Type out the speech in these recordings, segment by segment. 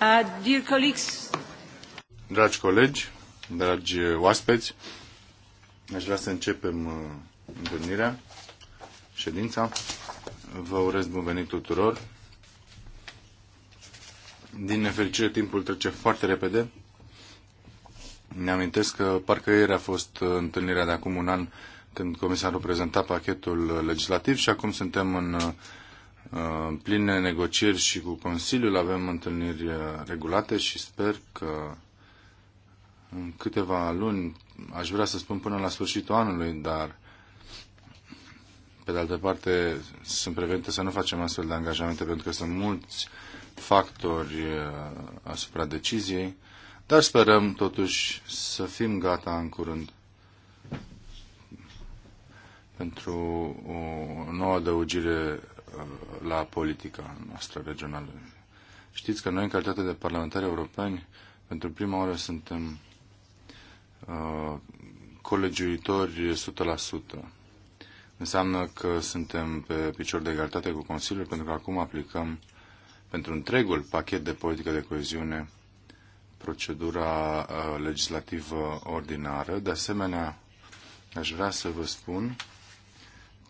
Uh, dragi colegi, dragi oaspeți, aș vrea să începem uh, întâlnirea, ședința. Vă urez bun venit tuturor. Din nefericire, timpul trece foarte repede. Ne amintesc că parcă ieri a fost uh, întâlnirea de acum un an când comisarul prezenta pachetul legislativ și acum suntem în Uh, în pline negocieri și cu Consiliul avem întâlniri uh, regulate și sper că în câteva luni, aș vrea să spun până la sfârșitul anului, dar pe de altă parte sunt prevenite să nu facem astfel de angajamente pentru că sunt mulți factori uh, asupra deciziei, dar sperăm totuși să fim gata în curând pentru o nouă adăugire la politica noastră regională. Știți că noi, în calitate de parlamentari europeni, pentru prima oară suntem uh, colegiuitori 100%. Înseamnă că suntem pe picior de egalitate cu Consiliul, pentru că acum aplicăm pentru întregul pachet de politică de coeziune procedura uh, legislativă ordinară. De asemenea, aș vrea să vă spun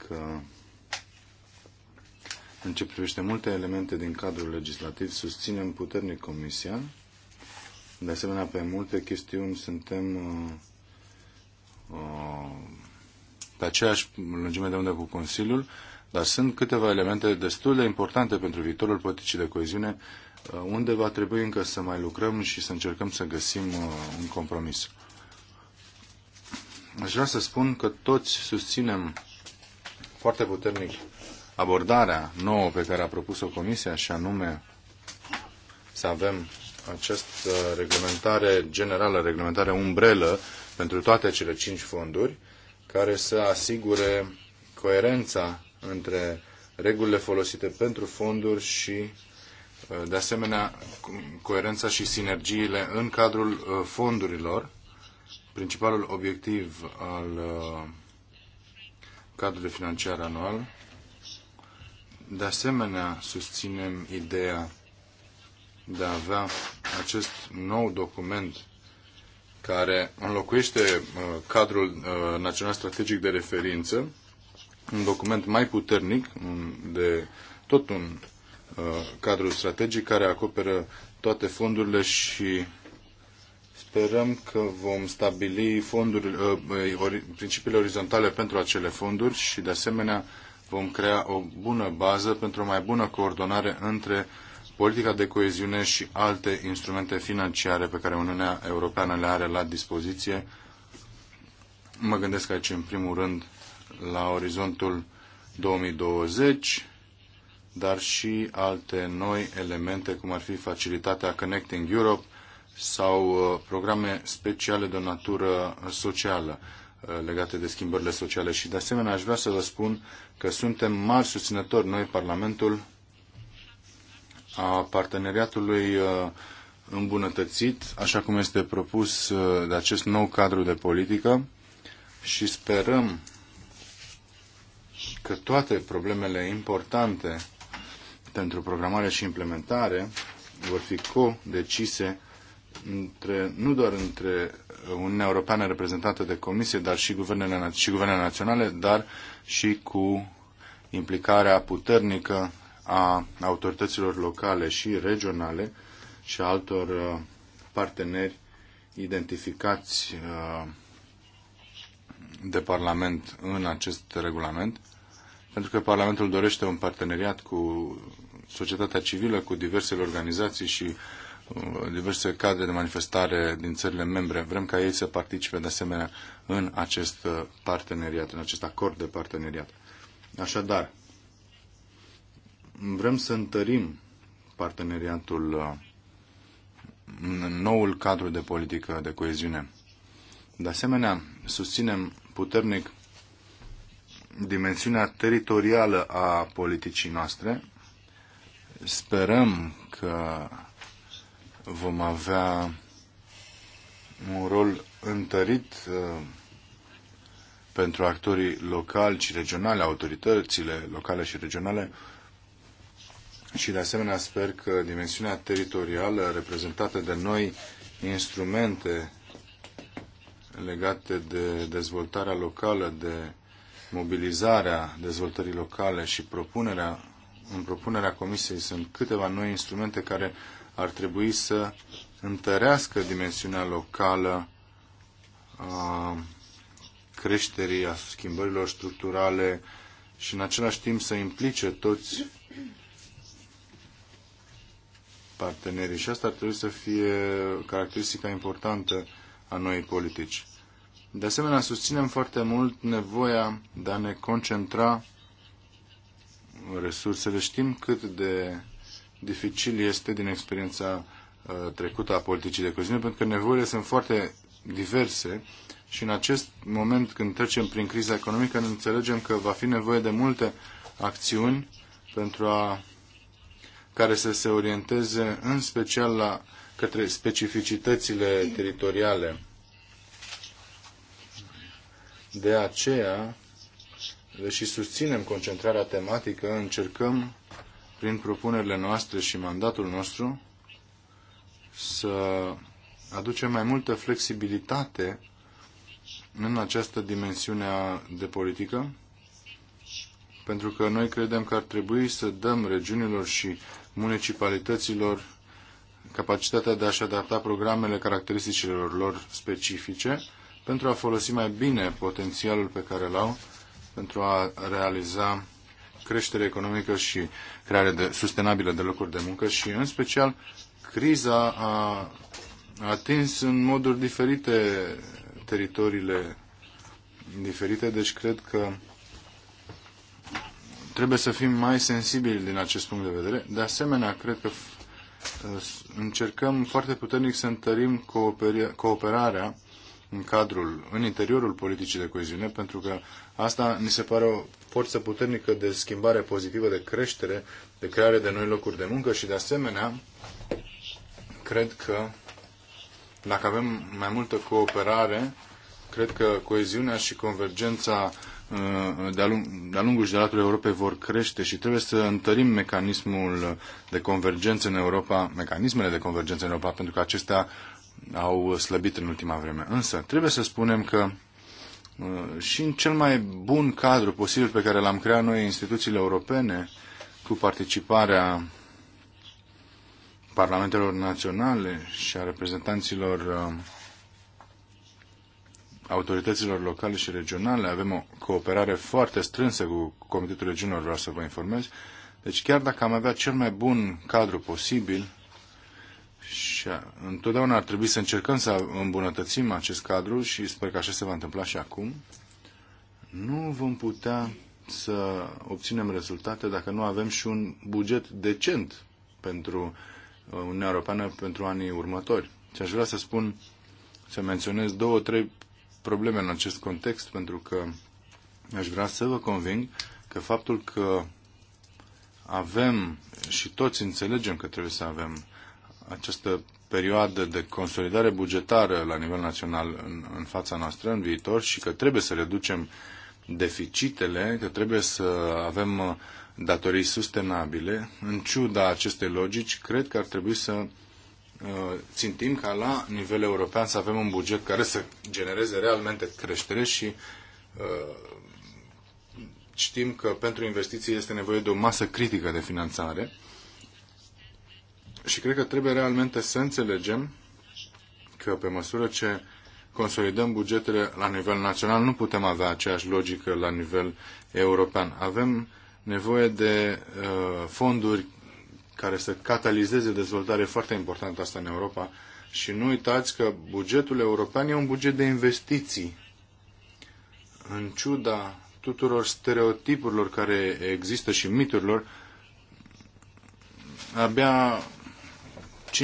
că în ce privește multe elemente din cadrul legislativ, susținem puternic Comisia. De asemenea, pe multe chestiuni suntem uh, uh, pe aceeași lungime de unde cu Consiliul, dar sunt câteva elemente destul de importante pentru viitorul politicii de coeziune, uh, unde va trebui încă să mai lucrăm și să încercăm să găsim un compromis. Aș vrea să spun că toți susținem foarte puternic abordarea nouă pe care a propus-o Comisia și anume să avem această reglementare generală, reglementare umbrelă pentru toate cele cinci fonduri, care să asigure coerența între regulile folosite pentru fonduri și, uh, de asemenea, coerența și sinergiile în cadrul uh, fondurilor. Principalul obiectiv al uh, cadrului financiar anual de asemenea, susținem ideea de a avea acest nou document care înlocuiește uh, cadrul uh, național strategic de referință, un document mai puternic, de tot un uh, cadru strategic care acoperă toate fondurile și sperăm că vom stabili fonduri, principiile orizontale pentru acele fonduri și, de asemenea, vom crea o bună bază pentru o mai bună coordonare între politica de coeziune și alte instrumente financiare pe care Uniunea Europeană le are la dispoziție. Mă gândesc aici în primul rând la orizontul 2020, dar și alte noi elemente, cum ar fi facilitatea Connecting Europe sau uh, programe speciale de natură uh, socială. Uh, legate de schimbările sociale. Și de asemenea aș vrea să vă spun că suntem mari susținători noi, Parlamentul, a parteneriatului uh, îmbunătățit, așa cum este propus uh, de acest nou cadru de politică și sperăm că toate problemele importante pentru programare și implementare vor fi co-decise între, nu doar între Uniunea Europeană reprezentată de Comisie, dar și guvernele, și guvernele naționale, dar și cu implicarea puternică a autorităților locale și regionale și a altor uh, parteneri identificați uh, de Parlament în acest regulament, pentru că Parlamentul dorește un parteneriat cu societatea civilă, cu diversele organizații și diverse cadre de manifestare din țările membre. Vrem ca ei să participe de asemenea în acest uh, parteneriat, în acest acord de parteneriat. Așadar, vrem să întărim parteneriatul uh, în noul cadru de politică de coeziune. De asemenea, susținem puternic dimensiunea teritorială a politicii noastre. Sperăm că vom avea un rol întărit uh, pentru actorii locali și regionale, autoritățile locale și regionale și de asemenea sper că dimensiunea teritorială reprezentată de noi instrumente legate de dezvoltarea locală, de mobilizarea dezvoltării locale și propunerea, în propunerea Comisiei sunt câteva noi instrumente care ar trebui să întărească dimensiunea locală a creșterii, a schimbărilor structurale și în același timp să implice toți partenerii. Și asta ar trebui să fie caracteristica importantă a noii politici. De asemenea, susținem foarte mult nevoia de a ne concentra resursele. Știm cât de dificil este din experiența uh, trecută a politicii de coziune, pentru că nevoile sunt foarte diverse și în acest moment când trecem prin criza economică ne înțelegem că va fi nevoie de multe acțiuni pentru a care să se orienteze în special la către specificitățile teritoriale. De aceea, deși susținem concentrarea tematică, încercăm prin propunerile noastre și mandatul nostru, să aducem mai multă flexibilitate în această dimensiune de politică, pentru că noi credem că ar trebui să dăm regiunilor și municipalităților capacitatea de a-și adapta programele caracteristicilor lor specifice pentru a folosi mai bine potențialul pe care l-au pentru a realiza creștere economică și creare de, sustenabilă de locuri de muncă și, în special, criza a atins în moduri diferite teritoriile diferite, deci cred că trebuie să fim mai sensibili din acest punct de vedere. De asemenea, cred că uh, încercăm foarte puternic să întărim cooperarea în cadrul, în interiorul politicii de coeziune, pentru că asta ni se pare o forță puternică de schimbare pozitivă, de creștere, de creare de noi locuri de muncă și, de asemenea, cred că dacă avem mai multă cooperare, cred că coeziunea și convergența uh, de-a lungul și de-a latul Europei vor crește și trebuie să întărim mecanismul de convergență în Europa, mecanismele de convergență în Europa, pentru că acestea au slăbit în ultima vreme. Însă, trebuie să spunem că Uh, și în cel mai bun cadru posibil pe care l-am creat noi instituțiile europene, cu participarea parlamentelor naționale și a reprezentanților uh, autorităților locale și regionale. Avem o cooperare foarte strânsă cu Comitetul Regiunilor, vreau să vă informez. Deci chiar dacă am avea cel mai bun cadru posibil, și uh, întotdeauna ar trebui să încercăm să îmbunătățim acest cadru și sper că așa se va întâmpla și acum. Nu vom putea să obținem rezultate dacă nu avem și un buget decent pentru uh, Uniunea Europeană pentru anii următori. Și aș vrea să spun, să menționez două, trei probleme în acest context, pentru că aș vrea să vă conving că faptul că avem și toți înțelegem că trebuie să avem această perioadă de consolidare bugetară la nivel național în, în fața noastră în viitor și că trebuie să reducem deficitele, că trebuie să avem uh, datorii sustenabile. În ciuda acestei logici, cred că ar trebui să uh, țintim ca la nivel european să avem un buget care să genereze realmente creștere și uh, știm că pentru investiții este nevoie de o masă critică de finanțare și cred că trebuie realmente să înțelegem că pe măsură ce consolidăm bugetele la nivel național, nu putem avea aceeași logică la nivel european. Avem nevoie de uh, fonduri care să catalizeze dezvoltare foarte importantă asta în Europa și nu uitați că bugetul european e un buget de investiții. În ciuda tuturor stereotipurilor care există și miturilor, abia 5%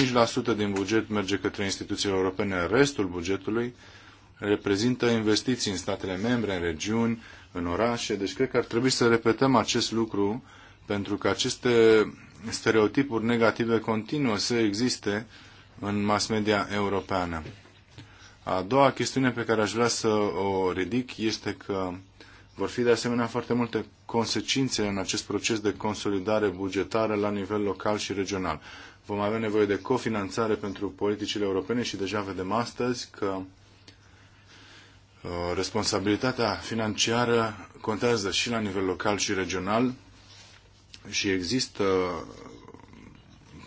din buget merge către instituțiile europene, restul bugetului reprezintă investiții în statele membre, în regiuni, în orașe. Deci cred că ar trebui să repetăm acest lucru pentru că aceste stereotipuri negative continuă să existe în mass media europeană. A doua chestiune pe care aș vrea să o ridic este că vor fi de asemenea foarte multe consecințe în acest proces de consolidare bugetară la nivel local și regional. Vom avea nevoie de cofinanțare pentru politicile europene și deja vedem astăzi că uh, responsabilitatea financiară contează și la nivel local și regional și există uh,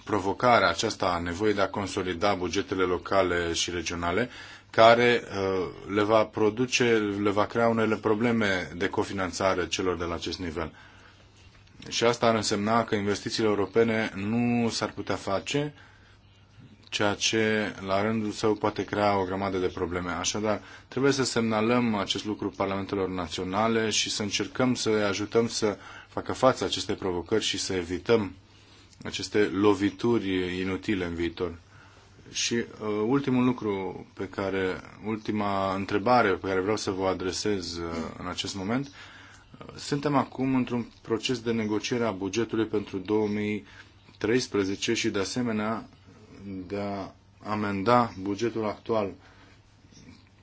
provocarea aceasta a nevoii de a consolida bugetele locale și regionale, care uh, le va produce, le va crea unele probleme de cofinanțare celor de la acest nivel. Și asta ar însemna că investițiile europene nu s-ar putea face, ceea ce la rândul său poate crea o grămadă de probleme. Așadar, trebuie să semnalăm acest lucru parlamentelor naționale și să încercăm să ajutăm să facă față acestei provocări și să evităm aceste lovituri inutile în viitor. Și uh, ultimul lucru pe care, ultima întrebare pe care vreau să vă adresez uh, în acest moment, suntem acum într-un proces de negociere a bugetului pentru 2013 și de asemenea de a amenda bugetul actual.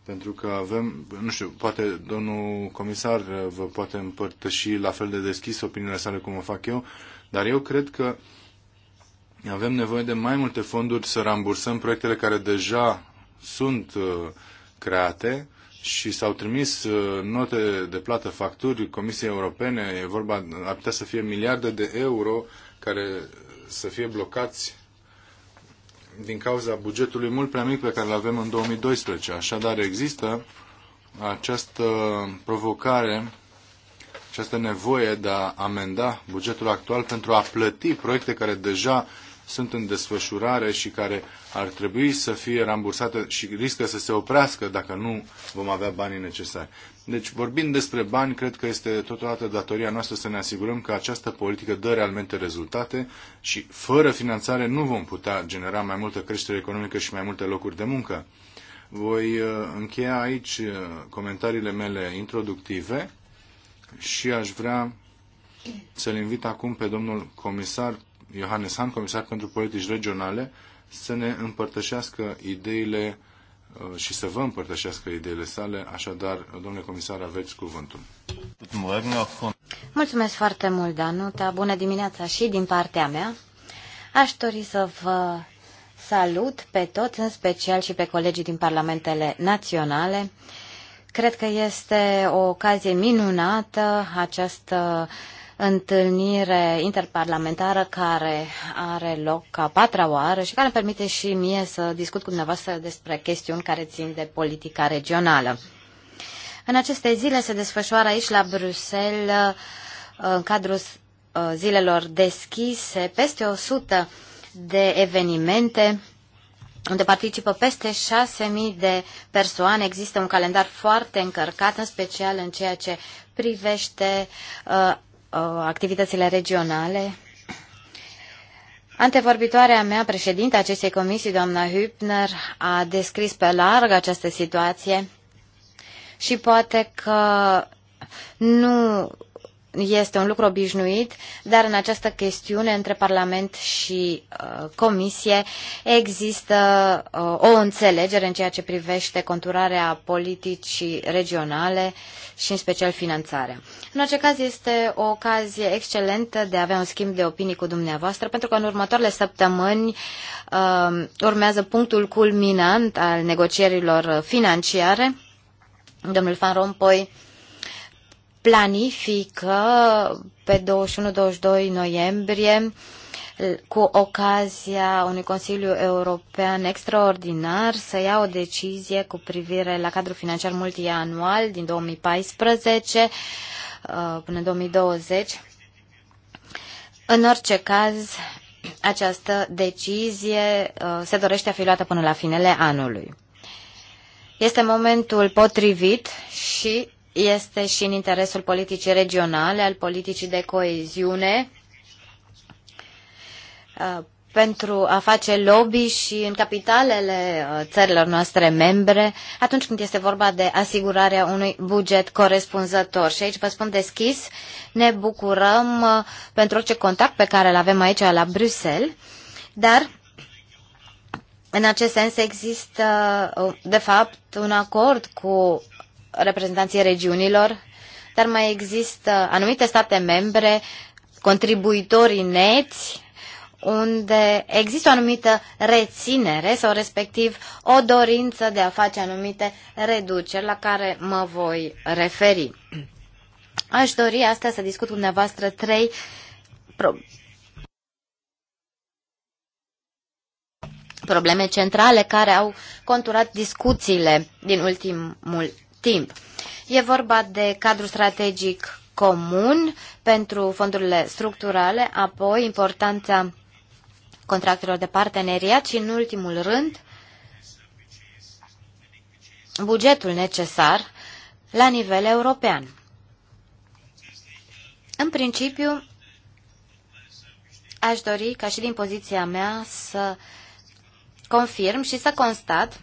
Pentru că avem, nu știu, poate domnul comisar vă poate împărtăși la fel de deschis opiniile sale cum o fac eu, dar eu cred că avem nevoie de mai multe fonduri să rambursăm proiectele care deja sunt uh, create și s-au trimis uh, note de plată facturi Comisiei Europene, e vorba, ar putea să fie miliarde de euro care să fie blocați din cauza bugetului mult prea mic pe care îl avem în 2012. Așadar, există această provocare, această nevoie de a amenda bugetul actual pentru a plăti proiecte care deja uh, sunt în desfășurare și care ar trebui să fie rambursate și riscă să se oprească dacă nu vom avea banii necesari. Deci, vorbind despre bani, cred că este totodată datoria noastră să ne asigurăm că această politică dă realmente rezultate și fără finanțare nu vom putea genera mai multă creștere economică și mai multe locuri de muncă. Voi uh, încheia aici uh, comentariile mele introductive și aș vrea să-l invit acum pe domnul comisar Johannes Hahn, comisar pentru politici regionale, să ne împărtășească ideile uh, și să vă împărtășească ideile sale. Așadar, domnule comisar, aveți cuvântul. Mulțumesc foarte mult, Danuta. Bună dimineața și din partea mea. Aș dori să vă salut pe toți, în special și pe colegii din parlamentele naționale. Cred că este o ocazie minunată această uh, întâlnire interparlamentară care are loc a patra oară și care îmi permite și mie să discut cu dumneavoastră despre chestiuni care țin de politica regională. În aceste zile se desfășoară aici la Bruxelles în cadrul uh, zilelor deschise peste 100 de evenimente unde participă peste 6.000 de persoane. Există un calendar foarte încărcat, în special în ceea ce privește uh, Uh, activitățile regionale. Antevorbitoarea mea, președinta acestei comisii, doamna Hübner, a descris pe larg această situație și poate că nu este un lucru obișnuit, dar în această chestiune între Parlament și uh, Comisie există uh, o înțelegere în ceea ce privește conturarea politicii regionale și în special finanțarea. În orice caz este o ocazie excelentă de a avea un schimb de opinii cu dumneavoastră, pentru că în următoarele săptămâni uh, urmează punctul culminant al negocierilor financiare. Domnul Van Rompuy planifică pe 21-22 noiembrie cu ocazia unui Consiliu European extraordinar să ia o decizie cu privire la cadrul financiar multianual din 2014 uh, până 2020. În orice caz, această decizie uh, se dorește a fi luată până la finele anului. Este momentul potrivit și este și în interesul politicii regionale, al politicii de coeziune, uh, pentru a face lobby și în capitalele uh, țărilor noastre membre, atunci când este vorba de asigurarea unui buget corespunzător. Și aici vă spun deschis, ne bucurăm uh, pentru orice contact pe care îl avem aici la Bruxelles, dar în acest sens există, de fapt, un acord cu reprezentanții regiunilor, dar mai există anumite state membre, contribuitorii neți, unde există o anumită reținere sau respectiv o dorință de a face anumite reduceri la care mă voi referi. Aș dori astăzi să discut cu dumneavoastră trei pro probleme centrale care au conturat discuțiile din ultimul timp. E vorba de cadru strategic comun pentru fondurile structurale, apoi importanța contractelor de parteneriat și, în ultimul rând, bugetul necesar la nivel european. În principiu, aș dori ca și din poziția mea să confirm și să constat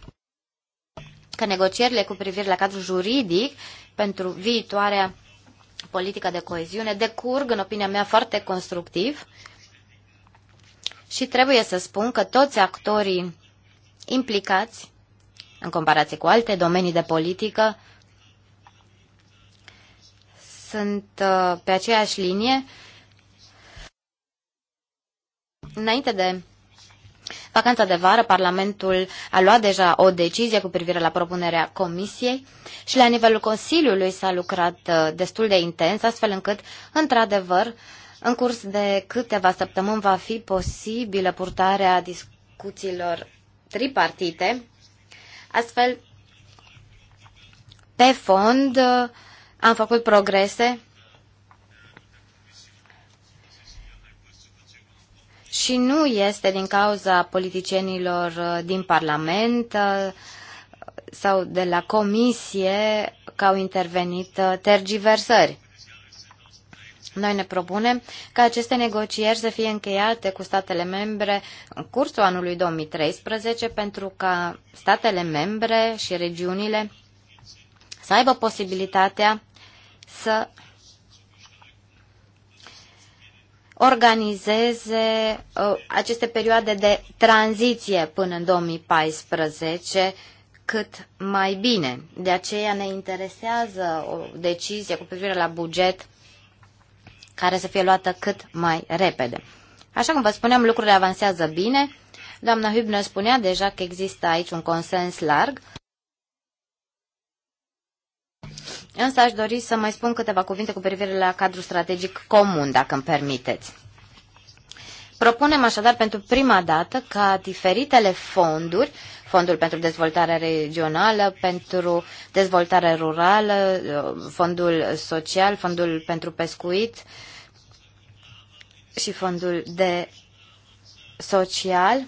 că negocierile cu privire la cadrul juridic pentru viitoarea politică de coeziune decurg, în opinia mea, foarte constructiv și trebuie să spun că toți actorii implicați, în comparație cu alte domenii de politică, sunt uh, pe aceeași linie. Înainte de Vacanța de vară, Parlamentul a luat deja o decizie cu privire la propunerea Comisiei și la nivelul Consiliului s-a lucrat uh, destul de intens, astfel încât, într-adevăr, în curs de câteva săptămâni va fi posibilă purtarea discuțiilor tripartite. Astfel, pe fond, uh, am făcut progrese și nu este din cauza politicienilor uh, din Parlament uh, sau de la Comisie că au intervenit uh, tergiversări. Noi ne propunem ca aceste negocieri să fie încheiate cu statele membre în cursul anului 2013 pentru ca statele membre și regiunile să aibă posibilitatea să organizeze uh, aceste perioade de tranziție până în 2014 cât mai bine. De aceea ne interesează o decizie cu privire la buget care să fie luată cât mai repede. Așa cum vă spuneam, lucrurile avansează bine. Doamna Hübner spunea deja că există aici un consens larg Însă aș dori să mai spun câteva cuvinte cu privire la cadrul strategic comun, dacă îmi permiteți. Propunem așadar pentru prima dată ca diferitele fonduri, Fondul pentru Dezvoltare Regională, pentru Dezvoltare Rurală, Fondul Social, Fondul pentru Pescuit și Fondul de Social,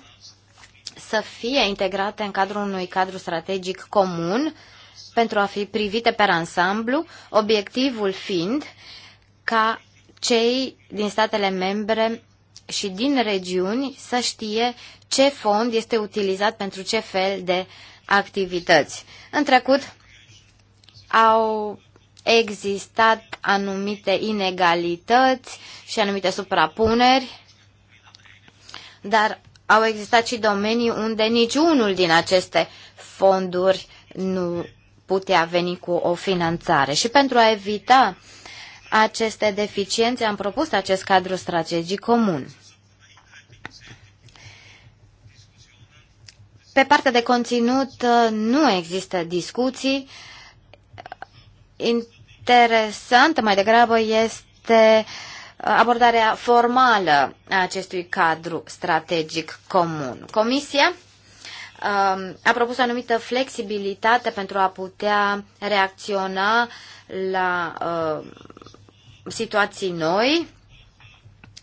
să fie integrate în cadrul unui cadru strategic comun pentru a fi privite pe ansamblu, obiectivul fiind ca cei din statele membre și din regiuni să știe ce fond este utilizat pentru ce fel de activități. În trecut au existat anumite inegalități și anumite suprapuneri, dar au existat și domenii unde niciunul din aceste fonduri nu putea veni cu o finanțare. Și pentru a evita aceste deficiențe am propus acest cadru strategic comun. Pe partea de conținut uh, nu există discuții. Interesant mai degrabă este uh, abordarea formală a acestui cadru strategic comun. Comisia Um, a propus o anumită flexibilitate pentru a putea reacționa la uh, situații noi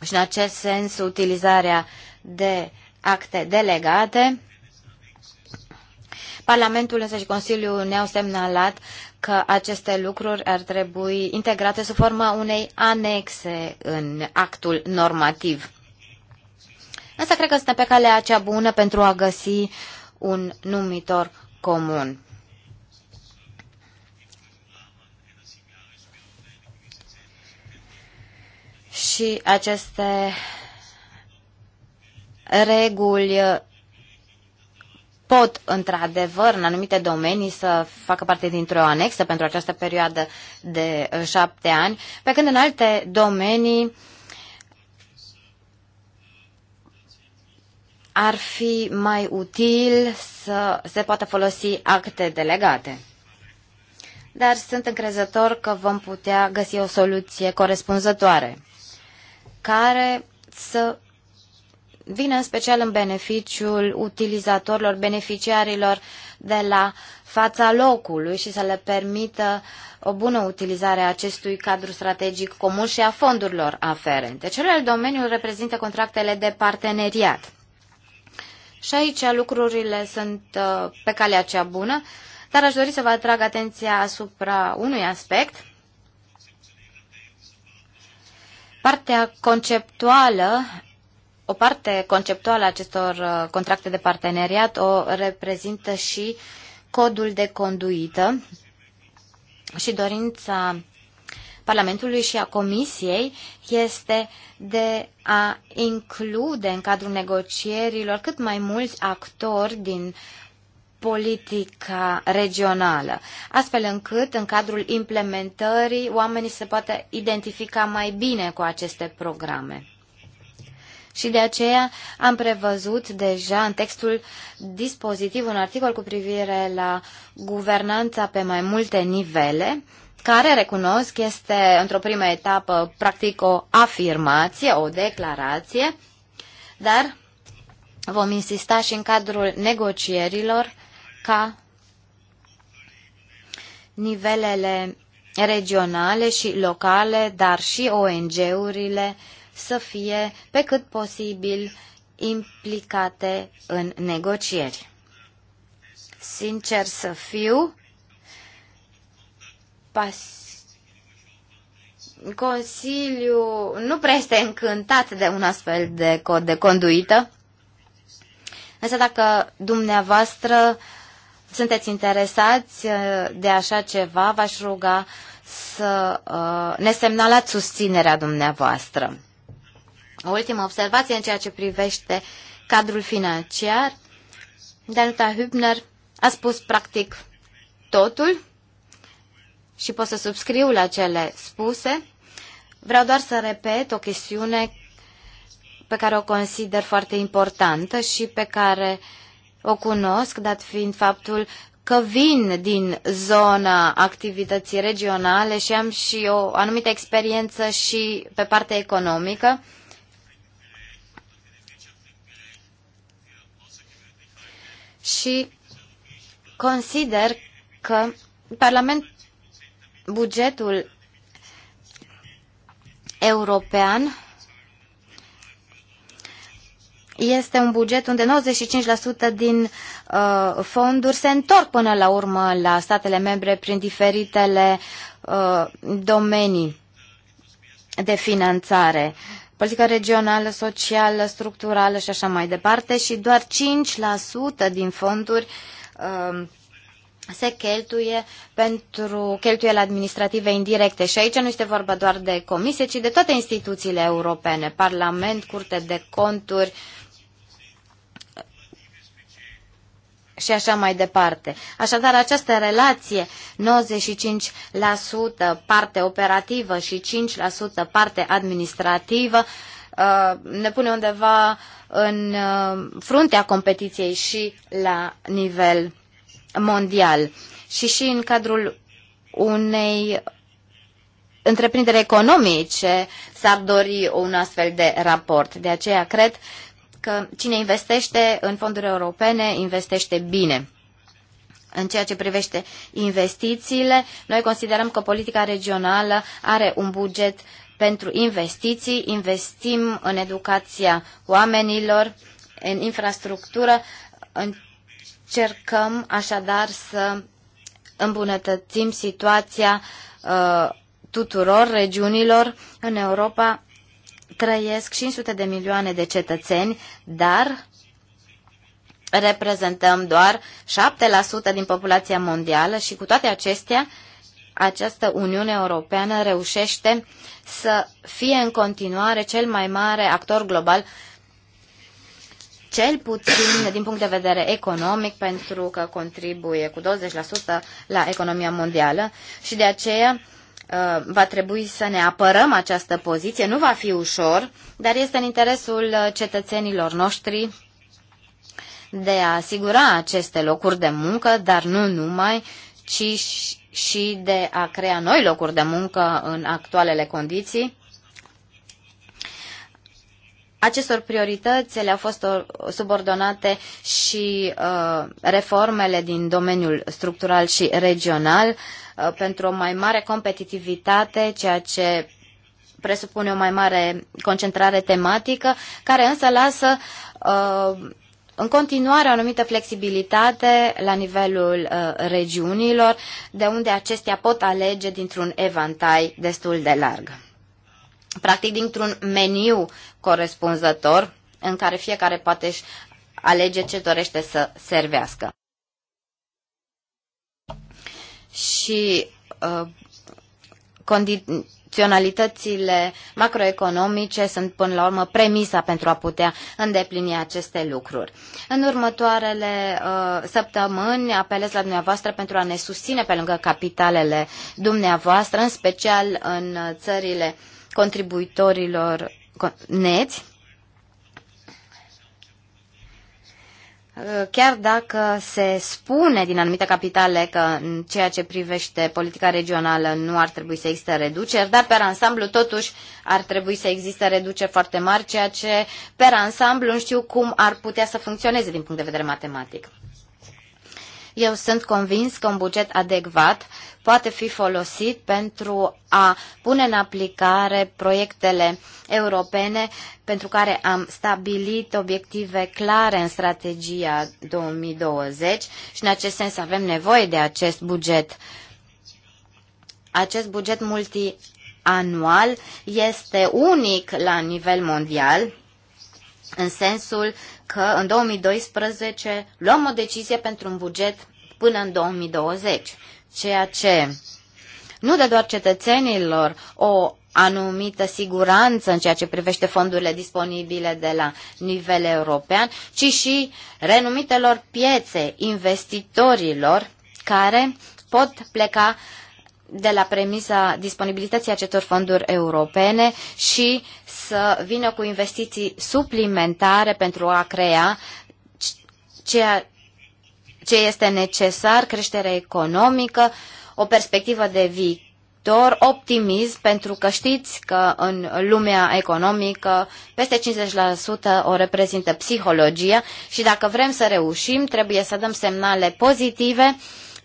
și în acest sens utilizarea de acte delegate. Parlamentul însă și Consiliul ne-au semnalat că aceste lucruri ar trebui integrate sub forma unei anexe în actul normativ. Însă cred că suntem pe calea cea bună pentru a găsi un numitor comun. Și aceste reguli pot, într-adevăr, în anumite domenii să facă parte dintr-o anexă pentru această perioadă de șapte ani, pe când în alte domenii uh, ar fi mai util să se poată folosi acte delegate. Dar sunt încrezător că vom putea găsi o soluție corespunzătoare, care să vină în special în beneficiul utilizatorilor, beneficiarilor de la fața locului și să le permită o bună utilizare a acestui cadru strategic comun și a fondurilor aferente. Celălalt domeniu reprezintă contractele de parteneriat. Și aici lucrurile sunt uh, pe calea cea bună, dar aș dori să vă atrag atenția asupra unui aspect. Partea conceptuală, o parte conceptuală a acestor uh, contracte de parteneriat o reprezintă și codul de conduită și dorința Parlamentului și a Comisiei este de a include în cadrul negocierilor cât mai mulți actori din politica regională, astfel încât în cadrul implementării oamenii se poată identifica mai bine cu aceste programe. Și de aceea am prevăzut deja în textul dispozitiv un articol cu privire la guvernanța pe mai multe nivele, care, recunosc, este într-o primă etapă practic o afirmație, o declarație, dar vom insista și în cadrul negocierilor ca nivelele regionale și locale, dar și ONG-urile să fie pe cât posibil implicate în negocieri. Sincer să fiu, pas Consiliu nu prea este încântat de un astfel de cod de conduită, însă dacă dumneavoastră sunteți interesați uh, de așa ceva, v-aș ruga să uh, ne semnalați susținerea dumneavoastră. O ultimă observație în ceea ce privește cadrul financiar. Danuta Hübner a spus practic totul și pot să subscriu la cele spuse. Vreau doar să repet o chestiune pe care o consider foarte importantă și pe care o cunosc, dat fiind faptul că vin din zona activității regionale și am și o anumită experiență și pe partea economică. Și consider că Parlamentul bugetul european este un buget unde 95% din uh, fonduri se întorc până la urmă la statele membre prin diferitele uh, domenii de finanțare, politică regională, socială, structurală și așa mai departe și doar 5% din fonduri uh, se cheltuie pentru cheltuieli administrative indirecte. Și aici nu este vorba doar de comisie, ci de toate instituțiile europene, Parlament, Curte de Conturi și așa mai departe. Așadar, această relație 95% parte operativă și 5% parte administrativă uh, ne pune undeva în uh, fruntea competiției și la nivel mondial și și în cadrul unei întreprinderi economice s-ar dori un astfel de raport. De aceea cred că cine investește în fonduri europene investește bine. În ceea ce privește investițiile, noi considerăm că politica regională are un buget pentru investiții, investim în educația oamenilor, în infrastructură, în încercăm așadar să îmbunătățim situația uh, tuturor regiunilor. În Europa trăiesc 500 de milioane de cetățeni, dar reprezentăm doar 7% din populația mondială și cu toate acestea, această Uniune Europeană reușește să fie în continuare cel mai mare actor global cel puțin din punct de vedere economic, pentru că contribuie cu 20% la economia mondială și de aceea uh, va trebui să ne apărăm această poziție. Nu va fi ușor, dar este în interesul cetățenilor noștri de a asigura aceste locuri de muncă, dar nu numai, ci și de a crea noi locuri de muncă în actualele condiții acestor priorități le-au fost uh, subordonate și uh, reformele din domeniul structural și regional uh, pentru o mai mare competitivitate, ceea ce presupune o mai mare concentrare tematică, care însă lasă uh, în continuare o anumită flexibilitate la nivelul uh, regiunilor, de unde acestea pot alege dintr-un evantai destul de larg practic dintr-un meniu corespunzător în care fiecare poate își alege ce dorește să servească. Și uh, condiționalitățile macroeconomice sunt până la urmă premisa pentru a putea îndeplini aceste lucruri. În următoarele uh, săptămâni apelez la dumneavoastră pentru a ne susține pe lângă capitalele dumneavoastră, în special în uh, țările uh, contribuitorilor neți, Chiar dacă se spune din anumite capitale că în ceea ce privește politica regională nu ar trebui să existe reduceri, dar pe ansamblu totuși ar trebui să existe reduceri foarte mari, ceea ce pe ansamblu nu știu cum ar putea să funcționeze din punct de vedere matematic. Eu sunt convins că un buget adecvat poate fi folosit pentru a pune în aplicare proiectele europene pentru care am stabilit obiective clare în strategia 2020 și în acest sens avem nevoie de acest buget. Acest buget multianual este unic la nivel mondial în sensul că în 2012 luăm o decizie pentru un buget până în 2020, ceea ce nu dă doar cetățenilor o anumită siguranță în ceea ce privește fondurile disponibile de la nivel european, ci și renumitelor piețe, investitorilor care pot pleca de la premisa disponibilității acestor fonduri europene și să vină cu investiții suplimentare pentru a crea ceea ce este necesar, creștere economică, o perspectivă de viitor, optimism, pentru că știți că în lumea economică peste 50% o reprezintă psihologia și dacă vrem să reușim, trebuie să dăm semnale pozitive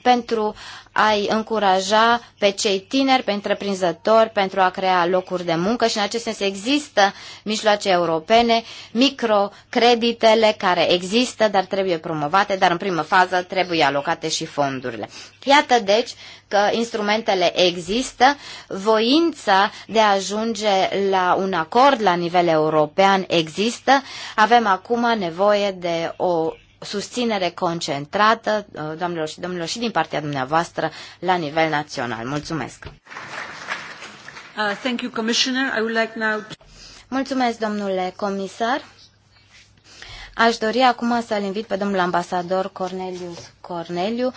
pentru a-i încuraja pe cei tineri, pe întreprinzători, pentru a crea locuri de muncă și în acest sens există mijloace europene, microcreditele care există, dar trebuie promovate, dar în primă fază trebuie alocate și fondurile. Iată deci că instrumentele există, voința de a ajunge la un acord la nivel european există, avem acum nevoie de o susținere concentrată, uh, doamnelor și domnilor, și din partea dumneavoastră la nivel național. Mulțumesc! Uh, thank you, Commissioner. I would like now to... Mulțumesc, domnule comisar. Aș dori acum să-l invit pe domnul ambasador Cornelius Corneliu uh,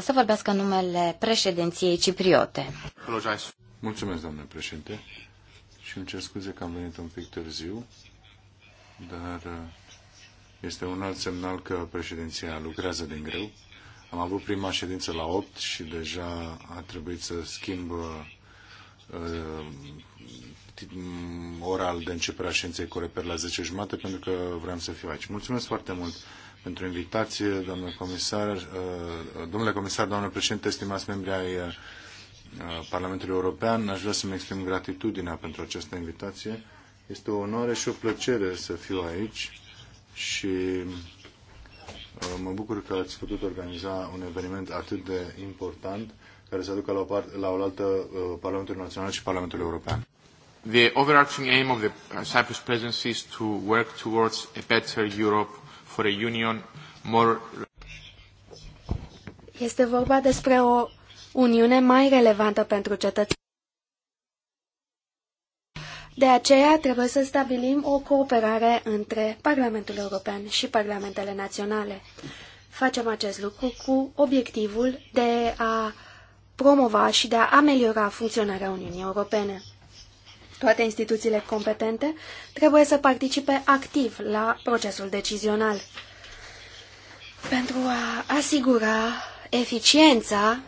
să vorbească în numele președinției cipriote. Mulțumesc, domnule președinte, și îmi cer scuze că am venit un pic târziu, dar uh, este un alt semnal că președinția lucrează din greu. Am avut prima ședință la 8 și deja a trebuit să schimb uh, uh oral de începere a ședinței Coreper la 10 jumate pentru că vreau să fiu aici. Mulțumesc foarte mult pentru invitație, domnule comisar, uh, domnule comisar, domnule președinte, stimați membri ai uh, Parlamentului European. Aș vrea să-mi exprim gratitudinea pentru această invitație. Este o onoare și o plăcere să fiu aici și uh, mă bucur că ați putut organiza un eveniment atât de important care să aducă la o, part, la o altă uh, Parlamentul Național și Parlamentul European. The overarching aim of the uh, Cyprus presidency is to work towards a better Europe for a union more Este vorba despre o uniune mai relevantă pentru cetățeni de aceea trebuie să stabilim o cooperare între Parlamentul European și Parlamentele Naționale. Facem acest lucru cu obiectivul de a promova și de a ameliora funcționarea Uniunii Europene. Toate instituțiile competente trebuie să participe activ la procesul decizional pentru a asigura eficiența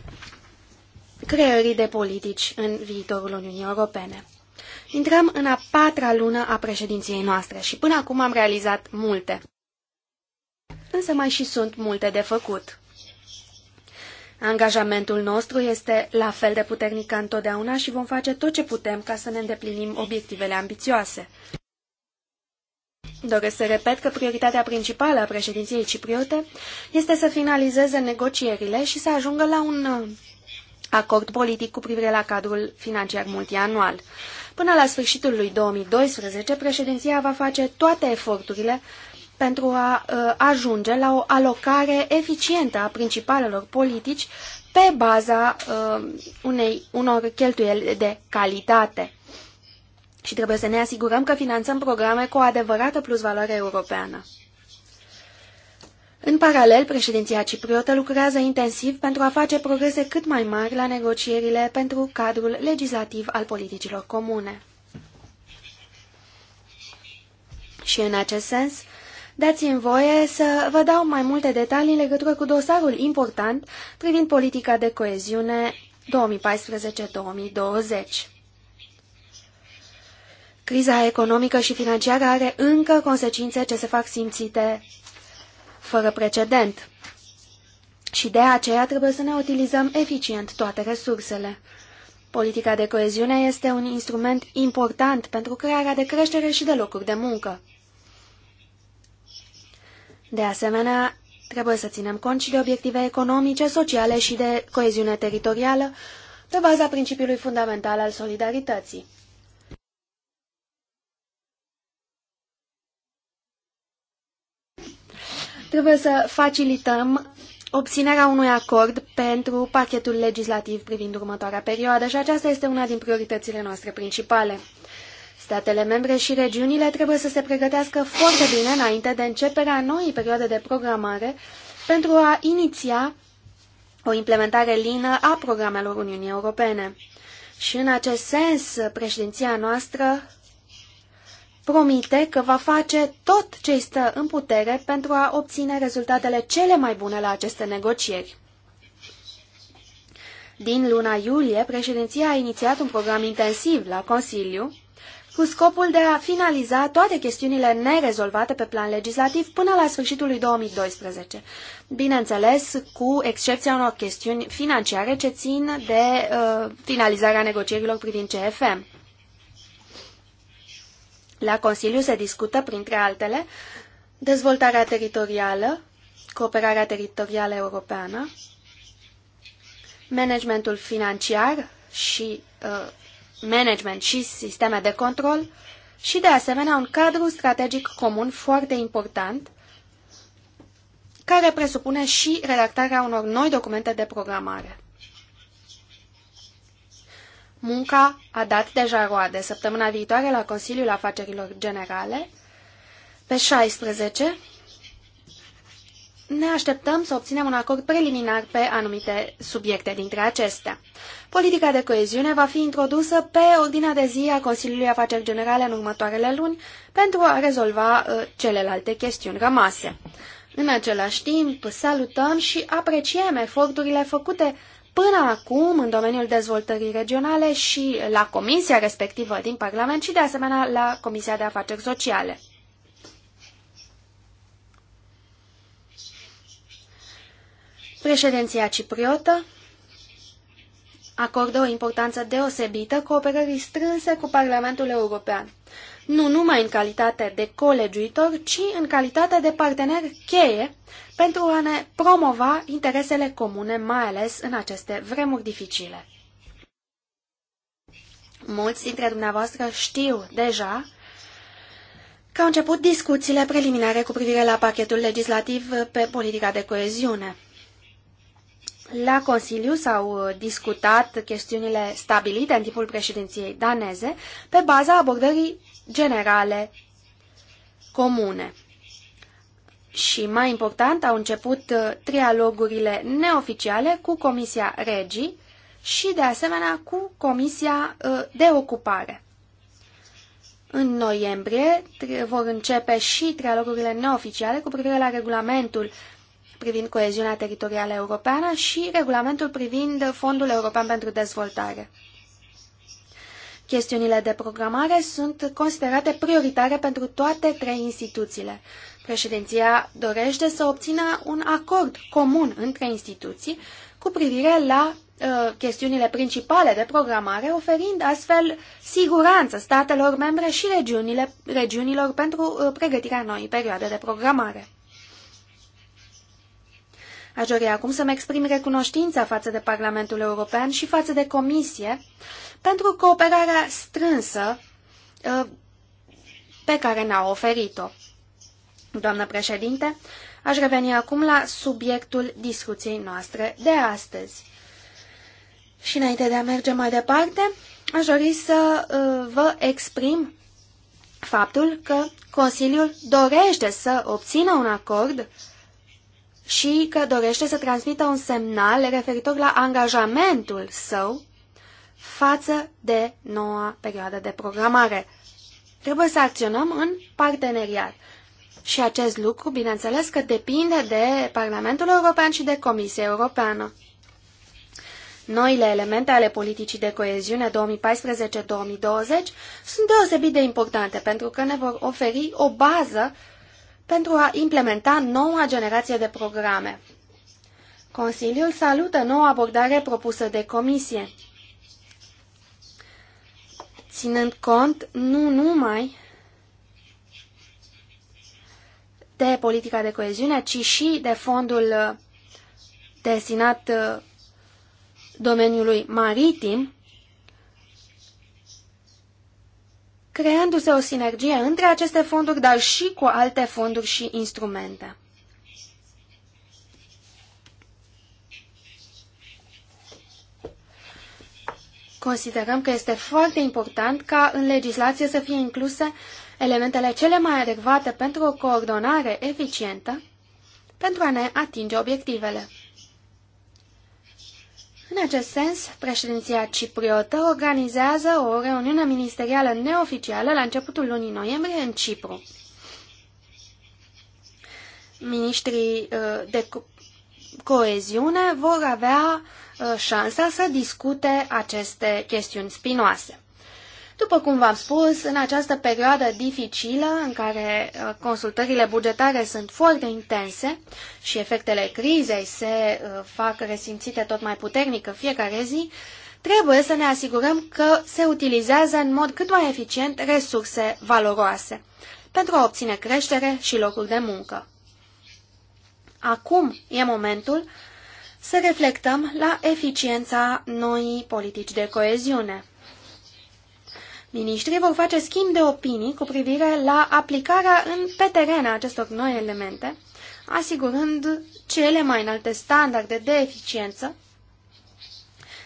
creării de politici în viitorul Uniunii Europene. Intrăm în a patra lună a președinției noastre și până acum am realizat multe. Însă mai și sunt multe de făcut. Angajamentul nostru este la fel de puternic ca întotdeauna și vom face tot ce putem ca să ne îndeplinim obiectivele ambițioase. Doresc să repet că prioritatea principală a președinției cipriote este să finalizeze negocierile și să ajungă la un acord politic cu privire la cadrul financiar multianual. Până la sfârșitul lui 2012, președinția va face toate eforturile pentru a ă, ajunge la o alocare eficientă a principalelor politici pe baza ă, unei, unor cheltuieli de calitate. Și trebuie să ne asigurăm că finanțăm programe cu o adevărată plusvaloare europeană. În paralel, președinția cipriotă lucrează intensiv pentru a face progrese cât mai mari la negocierile pentru cadrul legislativ al politicilor comune. Și în acest sens, dați-mi voie să vă dau mai multe detalii în legătură cu dosarul important privind politica de coeziune 2014-2020. Criza economică și financiară are încă consecințe ce se fac simțite fără precedent. Și de aceea trebuie să ne utilizăm eficient toate resursele. Politica de coeziune este un instrument important pentru crearea de creștere și de locuri de muncă. De asemenea, trebuie să ținem cont și de obiective economice, sociale și de coeziune teritorială, pe baza principiului fundamental al solidarității. Trebuie să facilităm obținerea unui acord pentru pachetul legislativ privind următoarea perioadă și aceasta este una din prioritățile noastre principale. Statele membre și regiunile trebuie să se pregătească foarte bine înainte de începerea noii perioade de programare pentru a iniția o implementare lină a programelor Uniunii Europene. Și în acest sens, președinția noastră promite că va face tot ce stă în putere pentru a obține rezultatele cele mai bune la aceste negocieri. Din luna iulie, președinția a inițiat un program intensiv la Consiliu cu scopul de a finaliza toate chestiunile nerezolvate pe plan legislativ până la sfârșitul lui 2012. Bineînțeles, cu excepția unor chestiuni financiare ce țin de uh, finalizarea negocierilor privind CFM. La Consiliu se discută, printre altele, dezvoltarea teritorială, cooperarea teritorială europeană, managementul financiar și uh, management și sisteme de control și, de asemenea, un cadru strategic comun foarte important care presupune și redactarea unor noi documente de programare. Munca a dat deja roade săptămâna viitoare la Consiliul Afacerilor Generale. Pe 16 ne așteptăm să obținem un acord preliminar pe anumite subiecte dintre acestea. Politica de coeziune va fi introdusă pe ordinea de zi a Consiliului Afaceri Generale în următoarele luni pentru a rezolva uh, celelalte chestiuni rămase. În același timp, salutăm și apreciem eforturile făcute Până acum, în domeniul dezvoltării regionale și la comisia respectivă din Parlament și de asemenea la Comisia de Afaceri Sociale. Președinția cipriotă acordă o importanță deosebită cooperării strânse cu Parlamentul European nu numai în calitate de colegiuitor, ci în calitate de partener cheie pentru a ne promova interesele comune, mai ales în aceste vremuri dificile. Mulți dintre dumneavoastră știu deja că au început discuțiile preliminare cu privire la pachetul legislativ pe politica de coeziune. La Consiliu s-au discutat chestiunile stabilite în timpul președinției daneze pe baza abordării generale comune. Și mai important, au început uh, trialogurile neoficiale cu Comisia Regii și, de asemenea, cu Comisia uh, de Ocupare. În noiembrie vor începe și trialogurile neoficiale cu privire la regulamentul privind coeziunea teritorială europeană și regulamentul privind Fondul European pentru Dezvoltare. Chestiunile de programare sunt considerate prioritare pentru toate trei instituțiile. Președinția dorește să obțină un acord comun între instituții cu privire la uh, chestiunile principale de programare, oferind astfel siguranță statelor membre și regiunile, regiunilor pentru uh, pregătirea noii perioade de programare. Aș dori acum să-mi exprim recunoștința față de Parlamentul European și față de Comisie pentru cooperarea strânsă uh, pe care ne-a oferit-o. Doamnă președinte, aș reveni acum la subiectul discuției noastre de astăzi. Și înainte de a merge mai departe, aș dori să uh, vă exprim faptul că Consiliul dorește să obțină un acord și că dorește să transmită un semnal referitor la angajamentul său față de noua perioadă de programare. Trebuie să acționăm în parteneriat. Și acest lucru, bineînțeles, că depinde de Parlamentul European și de Comisia Europeană. Noile elemente ale politicii de coeziune 2014-2020 sunt deosebit de importante pentru că ne vor oferi o bază pentru a implementa noua generație de programe. Consiliul salută noua abordare propusă de Comisie, ținând cont nu numai de politica de coeziune, ci și de fondul destinat domeniului maritim, creându-se o sinergie între aceste fonduri, dar și cu alte fonduri și instrumente. Considerăm că este foarte important ca în legislație să fie incluse elementele cele mai adecvate pentru o coordonare eficientă pentru a ne atinge obiectivele. În acest sens, președinția cipriotă organizează o reuniune ministerială neoficială la începutul lunii noiembrie în Cipru. Ministrii uh, de coeziune vor avea uh, șansa să discute aceste chestiuni spinoase. După cum v-am spus, în această perioadă dificilă, în care uh, consultările bugetare sunt foarte intense și efectele crizei se uh, fac resimțite tot mai puternic în fiecare zi, trebuie să ne asigurăm că se utilizează în mod cât mai eficient resurse valoroase pentru a obține creștere și locuri de muncă. Acum e momentul să reflectăm la eficiența noii politici de coeziune. Ministrii vor face schimb de opinii cu privire la aplicarea în, pe teren a acestor noi elemente, asigurând cele mai înalte standarde de eficiență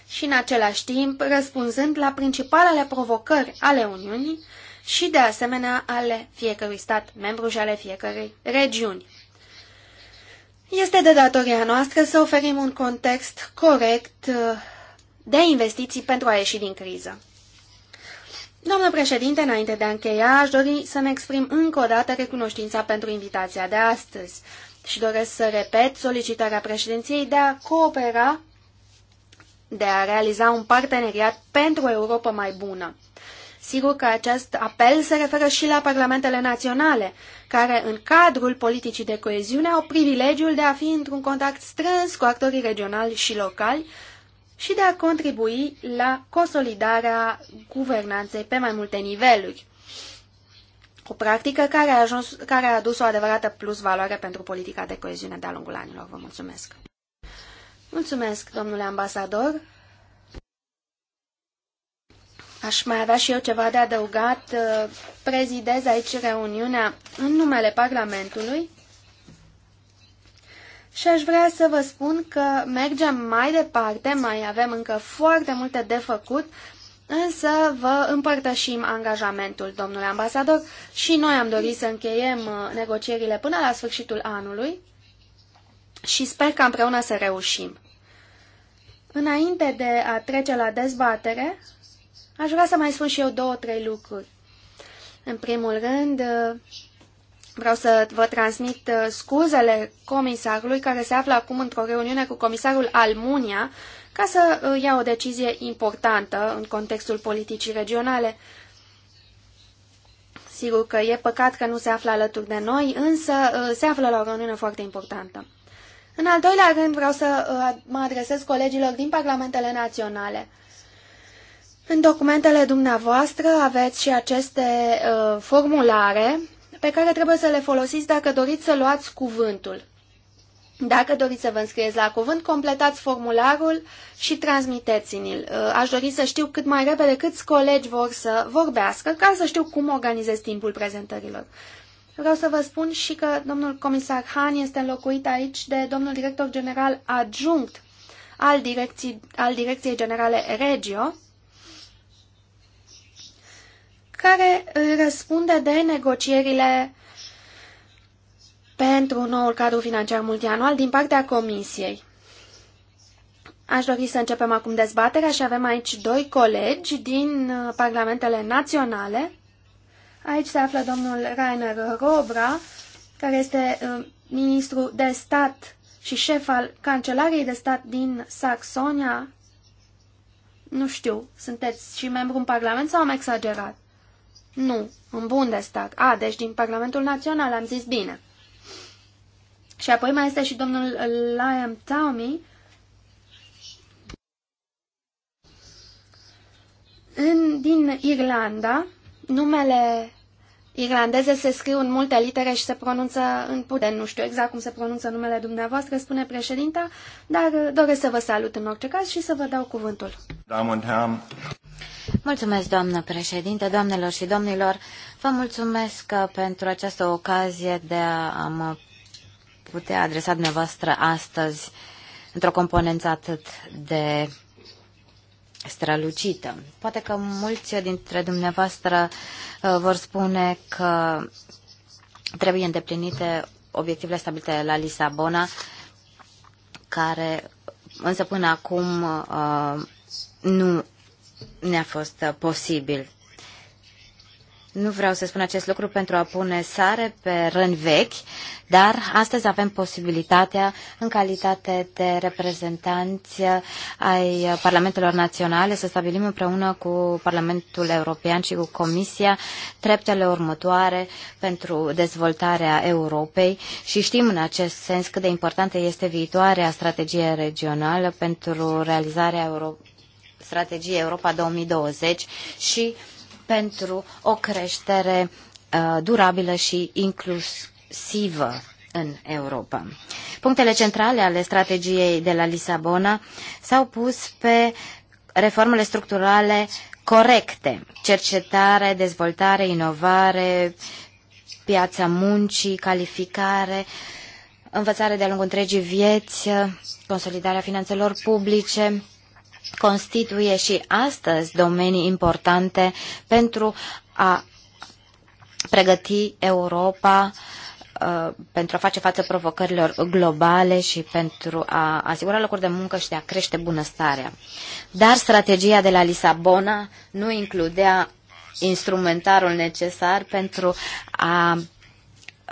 și în același timp răspunzând la principalele provocări ale Uniunii și de asemenea ale fiecărui stat membru și ale fiecărei regiuni. Este de datoria noastră să oferim un context corect uh, de investiții pentru a ieși din criză. Doamnă președinte, înainte de a încheia, aș dori să-mi exprim încă o dată recunoștința pentru invitația de astăzi și doresc să repet solicitarea președinției de a coopera, de a realiza un parteneriat pentru o Europa mai bună. Sigur că acest apel se referă și la parlamentele naționale, care în cadrul politicii de coeziune au privilegiul de a fi într-un contact strâns cu actorii regionali și locali și de a contribui la consolidarea guvernanței pe mai multe niveluri. O practică care a, ajuns, care a adus o adevărată plus valoare pentru politica de coeziune de-a lungul anilor. Vă mulțumesc! Mulțumesc, domnule ambasador! Aș mai avea și eu ceva de adăugat. Prezidez aici reuniunea în numele Parlamentului și aș vrea să vă spun că mergem mai departe, mai avem încă foarte multe de făcut, însă vă împărtășim angajamentul, domnule ambasador, și noi am dorit să încheiem uh, negocierile până la sfârșitul anului și sper că împreună să reușim. Înainte de a trece la dezbatere, aș vrea să mai spun și eu două, trei lucruri. În primul rând, uh, Vreau să vă transmit uh, scuzele comisarului care se află acum într-o reuniune cu comisarul Almunia ca să uh, ia o decizie importantă în contextul politicii regionale. Sigur că e păcat că nu se află alături de noi, însă uh, se află la o reuniune foarte importantă. În al doilea rând vreau să mă adresez colegilor din parlamentele naționale. În documentele dumneavoastră aveți și aceste formulare pe care trebuie să le folosiți dacă doriți să luați cuvântul. Dacă doriți să vă înscrieți la cuvânt, completați formularul și transmiteți-l. Uh, aș dori să știu cât mai repede câți colegi vor să vorbească, ca să știu cum organizez timpul prezentărilor. Vreau să vă spun și că domnul comisar Han este înlocuit aici de domnul director general adjunct al, direcții, al Direcției Generale Regio, care uh, răspunde de negocierile pentru noul cadru financiar multianual din partea Comisiei. Aș dori să începem acum dezbaterea și avem aici doi colegi din uh, parlamentele naționale. Aici se află domnul Rainer Robra, care este uh, ministru de stat și șef al Cancelariei de stat din Saxonia. Nu știu, sunteți și membru în Parlament sau am exagerat? Nu, în Bundestag. A, deci din Parlamentul Național, am zis bine. Și apoi mai este și domnul Liam Taumi. În, din Irlanda, numele irlandeze se scriu în multe litere și se pronunță în puden. Nu știu exact cum se pronunță numele dumneavoastră, spune președinta, dar doresc să vă salut în orice caz și să vă dau cuvântul. Mulțumesc, doamnă președinte, doamnelor și domnilor. Vă mulțumesc uh, pentru această ocazie de a mă putea adresa dumneavoastră astăzi într-o componență atât de strălucită. Poate că mulți dintre dumneavoastră uh, vor spune că trebuie îndeplinite obiectivele stabilite la Lisabona, care însă până acum uh, nu ne-a fost uh, posibil. Nu vreau să spun acest lucru pentru a pune sare pe rând vechi, dar astăzi avem posibilitatea, în calitate de reprezentanți uh, ai uh, Parlamentelor Naționale, să stabilim împreună cu Parlamentul European și cu Comisia treptele următoare pentru dezvoltarea Europei și știm în acest sens cât de importantă este viitoarea strategie regională pentru realizarea Europei strategie Europa 2020 și pentru o creștere uh, durabilă și inclusivă în Europa. Punctele centrale ale strategiei de la Lisabona s-au pus pe reformele structurale corecte, cercetare, dezvoltare, inovare, piața muncii, calificare, învățare de-a lungul întregii vieți, consolidarea finanțelor publice, constituie și astăzi domenii importante pentru a pregăti Europa uh, pentru a face față provocărilor globale și pentru a asigura locuri de muncă și de a crește bunăstarea. Dar strategia de la Lisabona nu includea instrumentarul necesar pentru a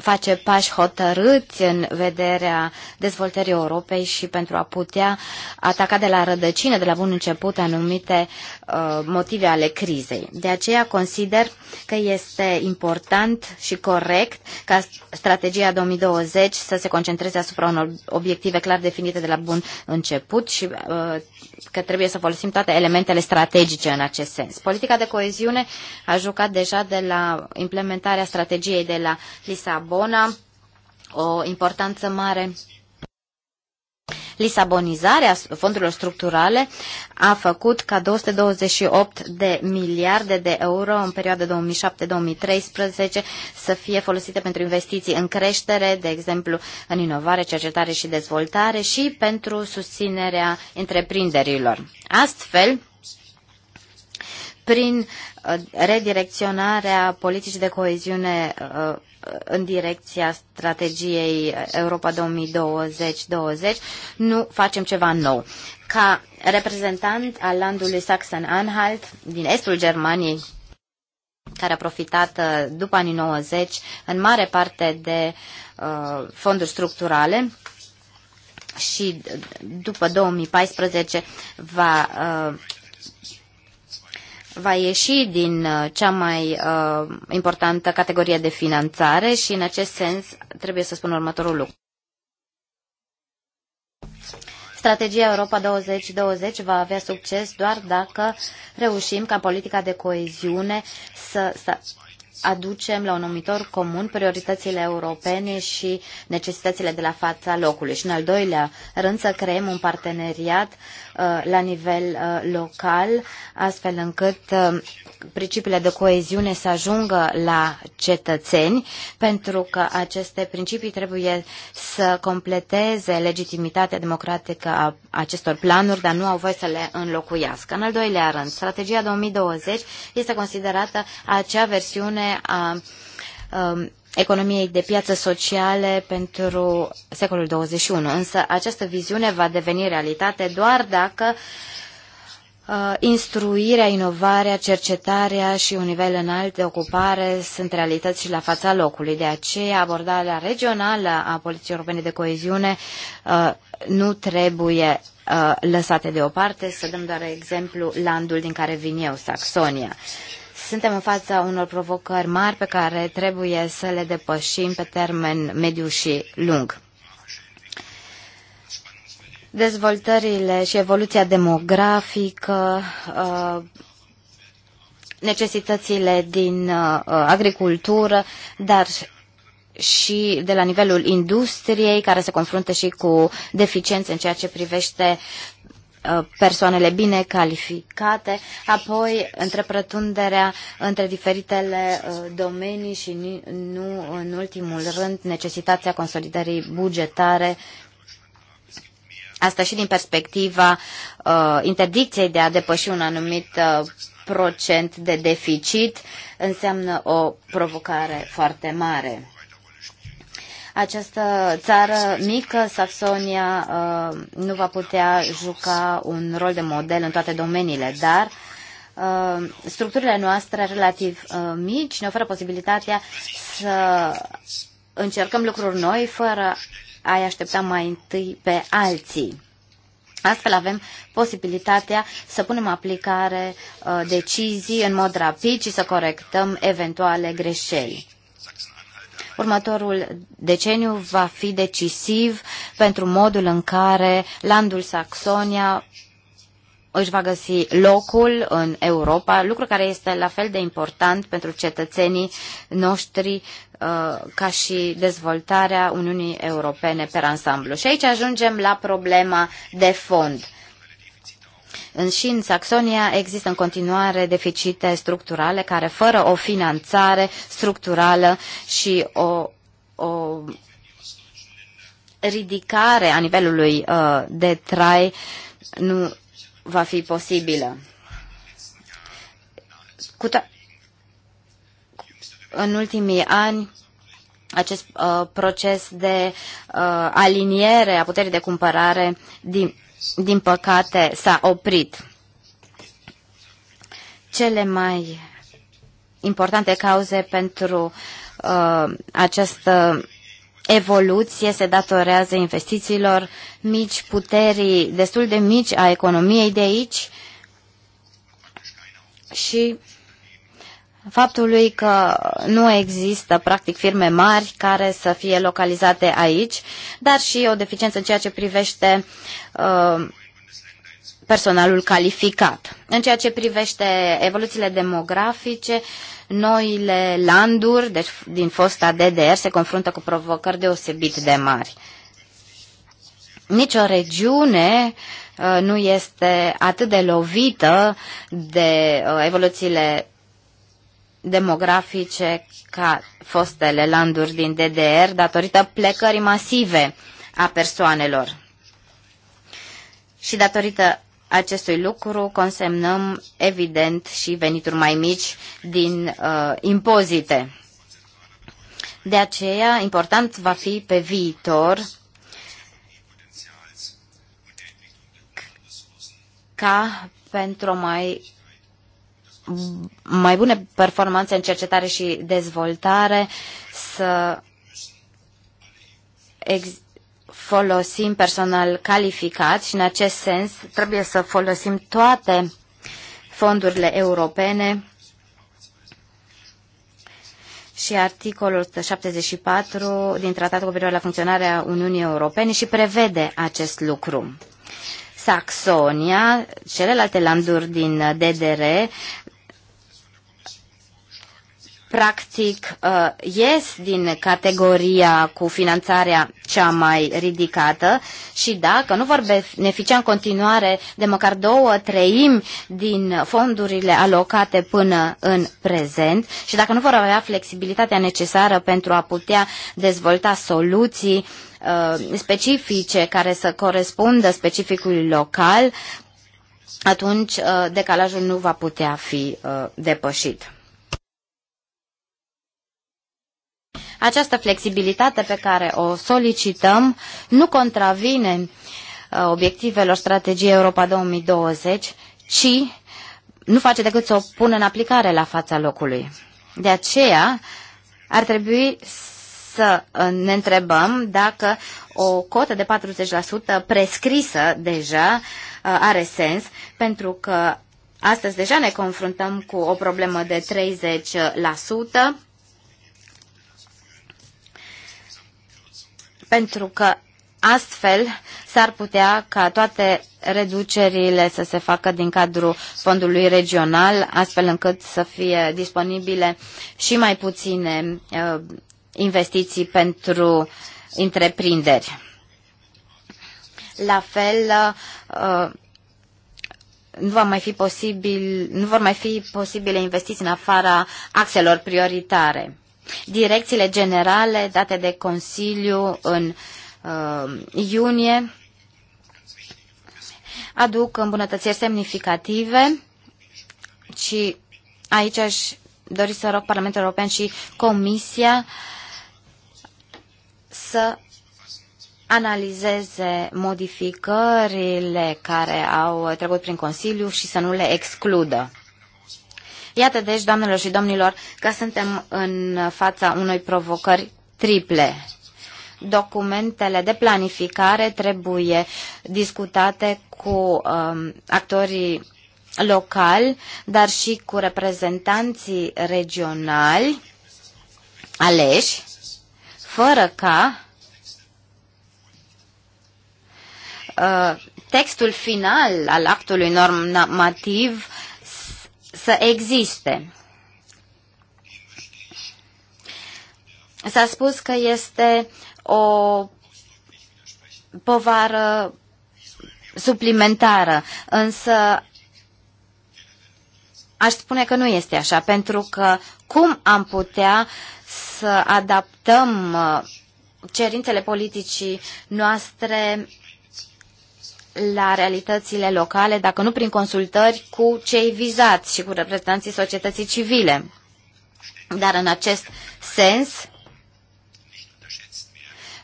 face pași hotărâți în vederea dezvoltării Europei și pentru a putea ataca de la rădăcină, de la bun început, anumite Uh, motive ale crizei. De aceea consider că este important și corect ca strategia 2020 să se concentreze asupra unor obiective clar definite de la bun început și uh, că trebuie să folosim toate elementele strategice în acest sens. Politica de coeziune a jucat deja de la implementarea strategiei de la Lisabona o importanță mare Lisabonizarea fondurilor structurale a făcut ca 228 de miliarde de euro în perioada 2007-2013 să fie folosite pentru investiții în creștere, de exemplu în inovare, cercetare și dezvoltare și pentru susținerea întreprinderilor. Astfel, prin uh, redirecționarea politicii de coeziune uh, în direcția strategiei Europa 2020-20, nu facem ceva nou. Ca reprezentant al landului sachsen anhalt din estul Germaniei, care a profitat uh, după anii 90 în mare parte de uh, fonduri structurale și după 2014 va uh, va ieși din uh, cea mai uh, importantă categorie de finanțare și în acest sens trebuie să spun următorul lucru. Strategia Europa 2020 va avea succes doar dacă reușim ca politica de coeziune să, să aducem la un numitor comun prioritățile europene și necesitățile de la fața locului. Și în al doilea rând să creăm un parteneriat Uh, la nivel uh, local, astfel încât uh, principiile de coeziune să ajungă la cetățeni, pentru că aceste principii trebuie să completeze legitimitatea democratică a acestor planuri, dar nu au voie să le înlocuiască. În al doilea rând, strategia 2020 este considerată acea versiune a um, economiei de piață sociale pentru secolul 21. Însă această viziune va deveni realitate doar dacă uh, instruirea, inovarea, cercetarea și un nivel înalt de ocupare sunt realități și la fața locului. De aceea, abordarea regională a poliției europene de coeziune uh, nu trebuie lăsată uh, lăsate deoparte. Să dăm doar exemplu landul din care vin eu, Saxonia. Suntem în fața unor provocări mari pe care trebuie să le depășim pe termen mediu și lung. Dezvoltările și evoluția demografică, uh, necesitățile din uh, agricultură, dar și de la nivelul industriei, care se confruntă și cu deficiențe în ceea ce privește Uh, persoanele bine calificate, apoi întreprătunderea între diferitele uh, domenii și nu în ultimul rând necesitatea consolidării bugetare Asta și din perspectiva uh, interdicției de a depăși un anumit procent de deficit înseamnă o provocare foarte mare această țară mică, Saxonia, uh, nu va putea juca un rol de model în toate domeniile, dar uh, structurile noastre relativ uh, mici ne oferă posibilitatea să încercăm lucruri noi fără a aștepta mai întâi pe alții. Astfel avem posibilitatea să punem aplicare decizii în mod rapid și să corectăm eventuale greșeli. Următorul deceniu va fi decisiv pentru modul în care landul Saxonia își va găsi locul în Europa, lucru care este la fel de important pentru cetățenii noștri uh, ca și dezvoltarea Uniunii Europene per ansamblu. Și aici ajungem la problema de fond. În, și în Saxonia există în continuare deficite structurale care fără o finanțare structurală și o, o ridicare a nivelului uh, de trai nu va fi posibilă. Cu în ultimii ani, acest uh, proces de uh, aliniere a puterii de cumpărare din, din păcate, s-a oprit. Cele mai importante cauze pentru uh, această evoluție se datorează investițiilor mici, puterii destul de mici a economiei de aici și faptului că nu există practic firme mari care să fie localizate aici, dar și o deficiență în ceea ce privește uh, personalul calificat. În ceea ce privește evoluțiile demografice, noile landuri deci din fosta DDR se confruntă cu provocări deosebit de mari. Nici o regiune uh, nu este atât de lovită de uh, evoluțiile demografice ca fostele landuri din DDR datorită plecării masive a persoanelor. Și datorită acestui lucru consemnăm evident și venituri mai mici din uh, impozite. De aceea, important va fi pe viitor ca pentru o mai mai bune performanțe în cercetare și dezvoltare, să folosim personal calificat și în acest sens trebuie să folosim toate fondurile europene și articolul 174 din Tratatul cu privire la funcționarea Uniunii Europene și prevede acest lucru. Saxonia, celelalte landuri din DDR, practic uh, ies din categoria cu finanțarea cea mai ridicată și dacă nu vor beneficia în continuare de măcar două treimi din fondurile alocate până în prezent și dacă nu vor avea flexibilitatea necesară pentru a putea dezvolta soluții uh, specifice care să corespundă specificului local, atunci uh, decalajul nu va putea fi depășit. Această flexibilitate pe care o solicităm nu contravine uh, obiectivelor strategiei Europa 2020, ci nu face decât să o pună în aplicare la fața locului. De aceea ar trebui să uh, ne întrebăm dacă o cotă de 40% prescrisă deja uh, are sens, pentru că astăzi deja ne confruntăm cu o problemă de 30%, pentru că astfel s-ar putea ca toate reducerile să se facă din cadrul fondului regional, astfel încât să fie disponibile și mai puține uh, investiții pentru întreprinderi. La fel, uh, nu, va mai fi posibil, nu vor mai fi posibile investiții în afara axelor prioritare direcțiile generale date de Consiliu în uh, iunie aduc îmbunătățiri semnificative și aici aș dori să rog Parlamentul European și Comisia să analizeze modificările care au trecut prin Consiliu și să nu le excludă. Iată deci, doamnelor și domnilor, că suntem în fața unei provocări triple. Documentele de planificare trebuie discutate cu um, actorii locali, dar și cu reprezentanții regionali aleși, fără ca uh, textul final al actului normativ să existe. S-a spus că este o povară suplimentară, însă aș spune că nu este așa, pentru că cum am putea să adaptăm uh, cerințele politicii noastre la realitățile locale, dacă nu prin consultări cu cei vizați și cu reprezentanții societății civile. Dar în acest sens,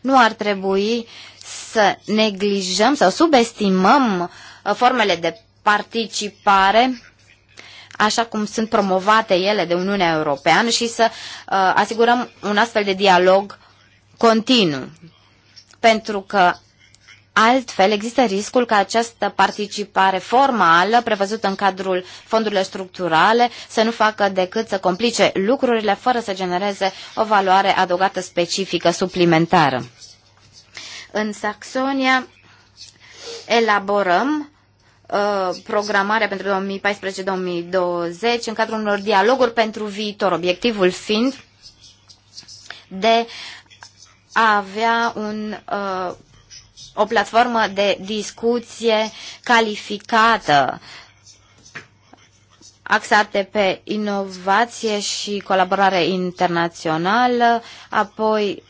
nu ar trebui să neglijăm sau subestimăm uh, formele de participare așa cum sunt promovate ele de Uniunea Europeană și să uh, asigurăm un astfel de dialog continuu. Pentru că Altfel, există riscul ca această participare formală, prevăzută în cadrul fondurilor structurale, să nu facă decât să complice lucrurile fără să genereze o valoare adăugată specifică suplimentară. În Saxonia elaborăm uh, programarea pentru 2014-2020 în cadrul unor dialoguri pentru viitor, obiectivul fiind de a avea un uh, o platformă de discuție calificată axate pe inovație și colaborare internațională, apoi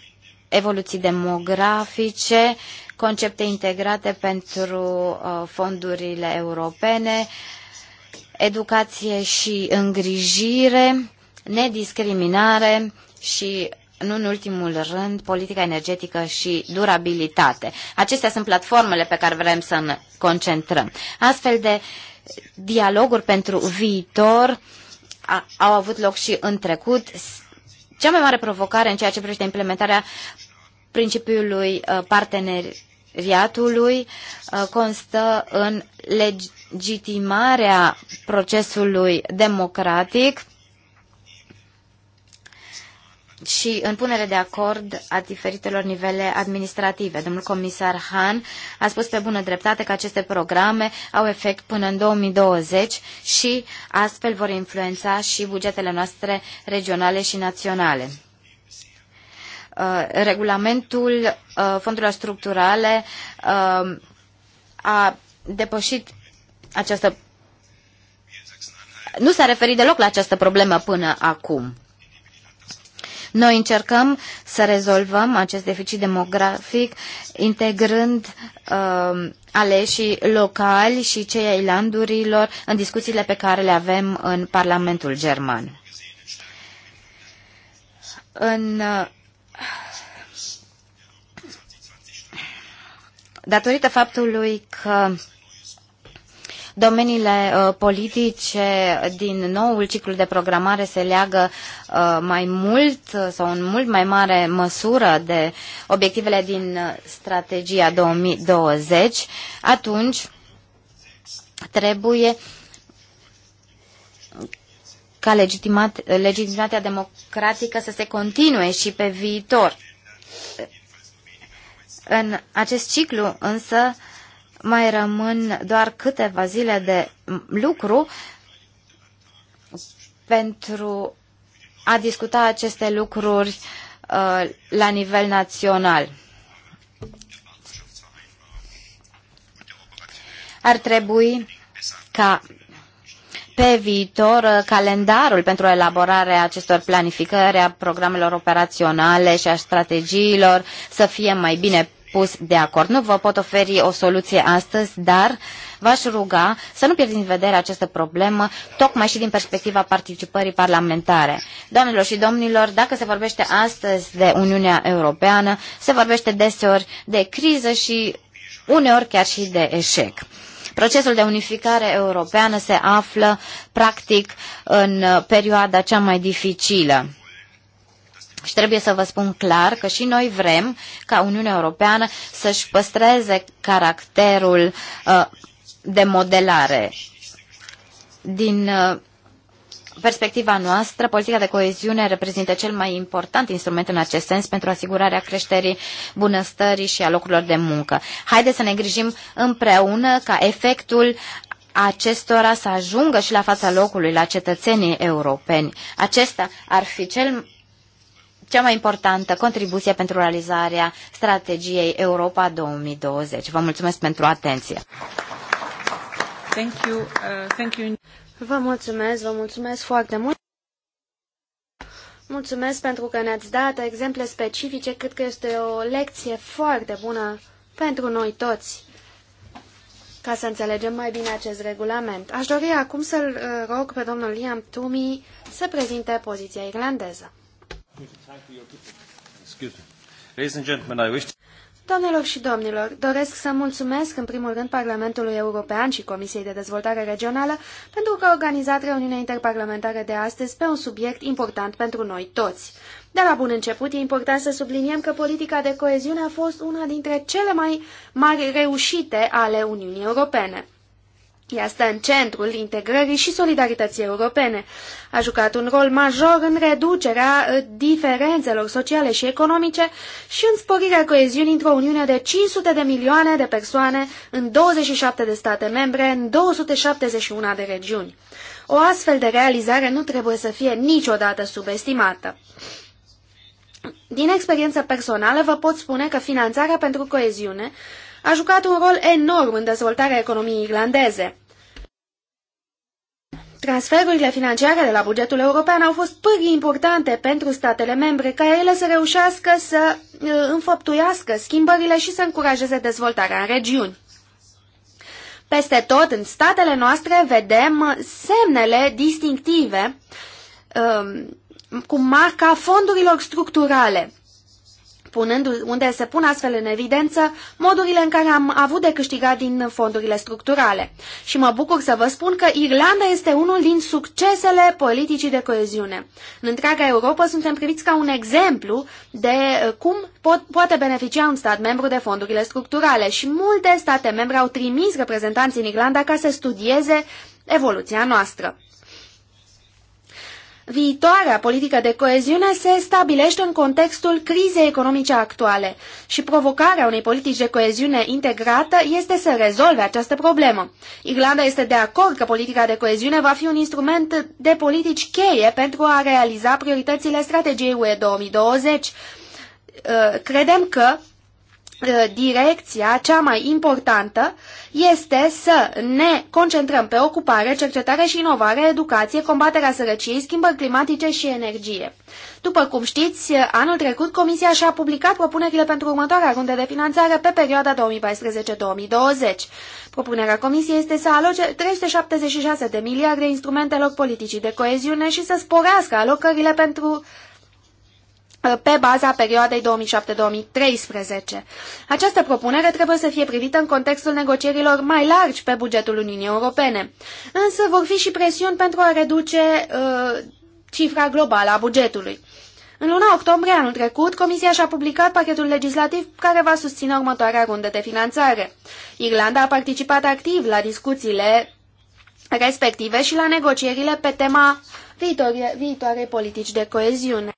evoluții demografice, concepte integrate pentru uh, fondurile europene, educație și îngrijire, nediscriminare și nu în ultimul rând, politica energetică și durabilitate. Acestea sunt platformele pe care vrem să ne concentrăm. Astfel de dialoguri pentru viitor a, au avut loc și în trecut. Cea mai mare provocare în ceea ce privește implementarea principiului uh, parteneriatului uh, constă în legitimarea procesului democratic și în punere de acord a diferitelor nivele administrative. Domnul comisar Han a spus pe bună dreptate că aceste programe au efect până în 2020 și astfel vor influența și bugetele noastre regionale și naționale. Uh, regulamentul uh, fondurilor structurale uh, a depășit această nu s-a referit deloc la această problemă până acum. Noi încercăm să rezolvăm acest deficit demografic integrând uh, aleșii locali și cei ai landurilor în discuțiile pe care le avem în Parlamentul German. În uh, datorită faptului că Domeniile uh, politice din noul ciclu de programare se leagă uh, mai mult sau în mult mai mare măsură de obiectivele din uh, strategia 2020, atunci trebuie ca legitimat, legitimitatea democratică să se continue și pe viitor. În acest ciclu, însă, mai rămân doar câteva zile de lucru pentru a discuta aceste lucruri uh, la nivel național. Ar trebui ca pe viitor uh, calendarul pentru elaborarea acestor planificări, a programelor operaționale și a strategiilor să fie mai bine pus de acord. Nu vă pot oferi o soluție astăzi, dar v-aș ruga să nu pierdeți în vedere această problemă, tocmai și din perspectiva participării parlamentare. Doamnelor și domnilor, dacă se vorbește astăzi de Uniunea Europeană, se vorbește deseori de criză și uneori chiar și de eșec. Procesul de unificare europeană se află practic în perioada cea mai dificilă și trebuie să vă spun clar că și noi vrem ca Uniunea Europeană să-și păstreze caracterul uh, de modelare. Din uh, perspectiva noastră, politica de coeziune reprezintă cel mai important instrument în acest sens pentru asigurarea creșterii bunăstării și a locurilor de muncă. Haideți să ne grijim împreună ca efectul acestora să ajungă și la fața locului, la cetățenii europeni. Acesta ar fi cel cea mai importantă contribuție pentru realizarea strategiei Europa 2020. Vă mulțumesc pentru atenție. Thank you, uh, thank you. Vă mulțumesc, vă mulțumesc foarte mult. Mulțumesc pentru că ne-ați dat exemple specifice. Cred că este o lecție foarte bună pentru noi toți ca să înțelegem mai bine acest regulament. Aș dori acum să-l uh, rog pe domnul Liam Toomey să prezinte poziția irlandeză. Doamnelor și domnilor, doresc să mulțumesc în primul rând Parlamentului European și Comisiei de Dezvoltare Regională pentru că a organizat reuniunea interparlamentară de astăzi pe un subiect important pentru noi toți. De la bun început, e important să subliniem că politica de coeziune a fost una dintre cele mai mari reușite ale Uniunii Europene. Ea stă în centrul integrării și solidarității europene. A jucat un rol major în reducerea uh, diferențelor sociale și economice și în sporirea coeziunii într-o uniune de 500 de milioane de persoane în 27 de state membre, în 271 de regiuni. O astfel de realizare nu trebuie să fie niciodată subestimată. Din experiență personală vă pot spune că finanțarea pentru coeziune a jucat un rol enorm în dezvoltarea economiei irlandeze. Transferurile financiare de la bugetul european au fost pârghii importante pentru statele membre ca ele să reușească să uh, înfăptuiască schimbările și să încurajeze dezvoltarea în regiuni. Peste tot, în statele noastre, vedem semnele distinctive um, cu marca fondurilor structurale punând, unde se pun astfel în evidență modurile în care am avut de câștigat din fondurile structurale. Și mă bucur să vă spun că Irlanda este unul din succesele politicii de coeziune. În întreaga Europa suntem priviți ca un exemplu de uh, cum pot, poate beneficia un stat membru de fondurile structurale și multe state membre au trimis reprezentanții în Irlanda ca să studieze evoluția noastră. Viitoarea politică de coeziune se stabilește în contextul crizei economice actuale și provocarea unei politici de coeziune integrată este să rezolve această problemă. Irlanda este de acord că politica de coeziune va fi un instrument de politici cheie pentru a realiza prioritățile strategiei UE 2020. Ă, credem că Uh, direcția cea mai importantă este să ne concentrăm pe ocupare, cercetare și inovare, educație, combaterea sărăciei, schimbări climatice și energie. După cum știți, anul trecut Comisia și-a publicat propunerile pentru următoarea rundă de finanțare pe perioada 2014-2020. Propunerea Comisiei este să aloce 376 de miliarde instrumentelor politicii de coeziune și să sporească alocările pentru pe baza perioadei 2007-2013. Această propunere trebuie să fie privită în contextul negocierilor mai largi pe bugetul Uniunii Europene, însă vor fi și presiuni pentru a reduce uh, cifra globală a bugetului. În luna octombrie anul trecut, Comisia și-a publicat pachetul legislativ care va susține următoarea rundă de finanțare. Irlanda a participat activ la discuțiile respective și la negocierile pe tema viitoare, viitoarei politici de coeziune.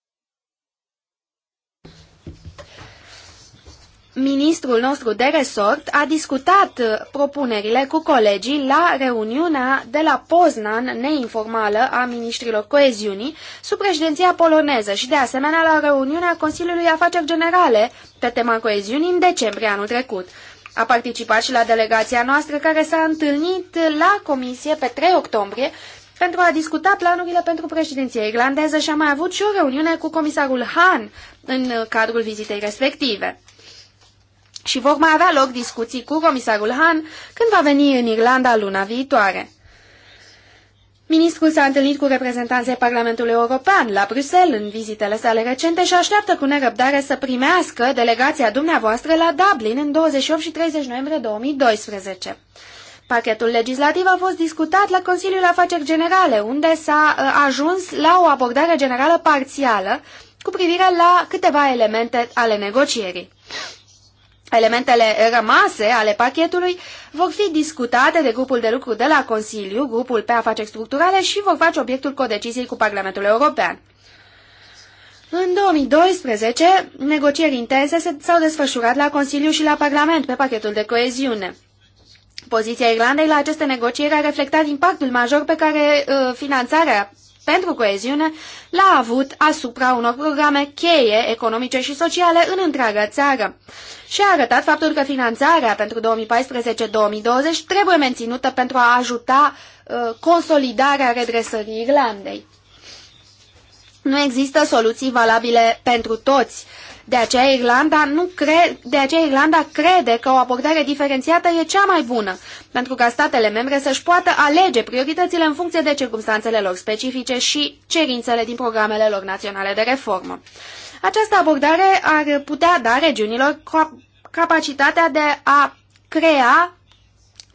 ministrul nostru de resort a discutat uh, propunerile cu colegii la reuniunea de la Poznan neinformală a ministrilor coeziunii sub președinția poloneză și de asemenea la reuniunea Consiliului Afaceri Generale pe tema coeziunii în decembrie anul trecut. A participat și la delegația noastră care s-a întâlnit la comisie pe 3 octombrie pentru a discuta planurile pentru președinția irlandeză și a mai avut și o reuniune cu comisarul Han în uh, cadrul vizitei respective. Și vor mai avea loc discuții cu comisarul Han când va veni în Irlanda luna viitoare. Ministrul s-a întâlnit cu reprezentanții Parlamentului European la Bruxelles în vizitele sale recente și așteaptă cu nerăbdare să primească delegația dumneavoastră la Dublin în 28 și 30 noiembrie 2012. Pachetul legislativ a fost discutat la Consiliul Afaceri Generale, unde s-a uh, ajuns la o abordare generală parțială cu privire la câteva elemente ale negocierii. Elementele rămase ale pachetului vor fi discutate de grupul de lucru de la Consiliu, grupul pe afaceri structurale și vor face obiectul codeciziei cu Parlamentul European. În 2012, negocieri intense s-au desfășurat la Consiliu și la Parlament pe pachetul de coeziune. Poziția Irlandei la aceste negocieri a reflectat impactul major pe care uh, finanțarea pentru coeziune l-a avut asupra unor programe cheie economice și sociale în întreaga țară și a arătat faptul că finanțarea pentru 2014-2020 trebuie menținută pentru a ajuta uh, consolidarea redresării Irlandei. Nu există soluții valabile pentru toți de aceea Irlanda, nu cre de aceea Irlanda crede că o abordare diferențiată e cea mai bună, pentru ca statele membre să-și poată alege prioritățile în funcție de circumstanțele lor specifice și cerințele din programele lor naționale de reformă. Această abordare ar putea da regiunilor capacitatea de a crea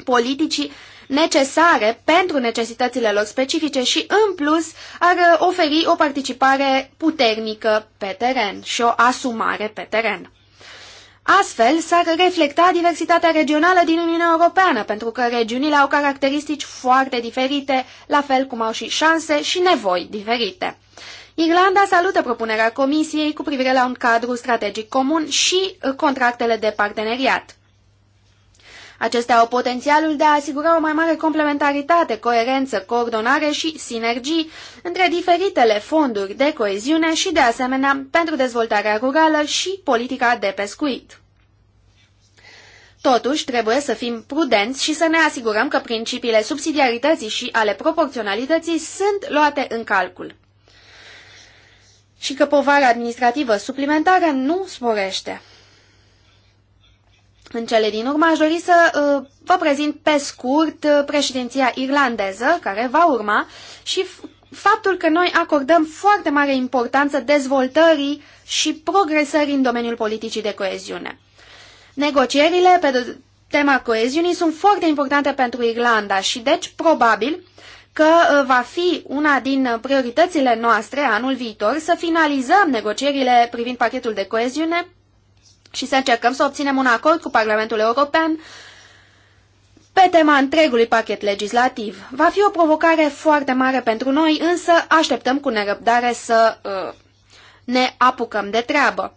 politicii necesare pentru necesitățile lor specifice și, în plus, ar uh, oferi o participare puternică pe teren și o asumare pe teren. Astfel, s-ar reflecta diversitatea regională din Uniunea Europeană, pentru că regiunile au caracteristici foarte diferite, la fel cum au și șanse și nevoi diferite. Irlanda salută propunerea Comisiei cu privire la un cadru strategic comun și uh, contractele de parteneriat. Acestea au potențialul de a asigura o mai mare complementaritate, coerență, coordonare și sinergii între diferitele fonduri de coeziune și, de asemenea, pentru dezvoltarea rurală și politica de pescuit. Totuși, trebuie să fim prudenți și să ne asigurăm că principiile subsidiarității și ale proporționalității sunt luate în calcul și că povara administrativă suplimentară nu sporește. În cele din urmă aș dori să uh, vă prezint pe scurt uh, președinția irlandeză care va urma și faptul că noi acordăm foarte mare importanță dezvoltării și progresării în domeniul politicii de coeziune. Negocierile pe tema coeziunii sunt foarte importante pentru Irlanda și deci probabil că uh, va fi una din prioritățile noastre anul viitor să finalizăm negocierile privind pachetul de coeziune și să încercăm să obținem un acord cu Parlamentul European pe tema întregului pachet legislativ. Va fi o provocare foarte mare pentru noi, însă așteptăm cu nerăbdare să uh, ne apucăm de treabă.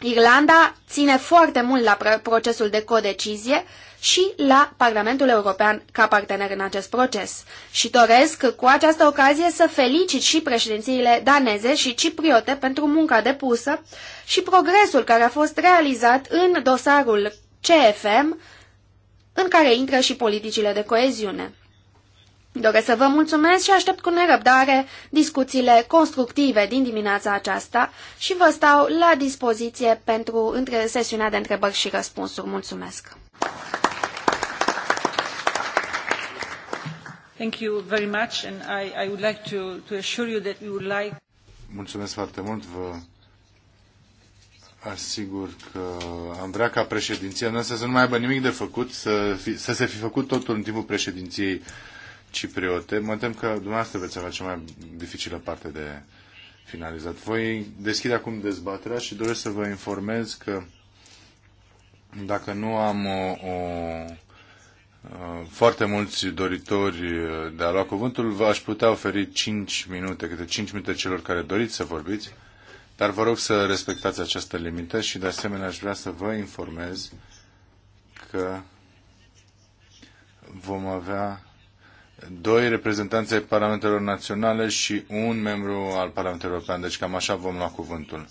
Irlanda ține foarte mult la procesul de codecizie și la Parlamentul European ca partener în acest proces. Și doresc cu această ocazie să felicit și președințiile daneze și cipriote pentru munca depusă și progresul care a fost realizat în dosarul CFM, în care intră și politicile de coeziune. Doresc să vă mulțumesc și aștept cu nerăbdare discuțiile constructive din dimineața aceasta și vă stau la dispoziție pentru sesiunea de întrebări și răspunsuri. Mulțumesc! Mulțumesc foarte mult. Vă asigur că am vrea ca președinția noastră să nu mai aibă nimic de făcut, să, fi, să se fi făcut totul în timpul președinției cipriote. Mă tem că dumneavoastră veți avea cea mai dificilă parte de finalizat. Voi deschide acum dezbaterea și doresc să vă informez că dacă nu am o, o foarte mulți doritori de a lua cuvântul. V-aș putea oferi 5 minute, câte 5 minute celor care doriți să vorbiți, dar vă rog să respectați această limită și de asemenea aș vrea să vă informez că vom avea doi reprezentanți ai Parlamentelor Naționale și un membru al Parlamentului European. Deci cam așa vom lua cuvântul.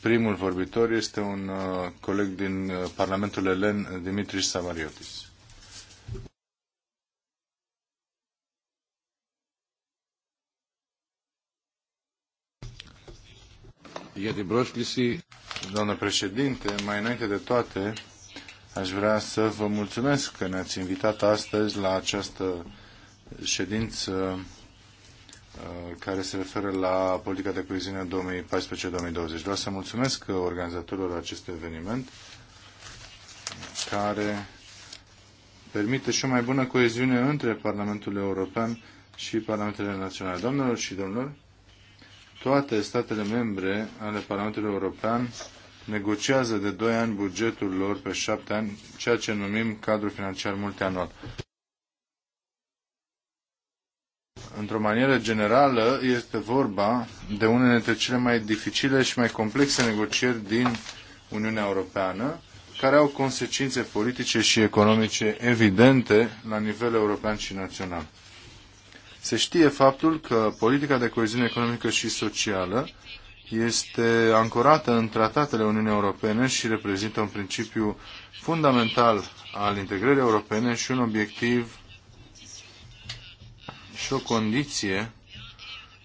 Primul vorbitor este un uh, coleg din uh, Parlamentul Elen, Dimitris Samariotis. Doamnă președinte, mai înainte de toate, aș vrea să vă mulțumesc că ne-ați invitat astăzi la această ședință uh, care se referă la politica de coeziune 2014-2020. Vreau să mulțumesc organizatorilor acestui eveniment care permite și o mai bună coeziune între Parlamentul European și Parlamentele Naționale. Doamnelor și domnilor, toate statele membre ale Parlamentului European negociază de 2 ani bugetul lor pe 7 ani, ceea ce numim cadrul financiar multianual. Într-o manieră generală, este vorba de unele dintre cele mai dificile și mai complexe negocieri din Uniunea Europeană, care au consecințe politice și economice evidente la nivel european și național. Se știe faptul că politica de coeziune economică și socială este ancorată în tratatele Uniunii Europene și reprezintă un principiu fundamental al integrării europene și un obiectiv și o condiție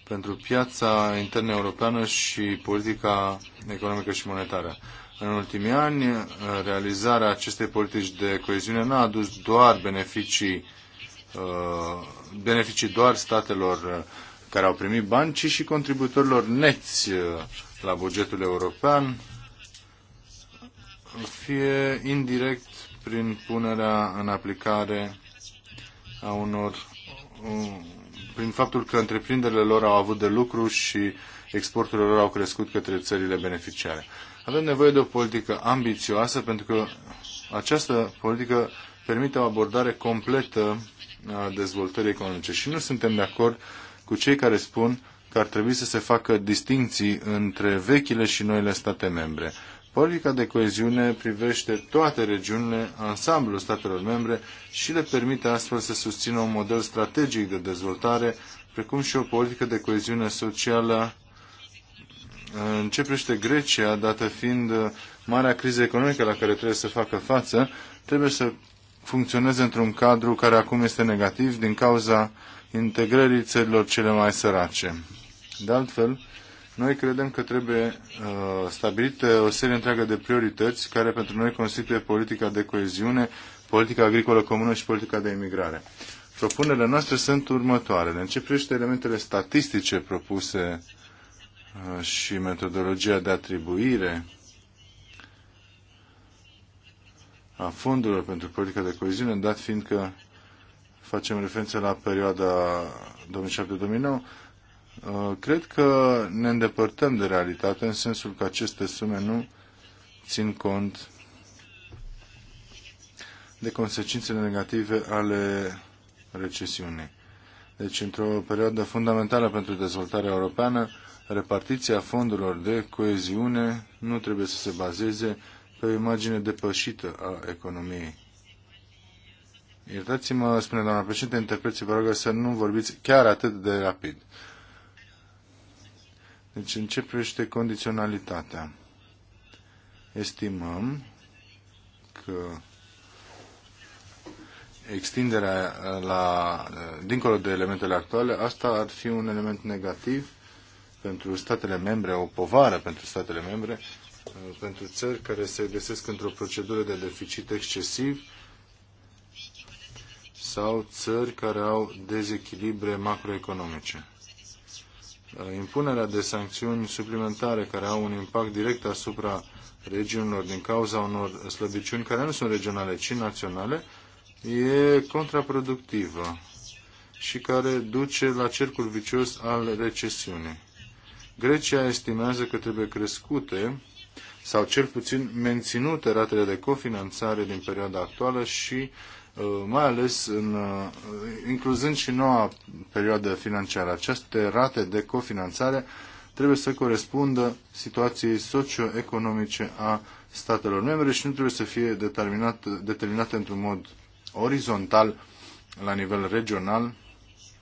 pentru piața internă europeană și politica economică și monetară. În ultimii ani, realizarea acestei politici de coeziune n-a adus doar beneficii uh, beneficii doar statelor uh, care au primit bani, ci și contributorilor neți uh, la bugetul european, fie indirect prin punerea în aplicare a unor uh, prin faptul că întreprinderile lor au avut de lucru și exporturile lor au crescut către țările beneficiare. Avem nevoie de o politică ambițioasă pentru că această politică permite o abordare completă a dezvoltării economice. Și nu suntem de acord cu cei care spun că ar trebui să se facă distinții între vechile și noile state membre. Politica de coeziune privește toate regiunile, ansamblul statelor membre și le permite astfel să susțină un model strategic de dezvoltare, precum și o politică de coeziune socială începește Grecia, dată fiind marea criză economică la care trebuie să facă față, trebuie să funcționeze într-un cadru care acum este negativ din cauza integrării țărilor cele mai sărace. De altfel, noi credem că trebuie uh, stabilită o serie întreagă de priorități care pentru noi constituie politica de coeziune, politica agricolă comună și politica de imigrare. Propunerile noastre sunt următoarele. În ce privește elementele statistice propuse uh, și metodologia de atribuire, a fondurilor pentru politica de coeziune, dat fiind că facem referință la perioada 2007-2009, uh, cred că ne îndepărtăm de realitate în sensul că aceste sume nu țin cont de consecințele negative ale recesiunii. Deci, într-o perioadă fundamentală pentru dezvoltarea europeană, repartiția fondurilor de coeziune nu trebuie să se bazeze pe o imagine depășită a economiei. Iertați-mă, spune doamna președinte, interpreții vă rog să nu vorbiți chiar atât de rapid. Deci începește condiționalitatea. Estimăm că extinderea la, dincolo de elementele actuale, asta ar fi un element negativ pentru statele membre, o povară pentru statele membre, pentru țări care se găsesc într-o procedură de deficit excesiv sau țări care au dezechilibre macroeconomice. Impunerea de sancțiuni suplimentare care au un impact direct asupra regiunilor din cauza unor slăbiciuni care nu sunt regionale, ci naționale, e contraproductivă și care duce la cercul vicios al recesiunii. Grecia estimează că trebuie crescute sau cel puțin menținute ratele de cofinanțare din perioada actuală și uh, mai ales în, uh, incluzând și noua perioadă financiară. Aceste rate de cofinanțare trebuie să corespundă situației socioeconomice a statelor membre și nu trebuie să fie determinate, determinate într-un mod orizontal la nivel regional,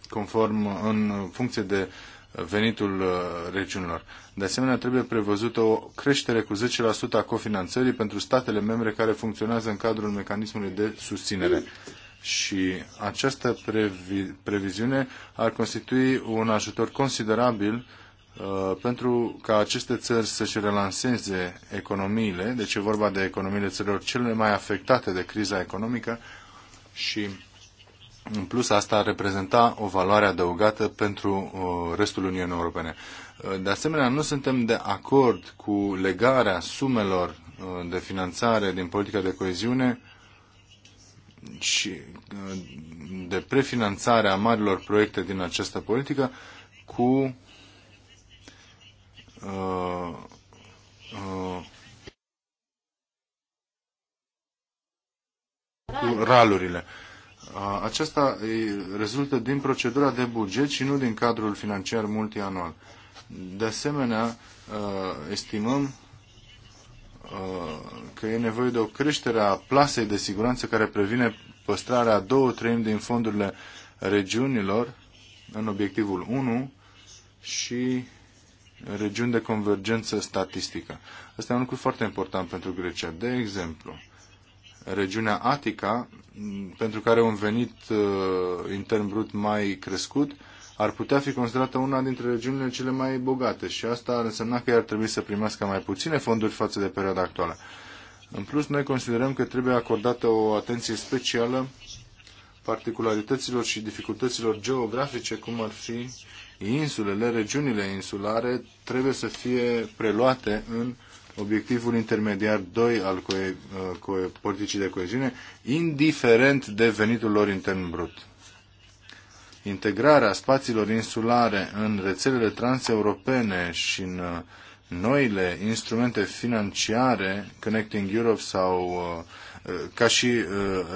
conform în funcție de uh, venitul uh, regiunilor. De asemenea, trebuie prevăzută o creștere cu 10% a cofinanțării pentru statele membre care funcționează în cadrul mecanismului de susținere. Și această previ- previziune ar constitui un ajutor considerabil uh, pentru ca aceste țări să-și relanseze economiile, deci e vorba de economiile țărilor cele mai afectate de criza economică și în plus, asta ar reprezenta o valoare adăugată pentru uh, restul Uniunii Europene. Uh, de asemenea, nu suntem de acord cu legarea sumelor uh, de finanțare din politica de coeziune și de prefinanțare a marilor proiecte din această politică cu uh, uh, cu ralurile. Aceasta rezultă din procedura de buget și nu din cadrul financiar multianual. De asemenea, estimăm că e nevoie de o creștere a plasei de siguranță care previne păstrarea două treimi din fondurile regiunilor în obiectivul 1 și regiuni de convergență statistică. Asta e un lucru foarte important pentru Grecia. De exemplu, regiunea Atica, pentru care un venit uh, intern brut mai crescut, ar putea fi considerată una dintre regiunile cele mai bogate și asta ar însemna că ar trebui să primească mai puține fonduri față de perioada actuală. În plus, noi considerăm că trebuie acordată o atenție specială particularităților și dificultăților geografice, cum ar fi insulele, regiunile insulare, trebuie să fie preluate în obiectivul intermediar 2 al co- uh, co- politicii de coeziune, indiferent de venitul lor intern brut. Integrarea spațiilor insulare în rețelele transeuropene și în uh, noile instrumente financiare, Connecting Europe sau uh, ca și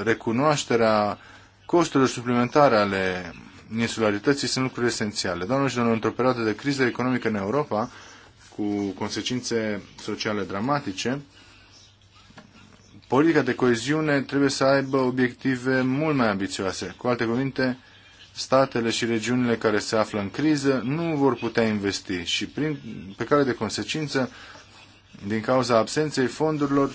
recunoașterea costurilor suplimentare ale insularității sunt lucruri esențiale. Doamnelor și domnilor, într-o perioadă de criză economică în Europa, cu consecințe sociale dramatice, politica de coeziune trebuie să aibă obiective mult mai ambițioase. Cu alte cuvinte, statele și regiunile care se află în criză nu vor putea investi și prin, pe care de consecință, din cauza absenței fondurilor,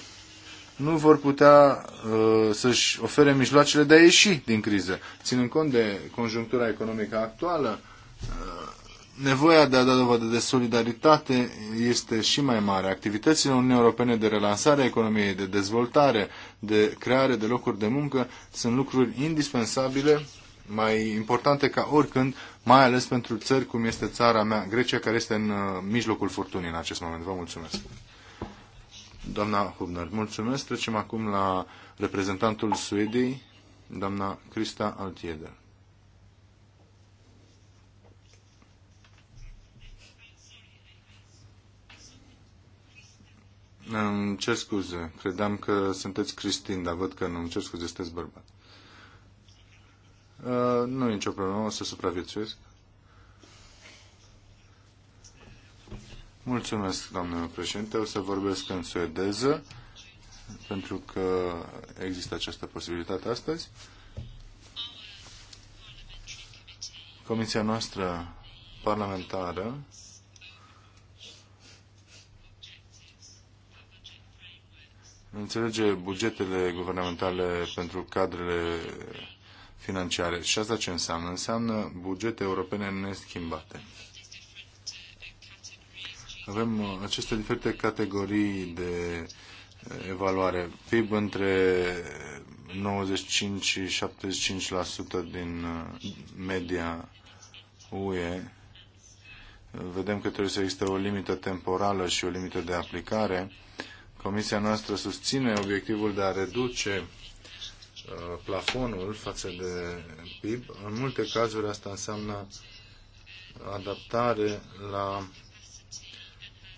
nu vor putea uh, să-și ofere mijloacele de a ieși din criză. Ținând cont de conjunctura economică actuală, uh, nevoia de a da dovadă de solidaritate este și mai mare. Activitățile Uniunii Europene de relansare a economiei, de dezvoltare, de creare de locuri de muncă sunt lucruri indispensabile, mai importante ca oricând, mai ales pentru țări cum este țara mea, Grecia, care este în uh, mijlocul furtunii în acest moment. Vă mulțumesc. Doamna Hubner, mulțumesc. Trecem acum la reprezentantul Suediei, doamna Krista Altieder. Îmi cer scuze. Credeam că sunteți Cristin, dar văd că nu. Îmi cer scuze, sunteți bărbat. Uh, nu e nicio problemă, o să supraviețuiesc. Mulțumesc, domnule președinte. O să vorbesc în suedeză, pentru că există această posibilitate astăzi. Comisia noastră parlamentară înțelege bugetele guvernamentale pentru cadrele financiare. Și asta ce înseamnă? Înseamnă bugete europene neschimbate. Avem uh, aceste diferite categorii de uh, evaluare. PIB între 95 și 75% din uh, media UE. Vedem că trebuie să existe o limită temporală și o limită de aplicare. Comisia noastră susține obiectivul de a reduce uh, plafonul față de PIB. În multe cazuri asta înseamnă adaptare la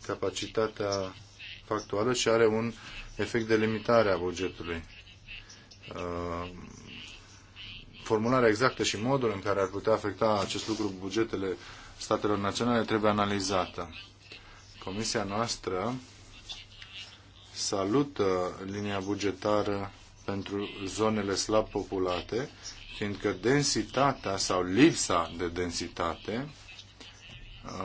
capacitatea factuală și are un efect de limitare a bugetului. Uh, formularea exactă și modul în care ar putea afecta acest lucru bugetele statelor naționale trebuie analizată. Comisia noastră salută linia bugetară pentru zonele slab populate, fiindcă densitatea sau lipsa de densitate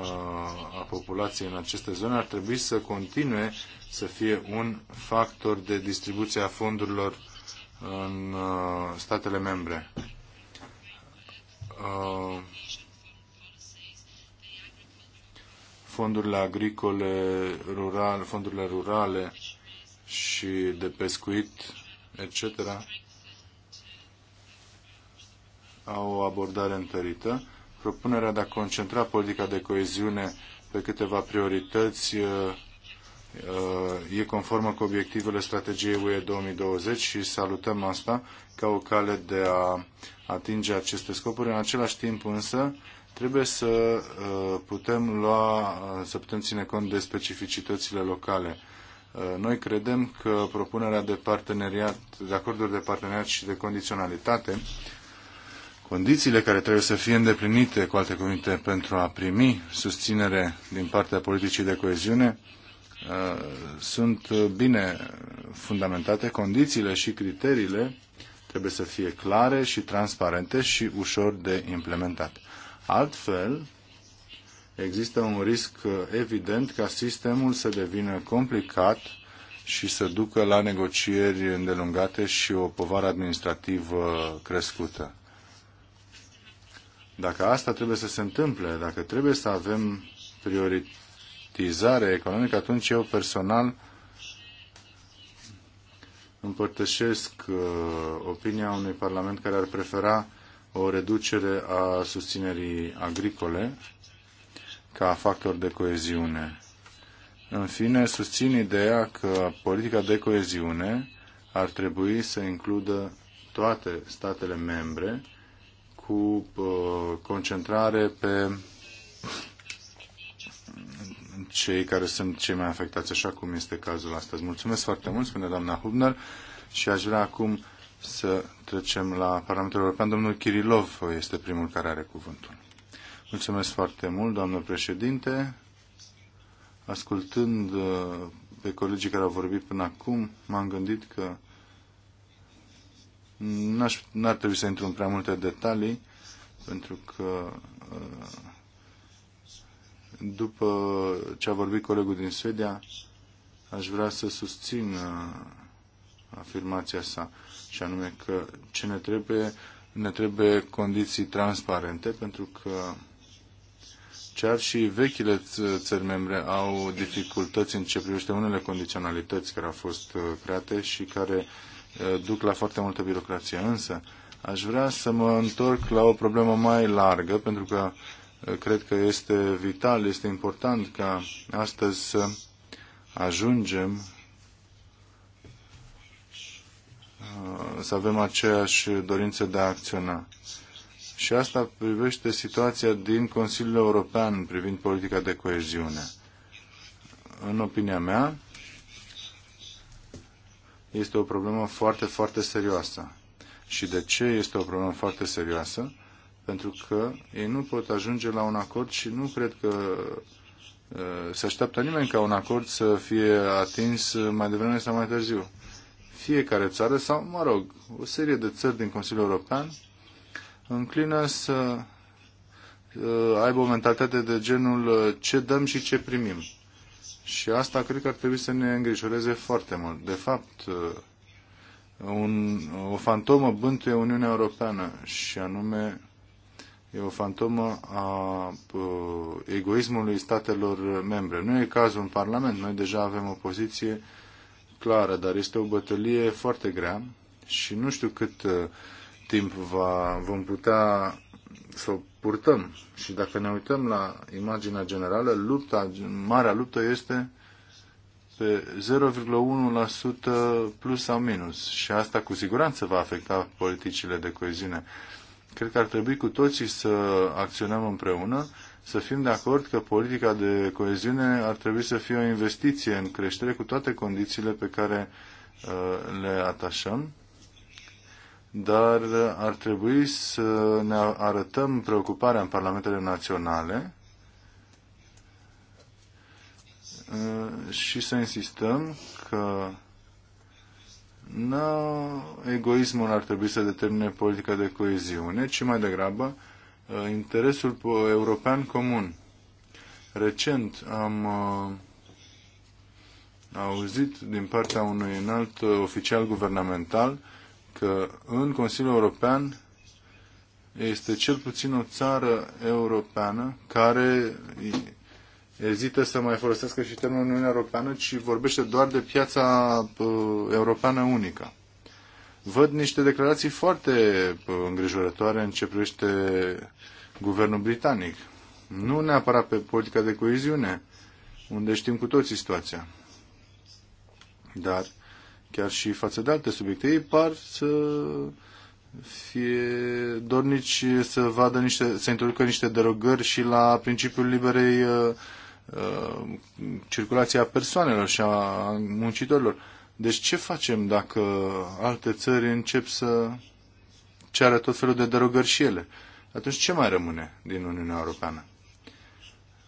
uh, a populației în aceste zone ar trebui să continue să fie un factor de distribuție a fondurilor în uh, statele membre. Uh, fondurile agricole, rural, fondurile rurale și de pescuit, etc., au o abordare întărită. Propunerea de a concentra politica de coeziune pe câteva priorități uh, uh, e conformă cu obiectivele strategiei UE 2020 și salutăm asta ca o cale de a atinge aceste scopuri. În același timp însă trebuie să uh, putem lua, să putem ține cont de specificitățile locale. Uh, noi credem că propunerea de parteneriat, de acorduri de parteneriat și de condiționalitate, condițiile care trebuie să fie îndeplinite, cu alte cuvinte, pentru a primi susținere din partea politicii de coeziune, uh, sunt bine fundamentate. Condițiile și criteriile trebuie să fie clare și transparente și ușor de implementat. Altfel, există un risc uh, evident ca sistemul să devină complicat și să ducă la negocieri îndelungate și o povară administrativă crescută. Dacă asta trebuie să se întâmple, dacă trebuie să avem prioritizare economică, atunci eu personal împărtășesc uh, opinia unui Parlament care ar prefera o reducere a susținerii agricole ca factor de coeziune. În fine, susțin ideea că politica de coeziune ar trebui să includă toate statele membre cu uh, concentrare pe cei care sunt cei mai afectați, așa cum este cazul astăzi. Mulțumesc foarte mult, spune doamna Hubner, și aș vrea acum să trecem la Parlamentul European. Domnul Kirilov este primul care are cuvântul. Mulțumesc foarte mult, doamnă președinte. Ascultând uh, pe colegii care au vorbit până acum, m-am gândit că n-ar trebui să intru în prea multe detalii, pentru că uh, după ce a vorbit colegul din Suedia, aș vrea să susțin uh, afirmația sa, și anume că ce ne trebuie, ne trebuie condiții transparente, pentru că Chiar și vechile țări membre au dificultăți în ce privește unele condiționalități care au fost uh, create și care uh, duc la foarte multă birocrație. Însă, aș vrea să mă întorc la o problemă mai largă, pentru că uh, cred că este vital, este important ca astăzi să ajungem să avem aceeași dorință de a acționa și asta privește situația din Consiliul European privind politica de coeziune. În opinia mea, este o problemă foarte, foarte serioasă. Și de ce este o problemă foarte serioasă? Pentru că ei nu pot ajunge la un acord și nu cred că uh, se așteaptă nimeni ca un acord să fie atins mai devreme sau mai târziu. Fiecare țară sau, mă rog, o serie de țări din Consiliul European înclină să uh, aibă o mentalitate de genul uh, ce dăm și ce primim. Și asta cred că ar trebui să ne îngrijoreze foarte mult. De fapt, uh, un, o fantomă bântuie Uniunea Europeană și anume e o fantomă a egoismului statelor membre. Nu e cazul în Parlament, noi deja avem o poziție clară, dar este o bătălie foarte grea și nu știu cât timp va, vom putea să o purtăm. Și dacă ne uităm la imaginea generală, lupta, marea luptă este pe 0,1% plus sau minus. Și asta cu siguranță va afecta politicile de coeziune. Cred că ar trebui cu toții să acționăm împreună, să fim de acord că politica de coeziune ar trebui să fie o investiție în creștere cu toate condițiile pe care uh, le atașăm dar ar trebui să ne arătăm preocuparea în parlamentele naționale uh, și să insistăm că nu egoismul ar trebui să determine politica de coeziune, ci mai degrabă uh, interesul european comun. Recent am uh, auzit din partea unui înalt oficial guvernamental că în Consiliul European este cel puțin o țară europeană care ezită să mai folosească și termenul Uniunea Europeană, ci vorbește doar de piața uh, europeană unică. Văd niște declarații foarte uh, îngrijorătoare în ce privește guvernul britanic. Nu neapărat pe politica de coeziune, unde știm cu toții situația. Dar chiar și față de alte subiecte, ei par să fie dornici să vadă niște, să introducă niște derogări și la principiul liberei uh, uh, circulația persoanelor și a muncitorilor. Deci ce facem dacă alte țări încep să ceară tot felul de derogări și ele? Atunci ce mai rămâne din Uniunea Europeană?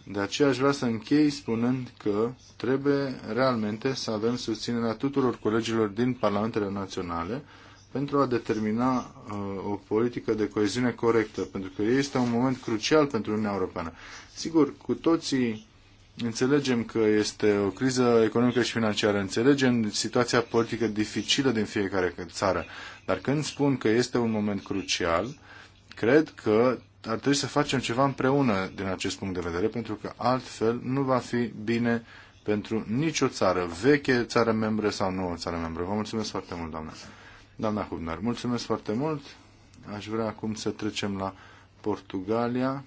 De aceea aș vrea să închei spunând că trebuie realmente să avem susținerea tuturor colegilor din Parlamentele Naționale pentru a determina uh, o politică de coeziune corectă, pentru că este un moment crucial pentru Uniunea Europeană. Sigur, cu toții înțelegem că este o criză economică și financiară, înțelegem situația politică dificilă din fiecare țară, dar când spun că este un moment crucial, cred că ar trebui să facem ceva împreună din acest punct de vedere, pentru că altfel nu va fi bine pentru nicio țară, veche țară membră sau nouă țară membră. Vă mulțumesc foarte mult, doamna. Doamna Hubner, mulțumesc foarte mult. Aș vrea acum să trecem la Portugalia.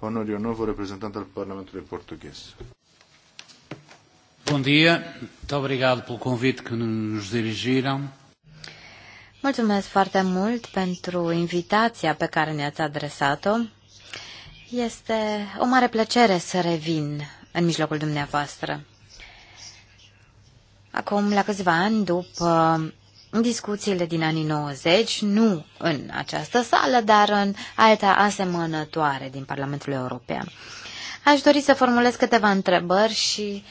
Honorio Novo, reprezentant al Parlamentului Portughez. Bom dia, muito obrigado pelo convite que nos dirigiram. Mulțumesc foarte mult pentru invitația pe care ne-ați adresat-o. Este o mare plăcere să revin în mijlocul dumneavoastră. Acum, la câțiva ani, după discuțiile din anii 90, nu în această sală, dar în alta asemănătoare din Parlamentul European. Aș dori să formulez câteva întrebări și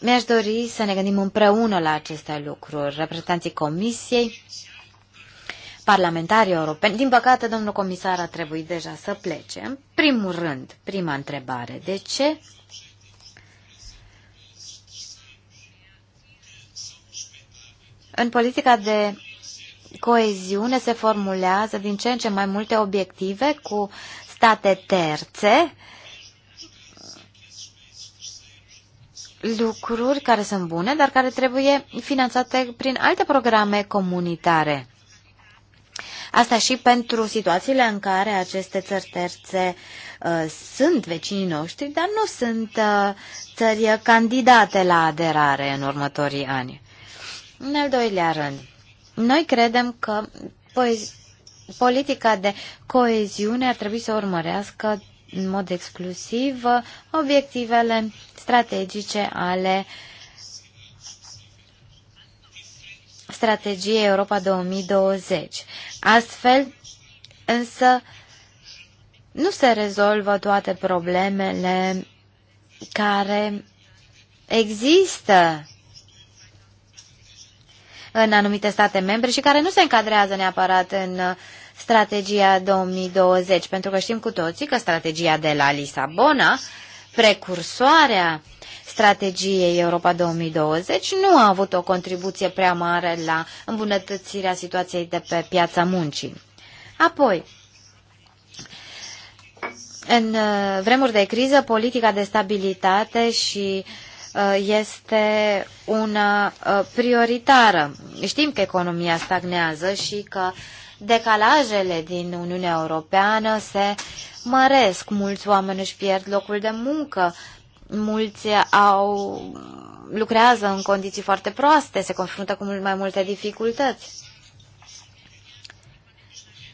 mi-aș dori să ne gândim împreună la aceste lucruri. Reprezentanții Comisiei, parlamentarii europeni. Din păcate, domnul comisar a trebuit deja să plece. În primul rând, prima întrebare. De ce în politica de coeziune se formulează din ce în ce mai multe obiective cu state terțe, lucruri care sunt bune, dar care trebuie finanțate prin alte programe comunitare. Asta și pentru situațiile în care aceste țări terțe uh, sunt vecinii noștri, dar nu sunt uh, țări candidate la aderare în următorii ani. În al doilea rând, noi credem că politica de coeziune ar trebui să urmărească în mod exclusiv obiectivele strategice ale uh, strategiei Europa 2020. Astfel, însă, nu se rezolvă toate problemele care există în anumite state membre și care nu se încadrează neapărat în strategia 2020, pentru că știm cu toții că strategia de la Lisabona, precursoarea uh, strategiei Europa 2020 nu a avut o contribuție prea mare la îmbunătățirea situației de pe piața muncii. Apoi, în uh, vremuri de criză, politica de stabilitate și uh, este una uh, prioritară. Știm că economia stagnează și că decalajele din Uniunea Europeană se măresc. Mulți oameni își pierd locul de muncă Mulți au, lucrează în condiții foarte proaste, se confruntă cu mult mai multe dificultăți.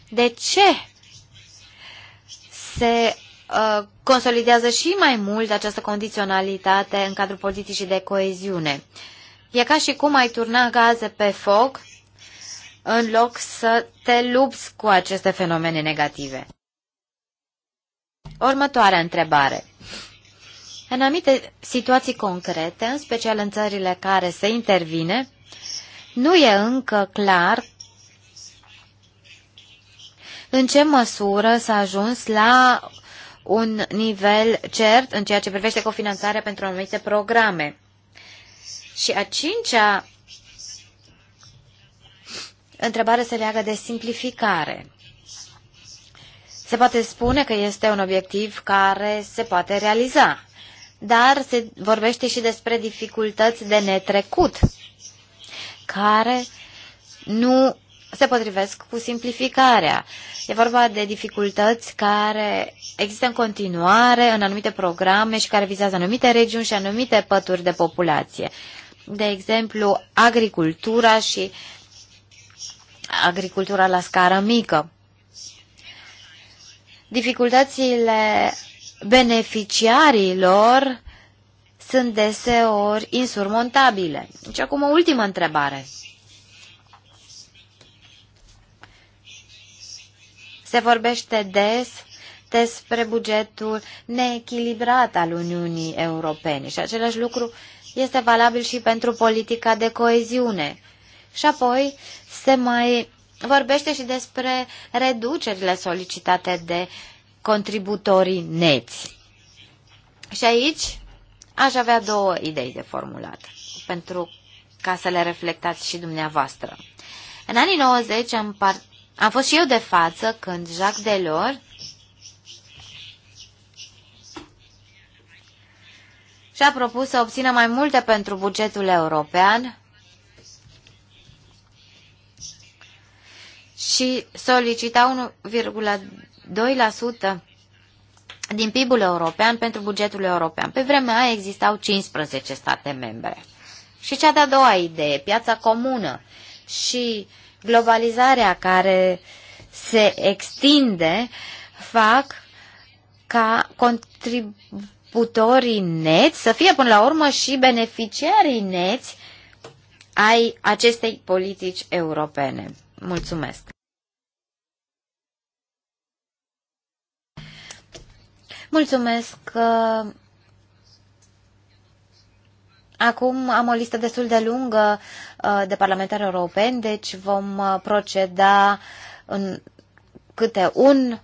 De ce se uh, consolidează și mai mult această condiționalitate în cadrul politicii de coeziune? E ca și cum ai turna gaze pe foc în loc să te lupți cu aceste fenomene negative. Următoarea întrebare. În anumite situații concrete, în special în țările care se intervine, nu e încă clar în ce măsură s-a ajuns la un nivel cert în ceea ce privește cofinanțarea pentru anumite programe. Și a cincea întrebare se leagă de simplificare. Se poate spune că este un obiectiv care se poate realiza dar se vorbește și despre dificultăți de netrecut, care nu se potrivesc cu simplificarea. E vorba de dificultăți care există în continuare în anumite programe și care vizează anumite regiuni și anumite pături de populație. De exemplu, agricultura și agricultura la scară mică. Dificultățile beneficiarilor sunt deseori insurmontabile. Și acum o ultimă întrebare. Se vorbește des despre bugetul neechilibrat al Uniunii Europene și același lucru este valabil și pentru politica de coeziune. Și apoi se mai vorbește și despre reducerile solicitate de uh, contributorii neți. Și aici aș avea două idei de formulat, pentru ca să le reflectați și dumneavoastră. În anii 90 am, par- am fost și eu de față când Jacques Delors și-a propus să obțină mai multe pentru bugetul european și solicita 2% din PIB-ul european pentru bugetul european. Pe vremea aia existau 15 state membre. Și cea de-a doua idee, piața comună și globalizarea care se extinde fac ca contributorii neți să fie până la urmă și beneficiarii neți ai acestei politici europene. Mulțumesc! Mulțumesc! Acum am o listă destul de lungă uh, de parlamentari europeni, deci vom uh, proceda în câte un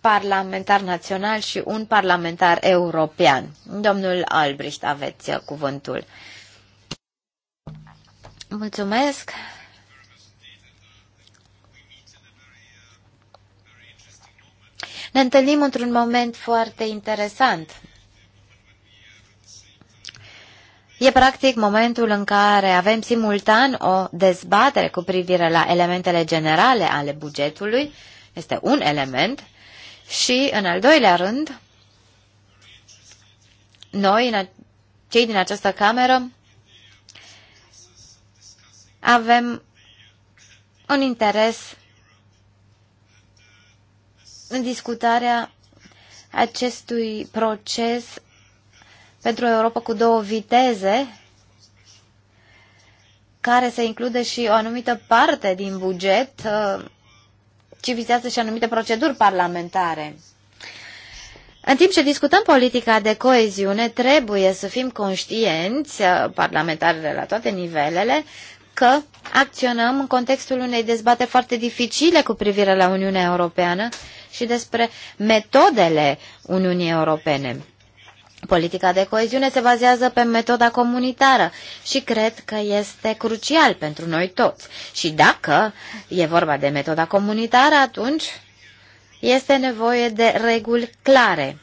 parlamentar național și un parlamentar european. Domnul Albrecht, aveți uh, cuvântul. Mulțumesc. Ne întâlnim într-un moment foarte interesant. E practic momentul în care avem simultan o dezbatere cu privire la elementele generale ale bugetului, este un element, și în al doilea rând, noi, cei din această cameră, avem un interes în discutarea acestui proces pentru o Europa cu două viteze, care să include și o anumită parte din buget, uh, ci vizează și anumite proceduri parlamentare. În timp ce discutăm politica de coeziune, trebuie să fim conștienți, uh, parlamentari de la toate nivelele, că acționăm în contextul unei dezbate foarte dificile cu privire la Uniunea Europeană și despre metodele Uniunii Europene. Politica de coeziune se bazează pe metoda comunitară și cred că este crucial pentru noi toți. Și dacă e vorba de metoda comunitară, atunci este nevoie de reguli clare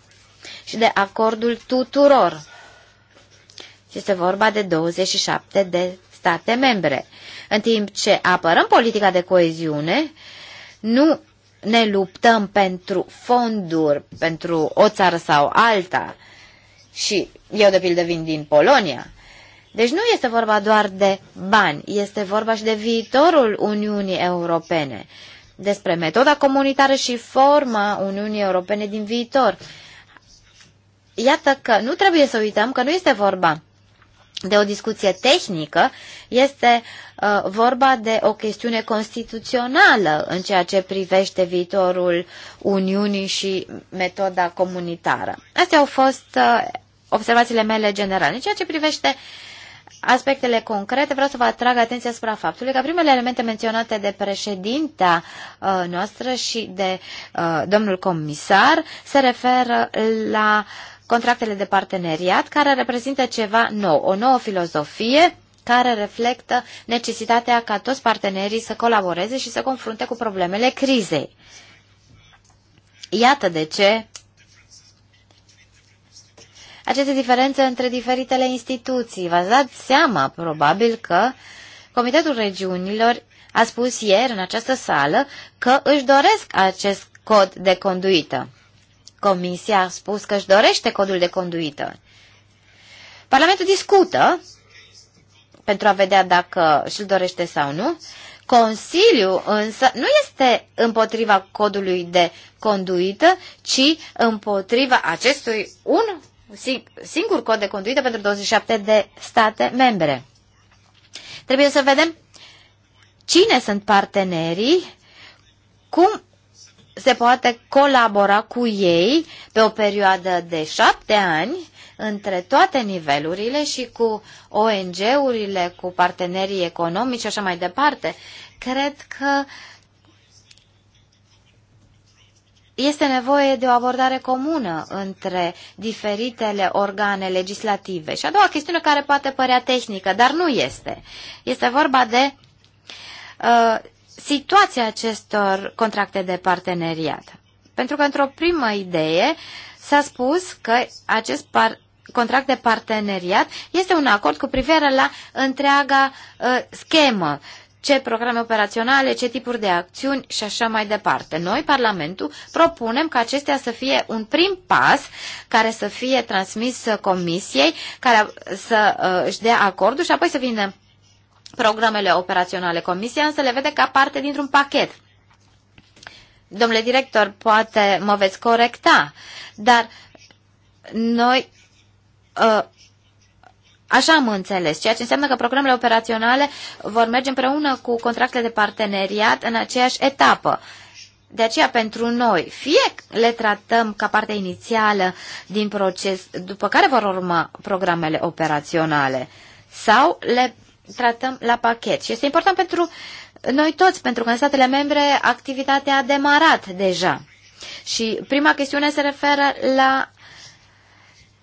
și de acordul tuturor. Este vorba de 27 de state membre. În timp ce apărăm politica de coeziune, nu ne luptăm pentru fonduri, pentru o țară sau alta. Și eu, de pildă, vin din Polonia. Deci nu este vorba doar de bani, este vorba și de viitorul Uniunii Europene, despre metoda comunitară și forma Uniunii Europene din viitor. Iată că nu trebuie să uităm că nu este vorba de o discuție tehnică, este uh, vorba de o chestiune constituțională în ceea ce privește viitorul Uniunii și metoda comunitară. Astea au fost uh, observațiile mele generale. În ceea ce privește aspectele concrete, vreau să vă atrag atenția asupra faptului că primele elemente menționate de președinta uh, noastră și de uh, domnul comisar se referă la uh, contractele de parteneriat, care reprezintă ceva nou, o nouă filozofie care reflectă necesitatea ca toți partenerii să colaboreze și să confrunte cu problemele crizei. Iată de ce aceste diferențe între diferitele instituții. V-ați dat seama, probabil, că Comitetul Regiunilor a spus ieri în această sală că își doresc acest cod de conduită. Comisia a spus că își dorește codul de conduită. Parlamentul discută pentru a vedea dacă și-l dorește sau nu. Consiliul însă nu este împotriva codului de conduită, ci împotriva acestui un singur cod de conduită pentru 27 de state membre. Trebuie să vedem cine sunt partenerii, cum se poate colabora cu ei pe o perioadă de șapte ani între toate nivelurile și cu ONG-urile, cu partenerii economici și așa mai departe. Cred că este nevoie de o abordare comună între diferitele organe legislative. Și a doua chestiune care poate părea tehnică, dar nu este. Este vorba de uh, situația acestor contracte de parteneriat. Pentru că într-o primă idee s-a spus că acest par- contract de parteneriat este un acord cu privire la întreaga uh, schemă, ce programe operaționale, ce tipuri de acțiuni și așa mai departe. Noi, Parlamentul, propunem ca acestea să fie un prim pas care să fie transmis ă, comisiei, care să uh, își dea acordul și apoi să vină programele operaționale. Comisia însă le vede ca parte dintr-un pachet. Domnule director, poate mă veți corecta, dar noi uh, Așa am înțeles, ceea ce înseamnă că programele operaționale vor merge împreună cu contractele de parteneriat în aceeași etapă. De aceea, pentru noi, fie le tratăm ca parte inițială din proces, după care vor urma programele operaționale, sau le tratăm la pachet. Și este important pentru noi toți, pentru că în statele membre activitatea a demarat deja. Și prima chestiune se referă la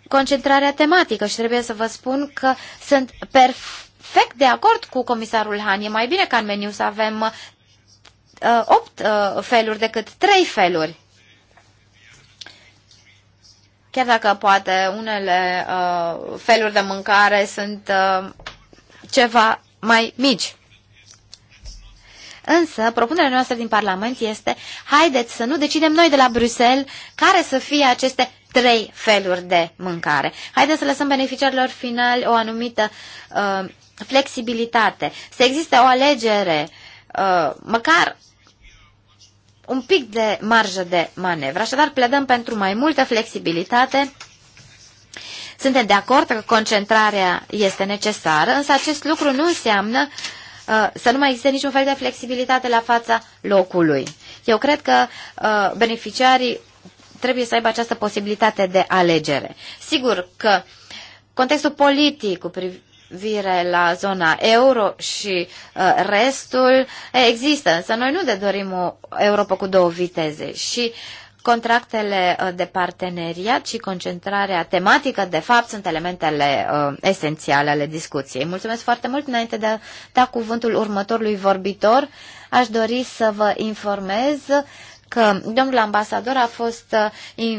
concentrarea tematică și trebuie să vă spun că sunt perfect de acord cu comisarul Han. E mai bine ca în meniu să avem uh, opt uh, feluri decât trei feluri. Chiar dacă poate unele uh, feluri de mâncare sunt uh, ceva mai mici. Însă, propunerea noastră din Parlament este, haideți să nu decidem noi de la Bruxelles care să fie aceste trei feluri de mâncare. Haideți să lăsăm beneficiarilor finali o anumită uh, flexibilitate, să existe o alegere, uh, măcar un pic de marjă de manevră. Așadar, pledăm pentru mai multă flexibilitate suntem de acord că concentrarea este necesară, însă acest lucru nu înseamnă uh, să nu mai existe niciun fel de flexibilitate la fața locului. Eu cred că uh, beneficiarii trebuie să aibă această posibilitate de alegere. Sigur că contextul politic cu privire la zona euro și uh, restul există, însă noi nu ne dorim o Europa cu două viteze și Contractele uh, de parteneriat și concentrarea tematică, de fapt, sunt elementele uh, esențiale ale discuției. Mulțumesc foarte mult. Înainte de a da cuvântul următorului vorbitor, aș dori să vă informez că domnul ambasador a fost uh,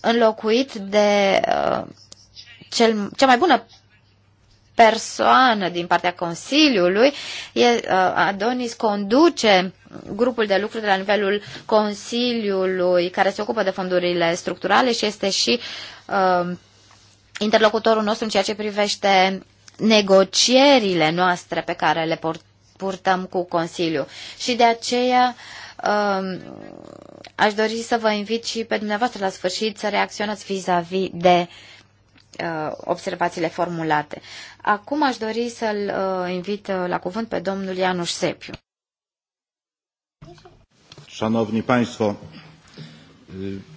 înlocuit de uh, cel, cea mai bună persoană din partea Consiliului. E, uh, Adonis conduce grupul de lucru de la nivelul Consiliului care se ocupă de fondurile structurale și este și uh, interlocutorul nostru în ceea ce privește negocierile noastre pe care le purtăm cu Consiliu. Și de aceea uh, aș dori să vă invit și pe dumneavoastră la sfârșit să reacționați vis-a-vis -vis de uh, Uh, observațiile formulate. Acum aș dori să-l uh, invit uh, la cuvânt pe domnul Ianuș Sepiu. Szanowni Państwo,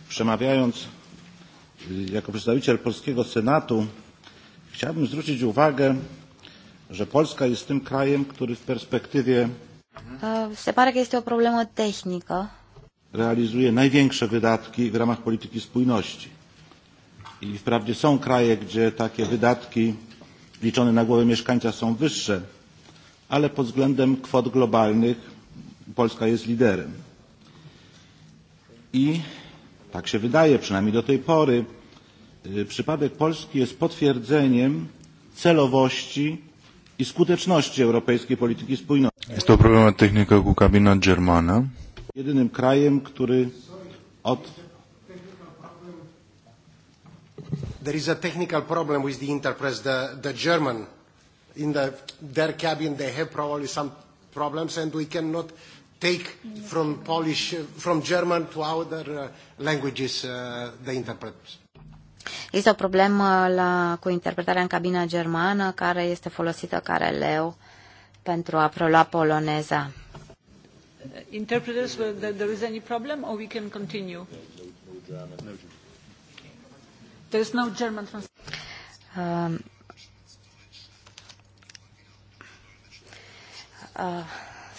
przemawiając jako przedstawiciel polskiego Senatu, chciałbym zwrócić uwagę, że Polska jest tym krajem, który w perspektywie Se pare că este o problemă tehnică. Realizuje największe wydatki w ramach polityki spójności I wprawdzie są kraje, gdzie takie wydatki liczone na głowę mieszkańca są wyższe, ale pod względem kwot globalnych Polska jest liderem. I tak się wydaje, przynajmniej do tej pory, przypadek Polski jest potwierdzeniem celowości i skuteczności europejskiej polityki spójności. Jest to problemă tehnică cu Jedynym krajem, który od there is a technical problem with the interpreters. The, the German, in the, their cabin, they have probably some problems, and we cannot take from Polish, from German to other uh, languages uh, the interpreters. Este o problemă la, cu interpretarea în cabina germană care este folosită ca releu pentru a prelua poloneza. Interpreters, there is any problem or we can continue? No, no, no There's no German translation. Uh, um, uh,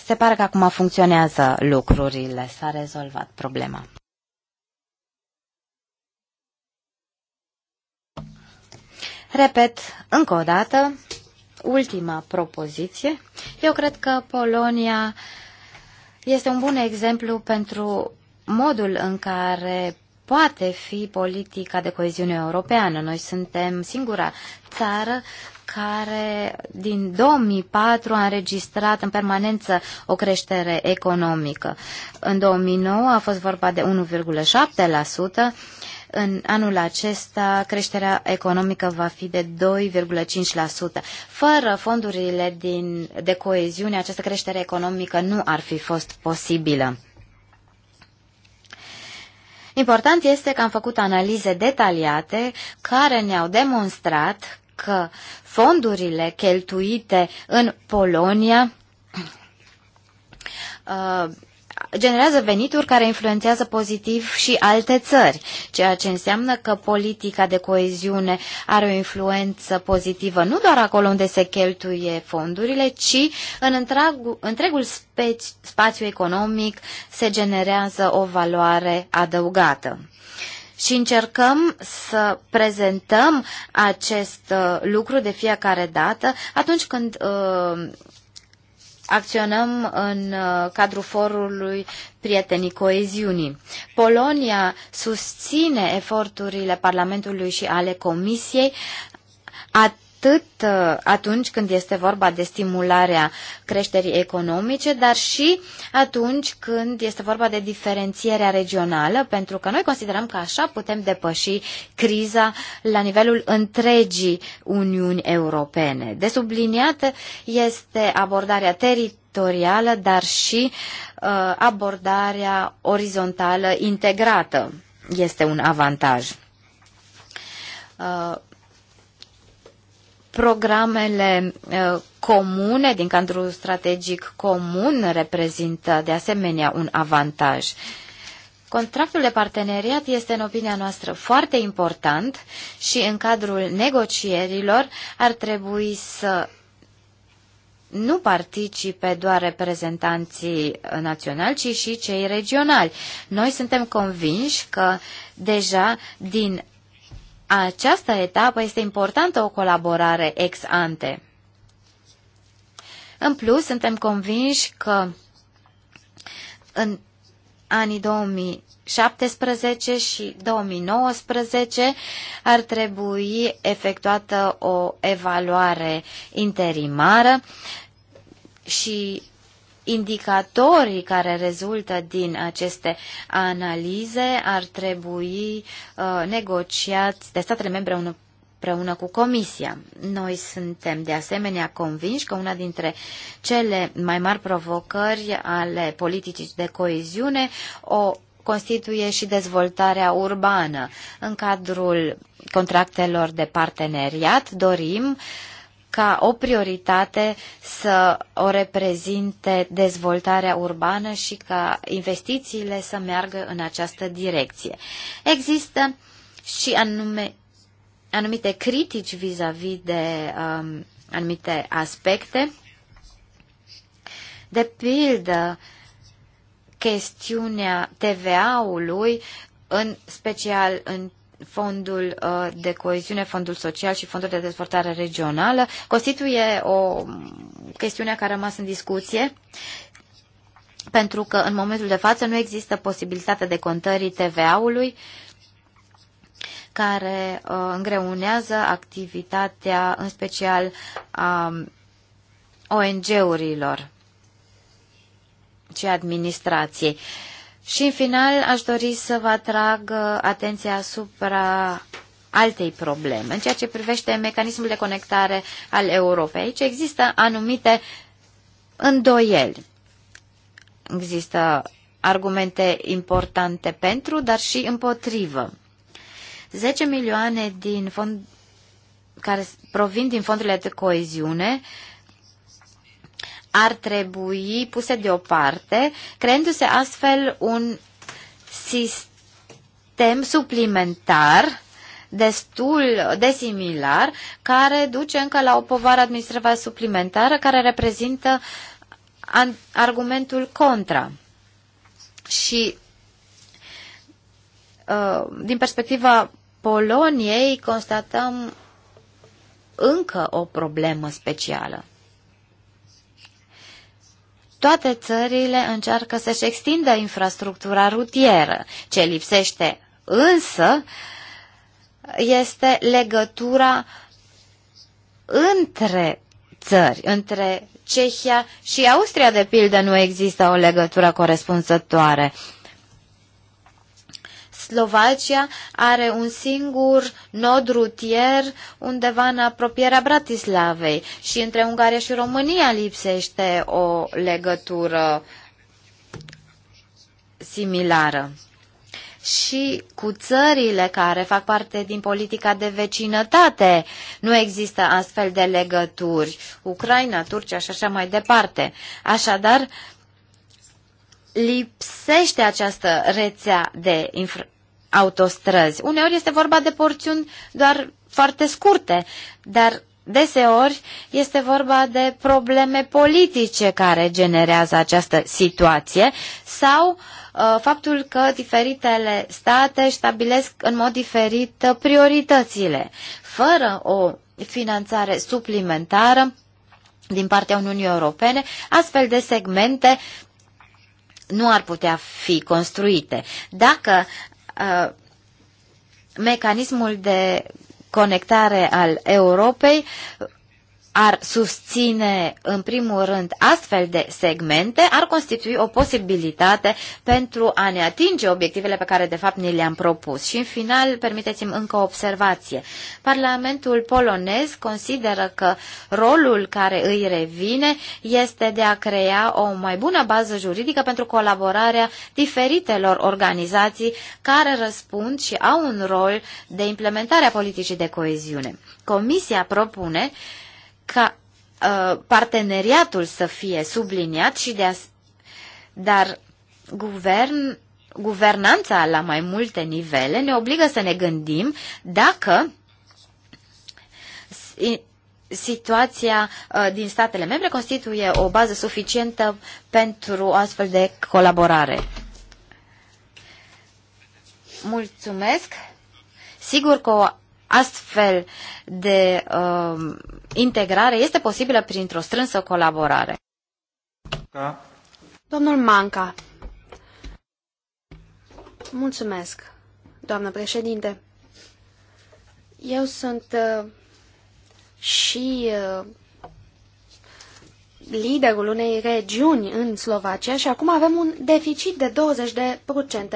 se pare că acum funcționează lucrurile, s-a rezolvat problema. Repet, încă o dată, ultima propoziție. Eu cred că Polonia este un bun exemplu pentru modul în care poate fi politica de coeziune europeană. Noi suntem singura țară care din 2004 a înregistrat în permanență o creștere economică. În 2009 a fost vorba de 1,7%, în anul acesta creșterea economică va fi de 2,5%. Fără fondurile din, de coeziune, această creștere economică nu ar fi fost posibilă. Important este că am făcut analize detaliate care ne-au demonstrat că fondurile cheltuite în Polonia uh, generează venituri care influențează pozitiv și alte țări, ceea ce înseamnă că politica de coeziune are o influență pozitivă nu doar acolo unde se cheltuie fondurile, ci în întregul, întregul speci, spațiu economic se generează o valoare adăugată și încercăm să prezentăm acest uh, lucru de fiecare dată atunci când uh, acționăm în uh, cadrul forului Prietenii Coeziunii. Polonia susține eforturile Parlamentului și ale Comisiei atât uh, atunci când este vorba de stimularea creșterii economice, dar și atunci când este vorba de diferențierea regională, pentru că noi considerăm că așa putem depăși criza la nivelul întregii Uniuni Europene. De subliniat este abordarea teritorială, dar și uh, abordarea orizontală integrată este un avantaj. Uh, Programele comune din cadrul strategic comun reprezintă de asemenea un avantaj. Contractul de parteneriat este, în opinia noastră, foarte important și în cadrul negocierilor ar trebui să nu participe doar reprezentanții naționali, ci și cei regionali. Noi suntem convinși că deja din această etapă este importantă o colaborare ex ante. În plus, suntem convinși că în anii 2017 și 2019 ar trebui efectuată o evaluare interimară și indicatorii care rezultă din aceste analize ar trebui uh, negociați de statele membre unul împreună cu Comisia. Noi suntem de asemenea convinși că una dintre cele mai mari provocări ale politicii de coeziune o constituie și dezvoltarea urbană. În cadrul contractelor de parteneriat dorim uh, ca o prioritate să o reprezinte dezvoltarea urbană și ca investițiile să meargă în această direcție. Există și anume, anumite critici vis-a-vis -vis de um, anumite aspecte. De pildă, chestiunea TVA-ului, în special în fondul uh, de coeziune, fondul social și fondul de dezvoltare regională constituie o chestiune care a rămas în discuție pentru că în momentul de față nu există posibilitatea de contării TVA-ului care uh, îngreunează activitatea în special a ONG-urilor și administrației. Uh, și în final aș dori să vă atrag uh, atenția asupra altei probleme, în ceea ce privește mecanismul de conectare al Europei. Aici există anumite îndoieli. Există argumente importante pentru, dar și împotrivă. 10 milioane din fond, care provin din fondurile de coeziune uh, ar trebui puse deoparte, creându-se astfel un sistem suplimentar destul de similar, care duce încă la o povară administrativă suplimentară, care reprezintă argumentul contra. Și uh, din perspectiva Poloniei constatăm încă o problemă specială. Toate țările încearcă să-și extindă infrastructura rutieră. Ce lipsește însă este legătura între țări, între Cehia și Austria, de pildă, nu există o legătură corespunzătoare. Uh, Slovacia are un singur nod rutier undeva în apropierea Bratislavei și între Ungaria și România lipsește o legătură similară și cu țările care fac parte din politica de vecinătate. Nu există astfel de legături. Ucraina, Turcia și așa mai departe. Așadar, lipsește această rețea de infra- autostrăzi. Uneori este vorba de porțiuni doar foarte scurte, dar deseori este vorba de probleme politice care generează această situație sau uh, faptul că diferitele state stabilesc în mod diferit uh, prioritățile. Fără o finanțare suplimentară din partea Uniunii Europene, astfel de segmente nu ar putea fi construite. Dacă Uh, mecanismul de conectare al Europei ar susține în primul rând astfel de segmente, ar constitui o posibilitate pentru a ne atinge obiectivele pe care de fapt ni le-am propus. Și în final, permiteți-mi încă o observație. Parlamentul polonez consideră că rolul care îi revine este de a crea o mai bună bază juridică pentru colaborarea diferitelor organizații care răspund și au un rol de implementare a politicii de coeziune. Comisia propune ca uh, parteneriatul să fie subliniat și de a, dar guvern, guvernanța la mai multe nivele ne obligă să ne gândim dacă situația uh, din statele membre constituie o bază suficientă pentru astfel de colaborare. Mulțumesc! Sigur că o astfel de uh, integrare este posibilă printr-o strânsă colaborare. Da. Domnul Manca. Mulțumesc, doamnă președinte. Eu sunt uh, și uh, liderul unei regiuni în Slovacia și acum avem un deficit de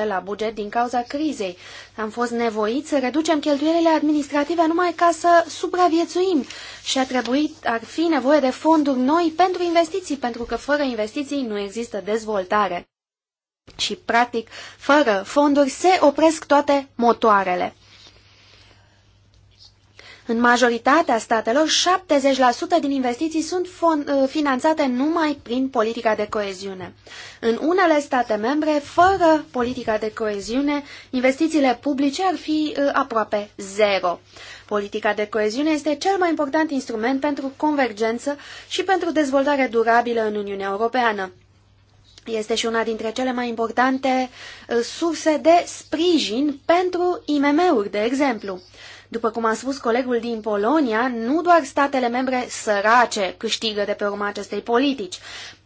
20% la buget din cauza crizei. Am fost nevoiți să reducem cheltuielile administrative numai ca să supraviețuim și a trebuit, ar fi nevoie de fonduri noi pentru investiții, pentru că fără investiții nu există dezvoltare. Și, practic, fără fonduri se opresc toate motoarele. În majoritatea statelor, 70% din investiții sunt uh, finanțate numai prin politica de coeziune. În unele state membre, fără politica de coeziune, investițiile publice ar fi uh, aproape zero. Politica de coeziune este cel mai important instrument pentru convergență și pentru dezvoltare durabilă în Uniunea Europeană. Este și una dintre cele mai importante uh, surse de sprijin pentru IMM-uri, de exemplu. După cum a spus colegul din Polonia, nu doar statele membre sărace câștigă de pe urma acestei politici.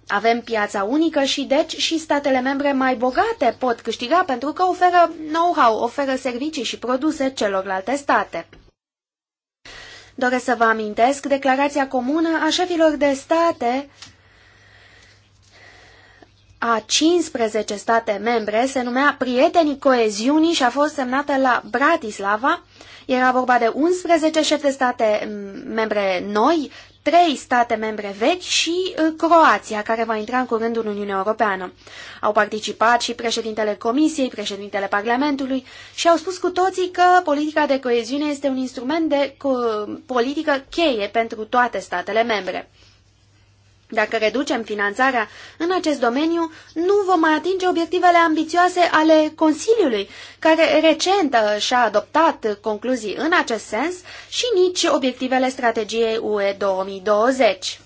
Avem piața unică și deci și statele membre mai bogate pot câștiga pentru că oferă know-how, oferă servicii și produse celorlalte state. Doresc să vă amintesc declarația comună a șefilor de state a 15 state membre, se numea Prietenii Coeziunii și a fost semnată la Bratislava era vorba de 11 șefi de state mm, membre noi, 3 state membre vechi și Croația, care va intra în curând în Uniunea Europeană. Au participat și președintele Comisiei, președintele Parlamentului și au spus cu toții că politica de coeziune este un instrument de politică cheie pentru toate statele membre. Dacă reducem finanțarea în acest domeniu, nu vom mai atinge obiectivele ambițioase ale Consiliului, care recent și-a adoptat concluzii în acest sens, și nici obiectivele strategiei UE 2020.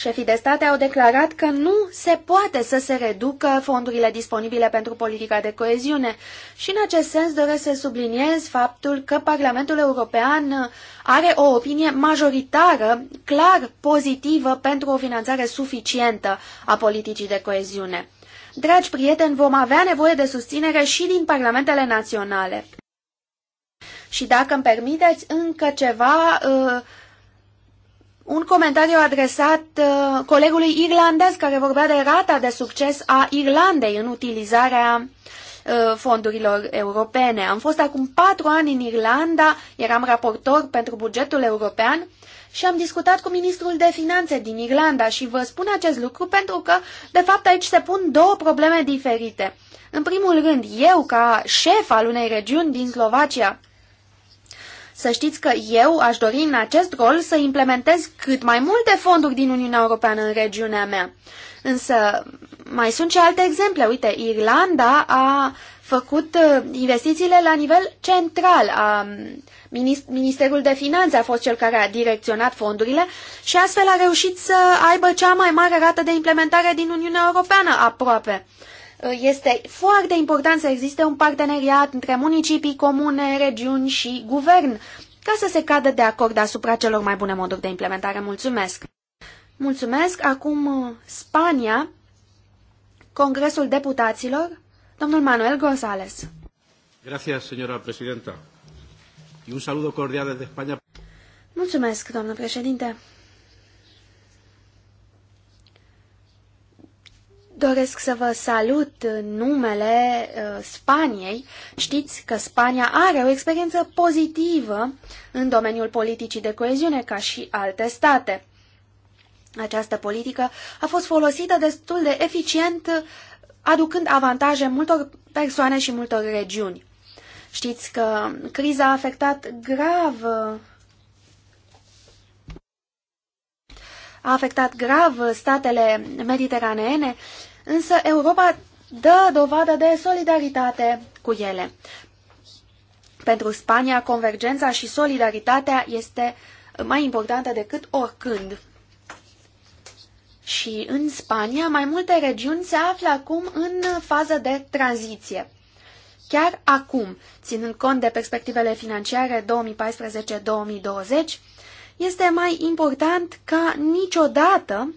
Șefii de state au declarat că nu se poate să se reducă fondurile disponibile pentru politica de coeziune și în acest sens doresc să subliniez faptul că Parlamentul European are o opinie majoritară, clar pozitivă pentru o finanțare suficientă a politicii de coeziune. Dragi prieteni, vom avea nevoie de susținere și din parlamentele naționale. Și dacă îmi permiteți încă ceva, uh, un comentariu adresat uh, colegului irlandez care vorbea de rata de succes a Irlandei în utilizarea uh, fondurilor europene. Am fost acum patru ani în Irlanda, eram raportor pentru bugetul european și am discutat cu ministrul de finanțe din Irlanda și vă spun acest lucru pentru că, de fapt, aici se pun două probleme diferite. În primul rând, eu, ca șef al unei regiuni din Slovacia, să știți că eu aș dori în acest rol să implementez cât mai multe fonduri din Uniunea Europeană în regiunea mea. Însă mai sunt și alte exemple. Uite, Irlanda a făcut uh, investițiile la nivel central. A, Ministerul de Finanțe a fost cel care a direcționat fondurile și astfel a reușit să aibă cea mai mare rată de implementare din Uniunea Europeană aproape. Uh, este foarte important să existe un parteneriat între municipii, comune, regiuni și guvern, ca să se cadă de acord asupra celor mai bune moduri de implementare. Mulțumesc! Mulțumesc! Acum uh, Spania, Congresul Deputaților, domnul Manuel González. Gracias, señora presidenta. Y un saludo cordial desde España. Mulțumesc, doamnă președinte. Doresc să vă salut numele uh, Spaniei. Știți că Spania are o experiență pozitivă în domeniul politicii de coeziune, ca și alte state. Această politică a fost folosită destul de eficient, aducând avantaje multor persoane și multor regiuni. Știți că criza a afectat grav a afectat grav statele mediteraneene însă Europa dă dovadă de solidaritate cu ele. Pentru Spania, convergența și solidaritatea este mai importantă decât oricând. Și în Spania, mai multe regiuni se află acum în fază de tranziție. Chiar acum, ținând cont de perspectivele financiare 2014-2020, este mai important ca niciodată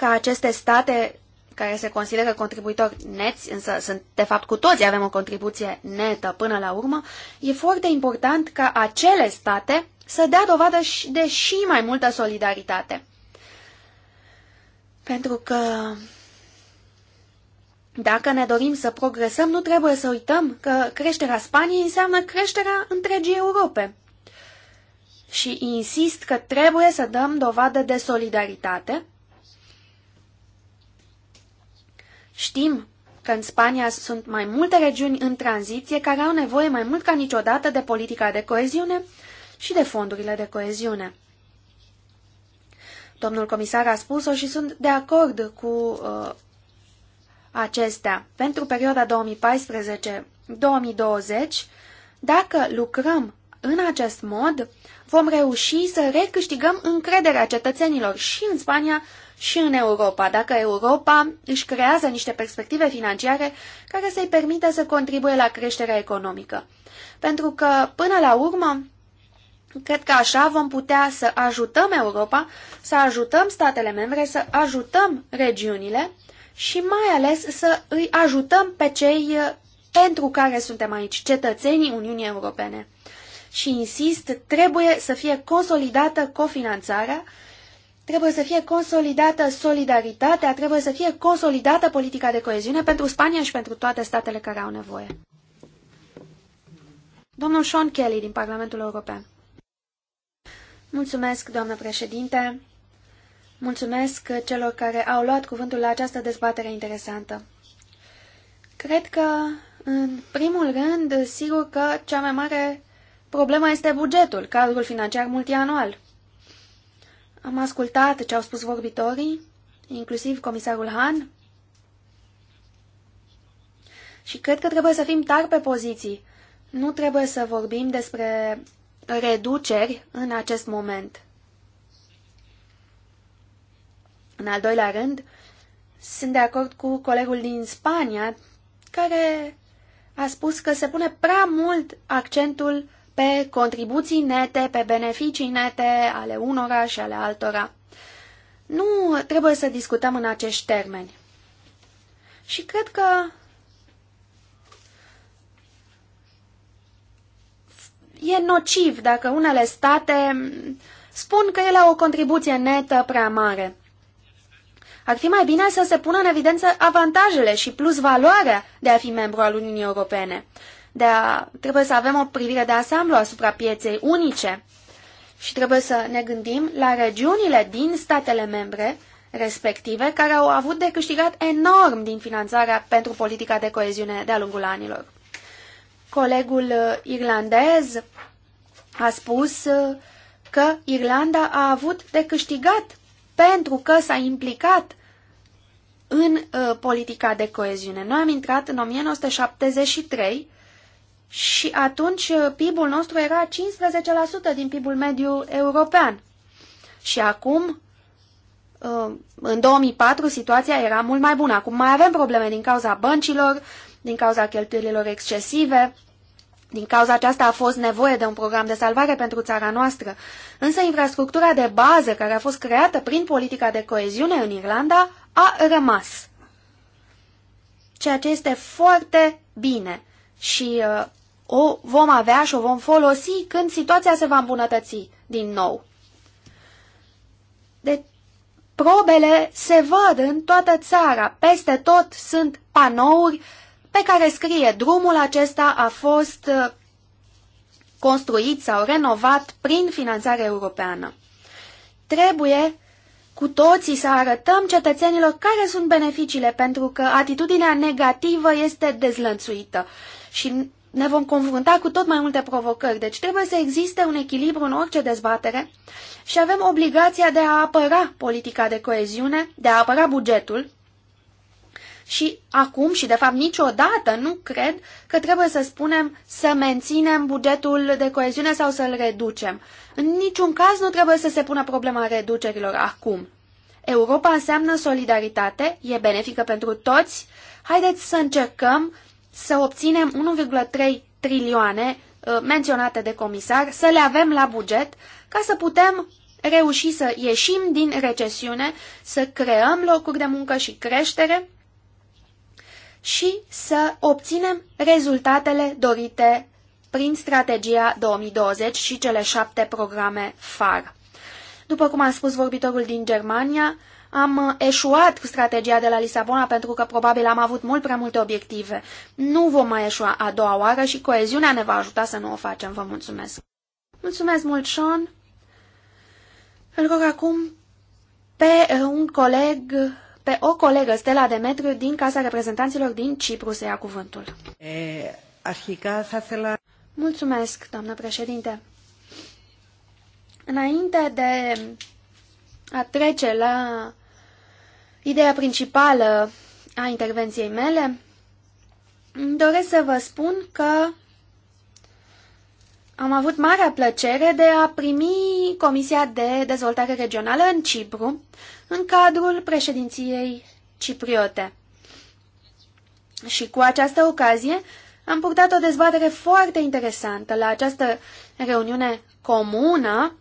ca aceste state care se consideră contribuitori neți, însă sunt de fapt cu toți avem o contribuție netă până la urmă, e foarte important ca acele state să dea dovadă de și mai multă solidaritate. Pentru că dacă ne dorim să progresăm, nu trebuie să uităm că creșterea Spaniei înseamnă creșterea întregii Europe. Și insist că trebuie să dăm dovadă de solidaritate Știm că în Spania sunt mai multe regiuni în tranziție care au nevoie mai mult ca niciodată de politica de coeziune și de fondurile de coeziune. Domnul comisar a spus-o și sunt de acord cu uh, acestea. Pentru perioada 2014-2020, dacă lucrăm în acest mod, vom reuși să recâștigăm încrederea cetățenilor și în Spania și în Europa, dacă Europa își creează niște perspective financiare care să-i permită să contribuie la creșterea economică. Pentru că, până la urmă, Cred că așa vom putea să ajutăm Europa, să ajutăm statele membre, să ajutăm regiunile și mai ales să îi ajutăm pe cei uh, pentru care suntem aici, cetățenii Uniunii Europene. Și insist, trebuie să fie consolidată cofinanțarea Trebuie să fie consolidată solidaritatea, trebuie să fie consolidată politica de coeziune pentru Spania și pentru toate statele care au nevoie. Domnul Sean Kelly din Parlamentul European. Mulțumesc, doamnă președinte. Mulțumesc celor care au luat cuvântul la această dezbatere interesantă. Cred că, în primul rând, sigur că cea mai mare problemă este bugetul, cadrul financiar multianual. Am ascultat ce au spus vorbitorii, inclusiv comisarul Han, și cred că trebuie să fim tari pe poziții. Nu trebuie să vorbim despre reduceri în acest moment. În al doilea rând, sunt de acord cu colegul din Spania, care a spus că se pune prea mult accentul pe contribuții nete, pe beneficii nete ale unora și ale altora. Nu trebuie să discutăm în acești termeni. Și cred că e nociv dacă unele state spun că ele au o contribuție netă prea mare. Ar fi mai bine să se pună în evidență avantajele și plus valoarea de a fi membru al Uniunii Europene de a, trebuie să avem o privire de asamblu asupra pieței unice și trebuie să ne gândim la regiunile din statele membre respective care au avut de câștigat enorm din finanțarea pentru politica de coeziune de-a lungul anilor. Colegul uh, irlandez a spus uh, că Irlanda a avut de câștigat pentru că s-a implicat în uh, politica de coeziune. Noi am intrat în 1973 și atunci uh, PIB-ul nostru era 15% din PIB-ul mediu european. Și acum, uh, în 2004, situația era mult mai bună. Acum mai avem probleme din cauza băncilor, din cauza cheltuielilor excesive, din cauza aceasta a fost nevoie de un program de salvare pentru țara noastră, însă infrastructura de bază care a fost creată prin politica de coeziune în Irlanda a rămas. Ceea ce este foarte bine și uh, o vom avea și o vom folosi când situația se va îmbunătăți din nou. De probele se văd în toată țara, peste tot sunt panouri pe care scrie drumul acesta a fost uh, construit sau renovat prin finanțare europeană. Trebuie cu toții să arătăm cetățenilor care sunt beneficiile, pentru că atitudinea negativă este dezlănțuită. Și ne vom confrunta cu tot mai multe provocări, deci trebuie să existe un echilibru în orice dezbatere și avem obligația de a apăra politica de coeziune, de a apăra bugetul și acum și de fapt niciodată nu cred că trebuie să spunem să menținem bugetul de coeziune sau să-l reducem. În niciun caz nu trebuie să se pună problema reducerilor acum. Europa înseamnă solidaritate, e benefică pentru toți, haideți să încercăm să obținem 1,3 trilioane uh, menționate de comisar, să le avem la buget ca să putem reuși să ieșim din recesiune, să creăm locuri de muncă și creștere și să obținem rezultatele dorite prin strategia 2020 și cele șapte programe FAR. După cum a spus vorbitorul din Germania, am uh, eșuat cu strategia de la Lisabona pentru că probabil am avut mult prea multe obiective. Nu vom mai eșua a doua oară și coeziunea ne va ajuta să nu o facem. Vă mulțumesc! Mulțumesc mult, Sean! Îl rog acum pe uh, un coleg, pe o colegă, Stella Demetriu, din Casa Reprezentanților din Cipru, să ia cuvântul. Eh, e, la... Mulțumesc, doamnă președinte! Înainte de a trece la Ideea principală a intervenției mele, doresc să vă spun că am avut marea plăcere de a primi Comisia de Dezvoltare Regională în Cipru, în cadrul președinției cipriote. Și cu această ocazie am purtat o dezbatere foarte interesantă la această reuniune comună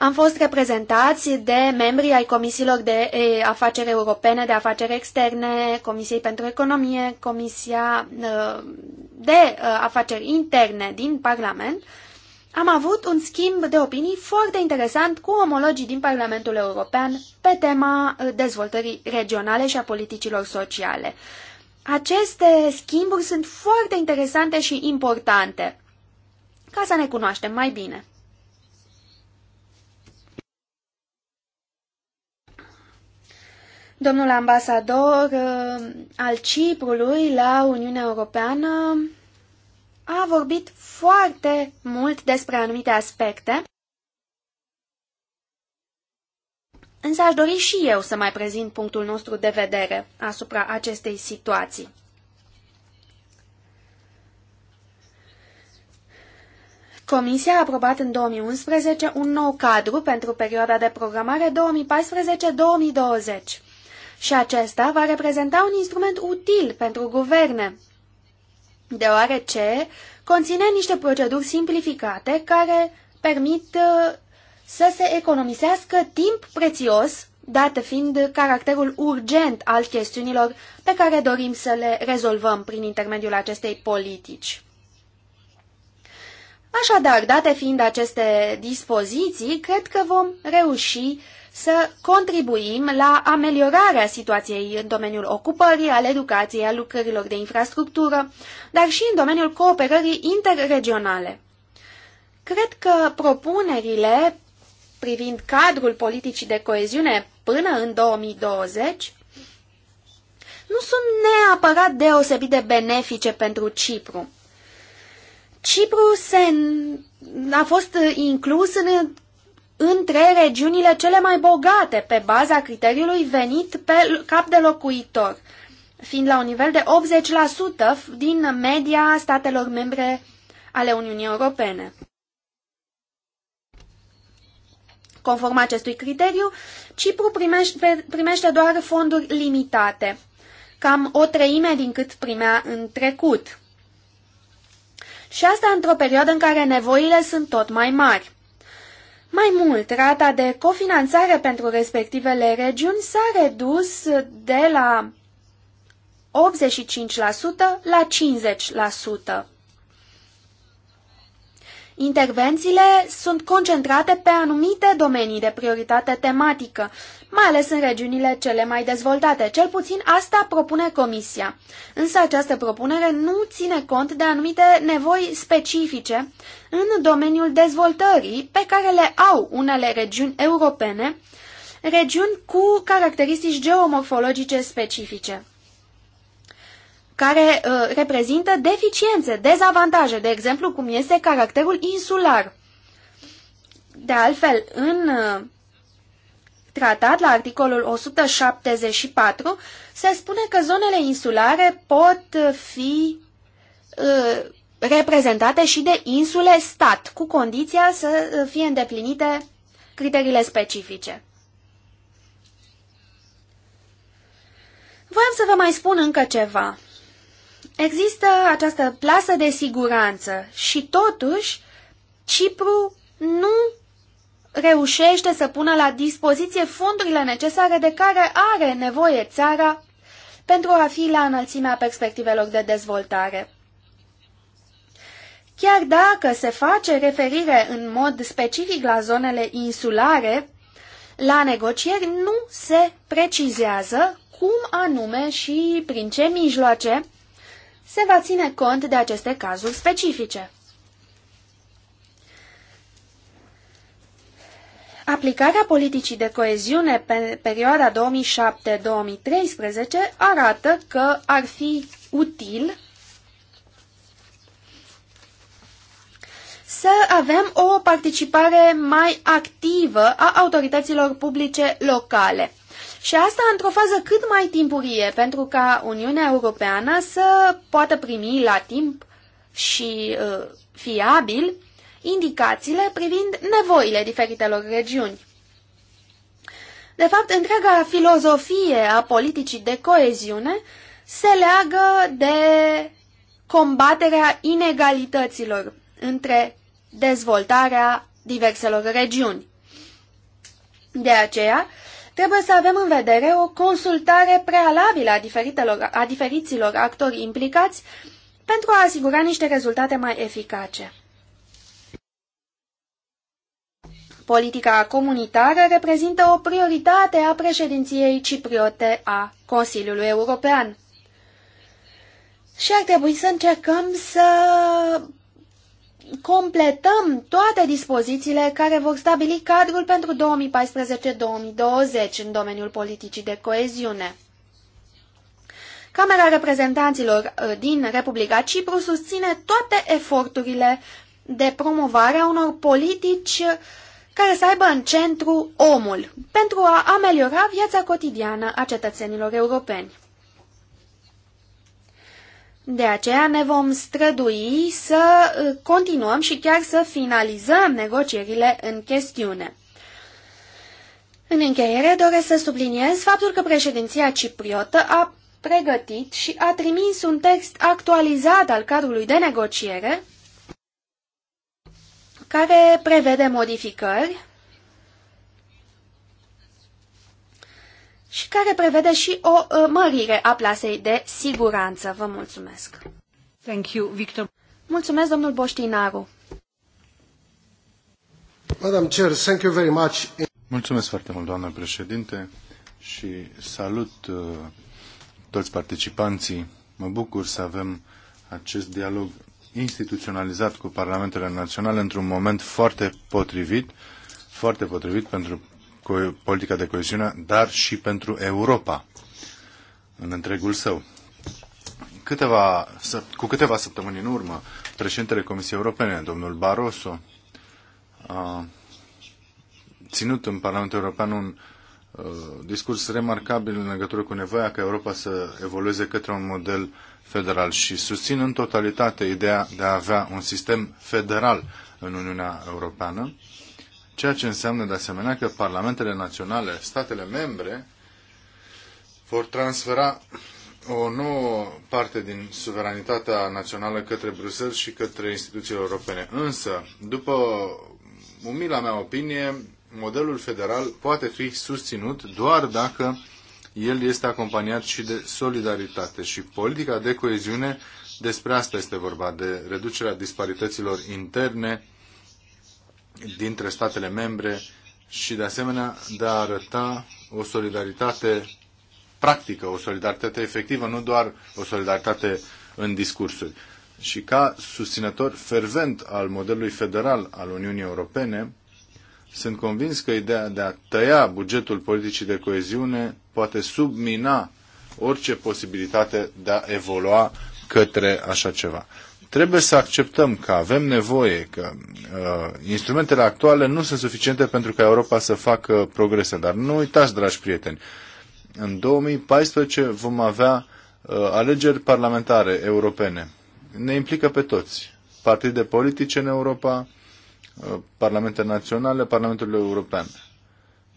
am fost reprezentați de membrii ai comisiilor de afaceri europene, de afaceri externe, Comisiei pentru Economie, Comisia de afaceri interne din Parlament. Am avut un schimb de opinii foarte interesant cu omologii din Parlamentul European pe tema dezvoltării regionale și a politicilor sociale. Aceste schimburi sunt foarte interesante și importante ca să ne cunoaștem mai bine. domnul ambasador uh, al Ciprului la Uniunea Europeană a vorbit foarte mult despre anumite aspecte, însă aș dori și eu să mai prezint punctul nostru de vedere asupra acestei situații. Comisia a aprobat în 2011 un nou cadru pentru perioada de programare 2014-2020 și acesta va reprezenta un instrument util pentru guverne, deoarece conține niște proceduri simplificate care permit uh, să se economisească timp prețios, dat fiind caracterul urgent al chestiunilor pe care dorim să le rezolvăm prin intermediul acestei politici. Așadar, date fiind aceste dispoziții, cred că vom reuși să contribuim la ameliorarea situației în domeniul ocupării, al educației, al lucrărilor de infrastructură, dar și în domeniul cooperării interregionale. Cred că propunerile privind cadrul politicii de coeziune până în 2020 nu sunt neapărat deosebit de benefice pentru Cipru. Cipru se, a fost inclus în între regiunile cele mai bogate pe baza criteriului venit pe cap de locuitor, fiind la un nivel de 80% din media statelor membre ale Uniunii Europene. Conform acestui criteriu, Cipru primește, primește doar fonduri limitate, cam o treime din cât primea în trecut. Și asta într-o perioadă în care nevoile sunt tot mai mari. Mai mult, rata de cofinanțare pentru respectivele regiuni s-a redus de la 85% la 50%. Intervențiile sunt concentrate pe anumite domenii de prioritate tematică, mai ales în regiunile cele mai dezvoltate. Cel puțin asta propune Comisia. Însă această propunere nu ține cont de anumite nevoi specifice în domeniul dezvoltării pe care le au unele regiuni europene, regiuni cu caracteristici geomorfologice specifice care uh, reprezintă deficiențe, dezavantaje, de exemplu cum este caracterul insular. De altfel, în uh, tratat, la articolul 174, se spune că zonele insulare pot fi uh, reprezentate și de insule-stat, cu condiția să uh, fie îndeplinite criteriile specifice. Voiam să vă mai spun încă ceva. Există această plasă de siguranță și totuși Cipru nu reușește să pună la dispoziție fondurile necesare de care are nevoie țara pentru a fi la înălțimea perspectivelor de dezvoltare. Chiar dacă se face referire în mod specific la zonele insulare, la negocieri nu se precizează cum anume și prin ce mijloace se va ține cont de aceste cazuri specifice. Aplicarea politicii de coeziune pe perioada 2007-2013 arată că ar fi util să avem o participare mai activă a autorităților publice locale. Și asta într-o fază cât mai timpurie, pentru ca Uniunea Europeană să poată primi la timp și uh, fiabil indicațiile privind nevoile diferitelor regiuni. De fapt, întreaga filozofie a politicii de coeziune se leagă de combaterea inegalităților între dezvoltarea diverselor regiuni. De aceea, trebuie să avem în vedere o consultare prealabilă a, diferitelor, a diferiților actori implicați pentru a asigura niște rezultate mai eficace. Politica comunitară reprezintă o prioritate a președinției cipriote a Consiliului European. Și ar trebui să încercăm să completăm toate dispozițiile care vor stabili cadrul pentru 2014-2020 în domeniul politicii de coeziune. Camera Reprezentanților uh, din Republica Cipru susține toate eforturile de promovare a unor politici uh, care să aibă în centru omul, pentru a ameliora viața cotidiană a cetățenilor europeni. De aceea ne vom strădui să uh, continuăm și chiar să finalizăm negocierile în chestiune. În încheiere doresc să subliniez faptul că președinția cipriotă a pregătit și a trimis un text actualizat al cadrului de negociere care prevede modificări și care prevede și o uh, mărire a plasei de siguranță. Vă mulțumesc! Thank you, Victor. Mulțumesc, domnul Boștinaru! Madam Chair, thank you very much. Mulțumesc foarte mult, doamnă președinte, și salut uh, toți participanții. Mă bucur să avem acest dialog instituționalizat cu parlamentele naționale într-un moment foarte potrivit, foarte potrivit pentru politica de coeziune, dar și pentru Europa în întregul său. Câteva, cu câteva săptămâni în urmă, președintele Comisiei Europene, domnul Barroso, a ținut în Parlamentul European un uh, discurs remarcabil în legătură cu nevoia ca Europa să evolueze către un model federal și susțin în totalitate ideea de a avea un sistem federal în Uniunea Europeană, ceea ce înseamnă de asemenea că parlamentele naționale, statele membre, vor transfera o nouă parte din suveranitatea națională către Bruxelles și către instituțiile europene. Însă, după umila mea opinie, modelul federal poate fi susținut doar dacă el este acompaniat și de solidaritate și politica de coeziune, despre asta este vorba, de reducerea disparităților interne dintre statele membre și de asemenea de a arăta o solidaritate practică, o solidaritate efectivă, nu doar o solidaritate în discursuri. Și ca susținător fervent al modelului federal al Uniunii Europene, sunt convins că ideea de a tăia bugetul politicii de coeziune poate submina orice posibilitate de a evolua către așa ceva. Trebuie să acceptăm că avem nevoie, că uh, instrumentele actuale nu sunt suficiente pentru ca Europa să facă progrese. Dar nu uitați, dragi prieteni, în 2014 vom avea uh, alegeri parlamentare europene. Ne implică pe toți. Partide politice în Europa, Uh, parlamente naționale Parlamentului European.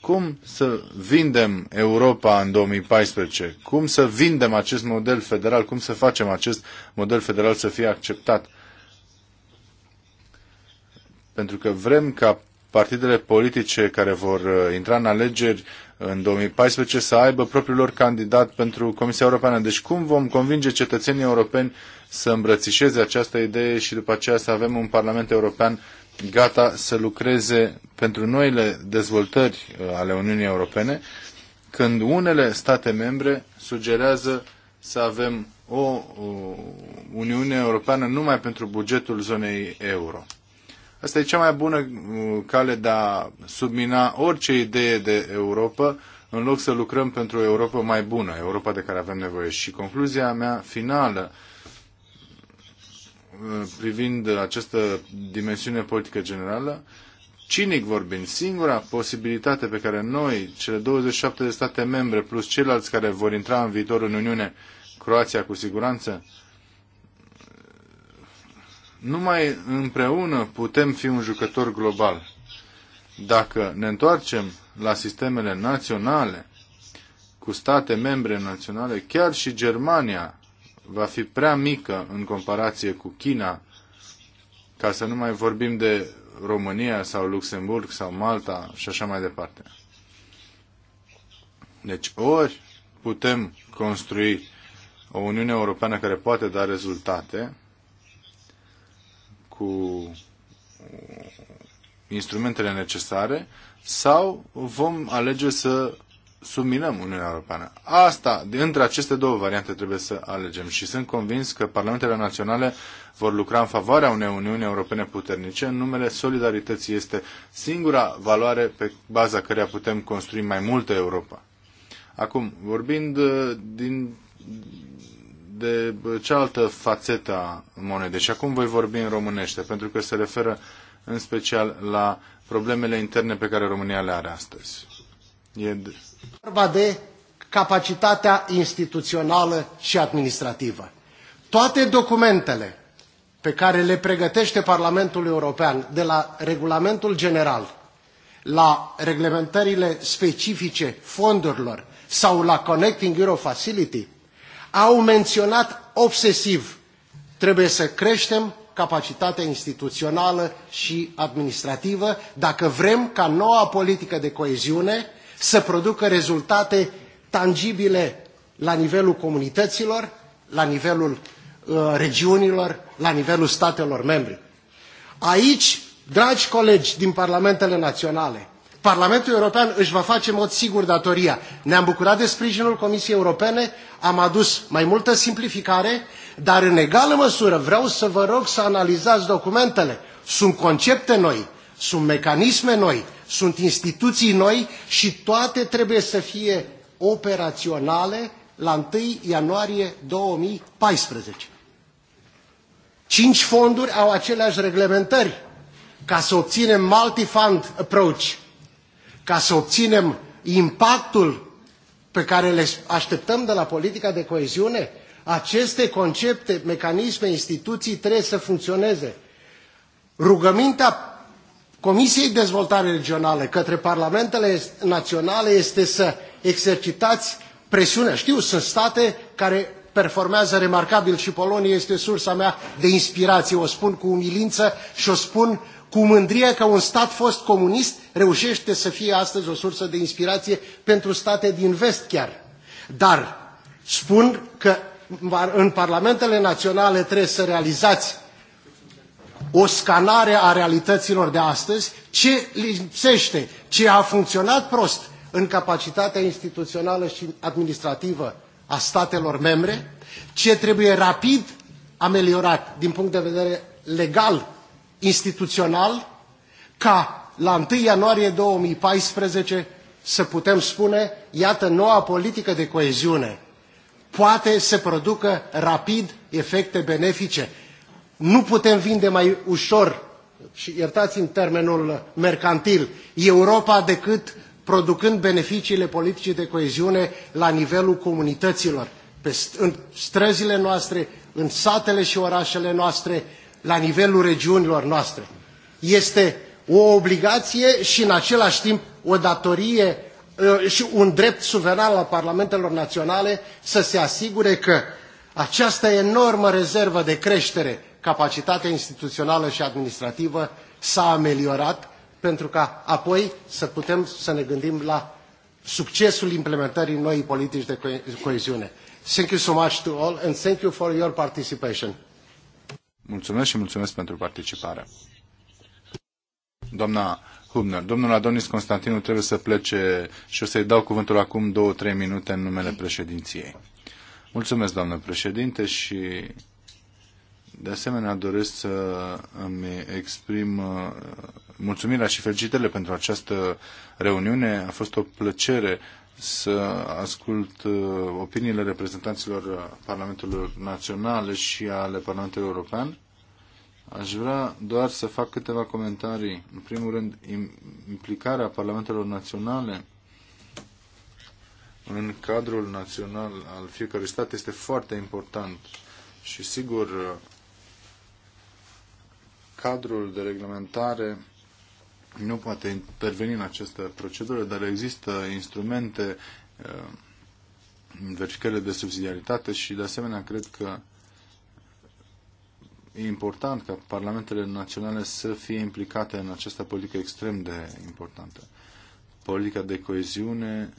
Cum să vindem Europa în 2014? Cum să vindem acest model federal? Cum să facem acest model federal să fie acceptat? Pentru că vrem ca partidele politice care vor uh, intra în alegeri în 2014 să aibă propriul lor candidat pentru Comisia Europeană. Deci cum vom convinge cetățenii europeni să îmbrățișeze această idee și după aceea să avem un Parlament European gata să lucreze pentru noile dezvoltări uh, ale Uniunii Europene, când unele state membre sugerează să avem o Uniune Europeană numai pentru bugetul zonei euro. Asta e cea mai bună uh, cale de a submina orice idee de Europa, în loc să lucrăm pentru o Europa mai bună, Europa de care avem nevoie. Și concluzia mea finală Uh, privind această dimensiune politică generală, cinic vorbind, singura posibilitate pe care noi, cele 27 de state membre, plus ceilalți care vor intra în viitor în Uniune, Croația cu siguranță, numai împreună putem fi un jucător global. Dacă ne întoarcem la sistemele naționale, cu state membre naționale, chiar și Germania va fi prea mică în comparație cu China, ca să nu mai vorbim de România sau Luxemburg sau Malta și așa mai departe. Deci ori putem construi o Uniune Europeană care poate da rezultate cu instrumentele necesare sau vom alege să subminăm Uniunea Europeană. Asta, între aceste două variante trebuie să alegem și sunt convins că parlamentele naționale vor lucra în favoarea unei Uniuni Europene puternice în numele solidarității. Este singura valoare pe baza căreia putem construi mai multă Europa. Acum, vorbind uh, din, de cealaltă fațetă a monedei și acum voi vorbi în românește, pentru că se referă în special la problemele interne pe care România le are astăzi. E vorba de capacitatea instituțională și administrativă. Toate documentele pe care le pregătește Parlamentul European, de la regulamentul general, la reglementările specifice fondurilor sau la Connecting Euro Facility, au menționat obsesiv trebuie să creștem capacitatea instituțională și administrativă dacă vrem ca noua politică de coeziune să producă rezultate tangibile la nivelul comunităților, la nivelul uh, regiunilor, la nivelul statelor membre. Aici, dragi colegi din parlamentele naționale, Parlamentul European își va face în mod sigur datoria. Ne-am bucurat de sprijinul Comisiei Europene, am adus mai multă simplificare, dar în egală măsură vreau să vă rog să analizați documentele. Sunt concepte noi, sunt mecanisme noi, sunt instituții noi și toate trebuie să fie operaționale la 1 ianuarie 2014. Cinci fonduri au aceleași reglementări ca să obținem multi-fund approach, ca să obținem impactul pe care le așteptăm de la politica de coeziune, aceste concepte, mecanisme, instituții trebuie să funcționeze. Rugămintea Comisiei Dezvoltare Regională către parlamentele naționale este să exercitați presiunea. Știu, sunt state care performează remarcabil și Polonia este sursa mea de inspirație. O spun cu umilință și o spun cu mândrie că un stat fost comunist reușește să fie astăzi o sursă de inspirație pentru state din vest chiar. Dar spun că în parlamentele naționale trebuie să realizați o scanare a realităților de astăzi, ce lipsește, ce a funcționat prost în capacitatea instituțională și administrativă a statelor membre, ce trebuie rapid ameliorat din punct de vedere legal, instituțional, ca la 1 ianuarie 2014 să putem spune, iată, noua politică de coeziune poate să producă rapid efecte benefice nu putem vinde mai ușor, și iertați-mi termenul mercantil, Europa decât producând beneficiile politicii de coeziune la nivelul comunităților, pe st în străzile noastre, în satele și orașele noastre, la nivelul regiunilor noastre. Este o obligație și în același timp o datorie ă, și un drept suveran al parlamentelor naționale să se asigure că această enormă rezervă de creștere capacitatea instituțională și administrativă s-a ameliorat pentru ca apoi să putem să ne gândim la succesul implementării noii politici de coeziune. Thank you so much to all and thank you for your participation. Mulțumesc și mulțumesc pentru participare. Doamna Hubner, domnul Adonis Constantinu trebuie să plece și o să-i dau cuvântul acum două-trei minute în numele președinției. Mulțumesc, doamnă președinte, și de asemenea, doresc să îmi exprim uh, mulțumirea și felicitările pentru această reuniune. A fost o plăcere să ascult uh, opiniile reprezentanților uh, Parlamentelor Naționale și ale Parlamentului European. Aș vrea doar să fac câteva comentarii. În primul rând, implicarea Parlamentelor Naționale în cadrul național al fiecărui stat este foarte important și sigur cadrul de reglementare nu poate interveni în această procedură, dar există instrumente în uh, verificările de subsidiaritate și, de asemenea, cred că e important ca parlamentele naționale să fie implicate în această politică extrem de importantă. Politica de coeziune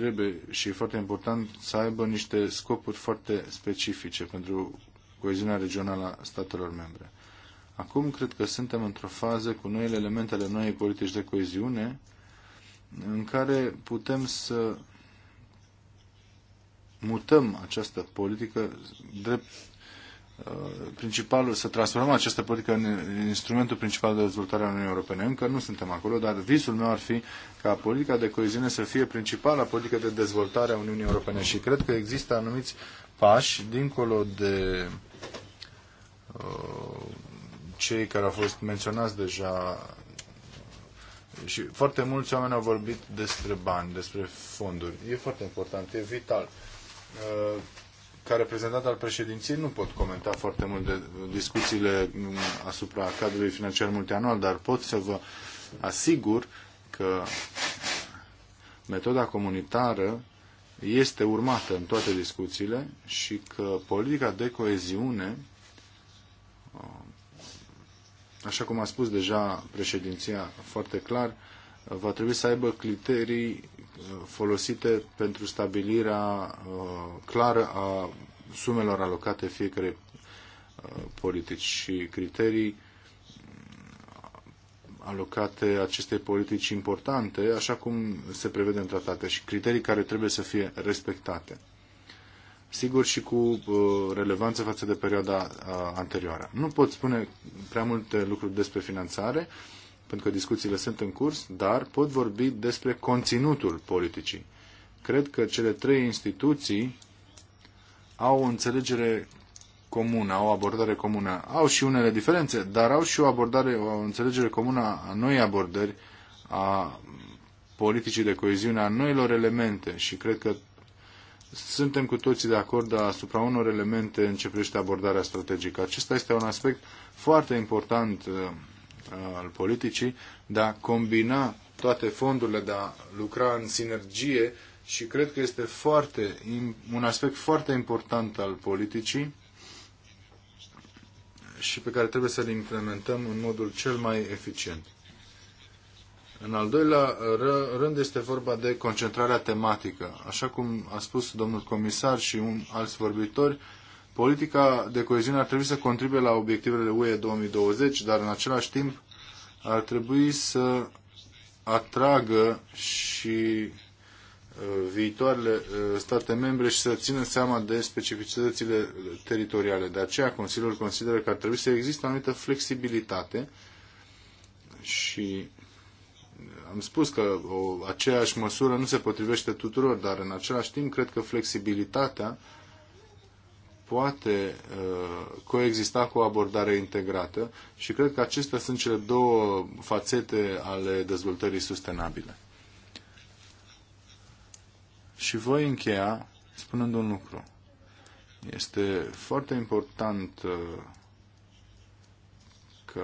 trebuie și e foarte important să aibă niște scopuri foarte specifice pentru coeziunea regională a statelor membre. Acum cred că suntem într-o fază cu noile elemente ale noii politici de coeziune în care putem să mutăm această politică drept Uh, principalul, să transformăm această politică în instrumentul principal de dezvoltare a Uniunii Europene. Încă nu suntem acolo, dar visul meu ar fi ca politica de coeziune să fie principala politică de dezvoltare a Uniunii Europene și cred că există anumiți pași dincolo de uh, cei care au fost menționați deja și foarte mulți oameni au vorbit despre bani, despre fonduri. E foarte important, e vital. Uh, ca reprezentant al președinției nu pot comenta foarte mult de discuțiile mm, asupra cadrului financiar multianual, dar pot să vă asigur că metoda comunitară este urmată în toate discuțiile și că politica de coeziune, uh, așa cum a spus deja președinția foarte clar, va trebui să aibă criterii folosite pentru stabilirea uh, clară a sumelor alocate fiecare uh, politici și criterii uh, alocate acestei politici importante, așa cum se prevede în tratate și criterii care trebuie să fie respectate. Sigur și cu relevanță față de perioada anterioară. Nu pot spune prea multe lucruri despre finanțare, pentru că discuțiile sunt în curs, dar pot vorbi despre conținutul politicii. Cred că cele trei instituții au o înțelegere comună, au o abordare comună. Au și unele diferențe, dar au și o abordare, o înțelegere comună a noi abordări a politicii de coeziune, a noilor elemente și cred că suntem cu toții de acord asupra unor elemente în ce privește abordarea strategică. Acesta este un aspect foarte important al politicii, de a combina toate fondurile, de a lucra în sinergie și cred că este foarte, un aspect foarte important al politicii și pe care trebuie să-l implementăm în modul cel mai eficient. În al doilea rând este vorba de concentrarea tematică. Așa cum a spus domnul comisar și un, alți vorbitori, Politica de coeziune ar trebui să contribuie la obiectivele UE 2020, dar în același timp ar trebui să atragă și uh, viitoarele uh, state membre și să țină seama de specificitățile teritoriale. De aceea Consiliul consideră că ar trebui să existe anumită flexibilitate și uh, am spus că o, aceeași măsură nu se potrivește tuturor, dar în același timp cred că flexibilitatea poate uh, coexista cu o abordare integrată și cred că acestea sunt cele două fațete ale dezvoltării sustenabile. Și voi încheia spunând un lucru. Este foarte important uh, că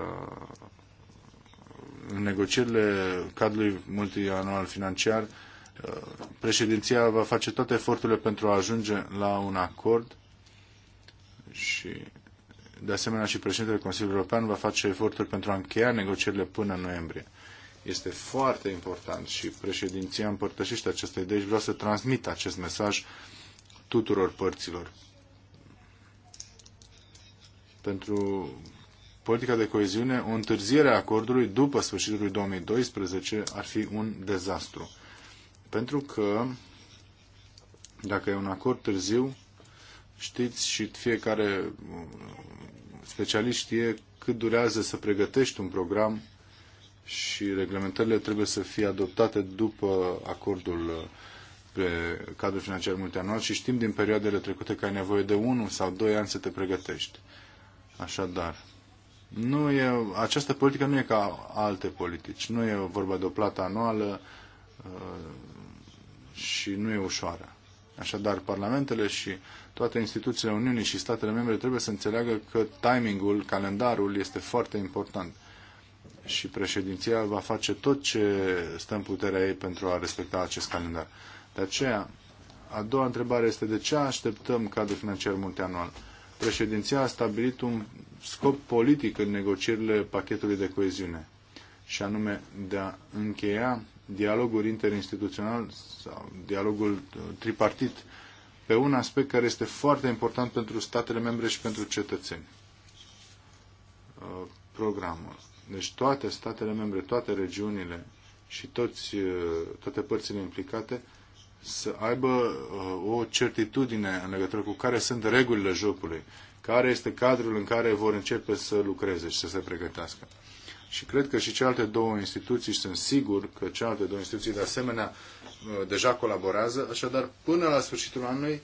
în negocierile cadrului multianual financiar uh, președinția va face toate eforturile pentru a ajunge la un acord și de asemenea și președintele Consiliului European va face eforturi pentru a încheia negocierile până în noiembrie. Este foarte important și președinția împărtășește aceste idei și vreau să transmit acest mesaj tuturor părților. Pentru politica de coeziune, o întârziere a acordului după sfârșitul lui 2012 ar fi un dezastru. Pentru că dacă e un acord târziu, știți și fiecare uh, specialist știe cât durează să pregătești un program și reglementările trebuie să fie adoptate după acordul uh, pe cadrul financiar multianual și știm din perioadele trecute că ai nevoie de unul sau doi ani să te pregătești. Așadar, nu e, această politică nu e ca alte politici. Nu e vorba de o plată anuală uh, și nu e ușoară. Așadar, parlamentele și toate instituțiile Uniunii și statele membre trebuie să înțeleagă că timingul, calendarul este foarte important. Și președinția va face tot ce stă în puterea ei pentru a respecta acest calendar. De aceea, a doua întrebare este de ce așteptăm cadrul financiar multianual? Președinția a stabilit un scop politic în negocierile pachetului de coeziune și anume de a încheia dialogul interinstituțional sau dialogul tripartit pe un aspect care este foarte important pentru statele membre și pentru cetățeni. Uh, programul. Deci toate statele membre, toate regiunile și toți, uh, toate părțile implicate să aibă uh, o certitudine în legătură cu care sunt regulile jocului, care este cadrul în care vor începe să lucreze și să se pregătească. Și cred că și celelalte două instituții, și sunt sigur că celelalte două instituții de asemenea Uh, deja colaborează, așadar până la sfârșitul anului,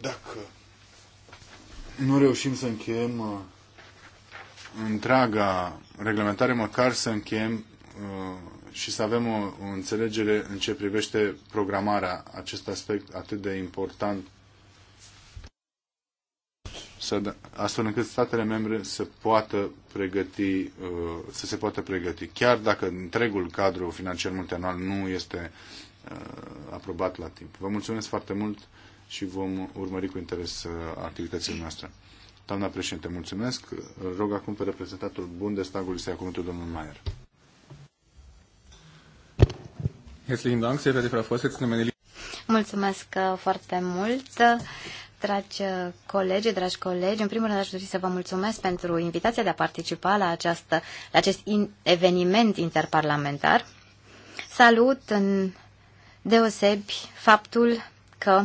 dacă nu reușim să încheiem uh, întreaga reglementare, măcar să încheiem uh, și să avem o, o înțelegere în ce privește programarea, acest aspect atât de important să, astfel încât statele membre să poată pregăti, uh, să se poată pregăti. Chiar dacă întregul cadru financiar multianual nu este uh, aprobat la timp. Vă mulțumesc foarte mult și vom urmări cu interes uh, activitățile noastre. Doamna președinte, mulțumesc. Îl rog acum pe reprezentantul Bundestagului să ia cuvântul domnul Maier. Mulțumesc foarte mult. Dragi uh, colegi, dragi colegi, în primul rând aș dori să vă mulțumesc pentru invitația de a participa la, această, la acest in, eveniment interparlamentar. Salut în deosebi faptul că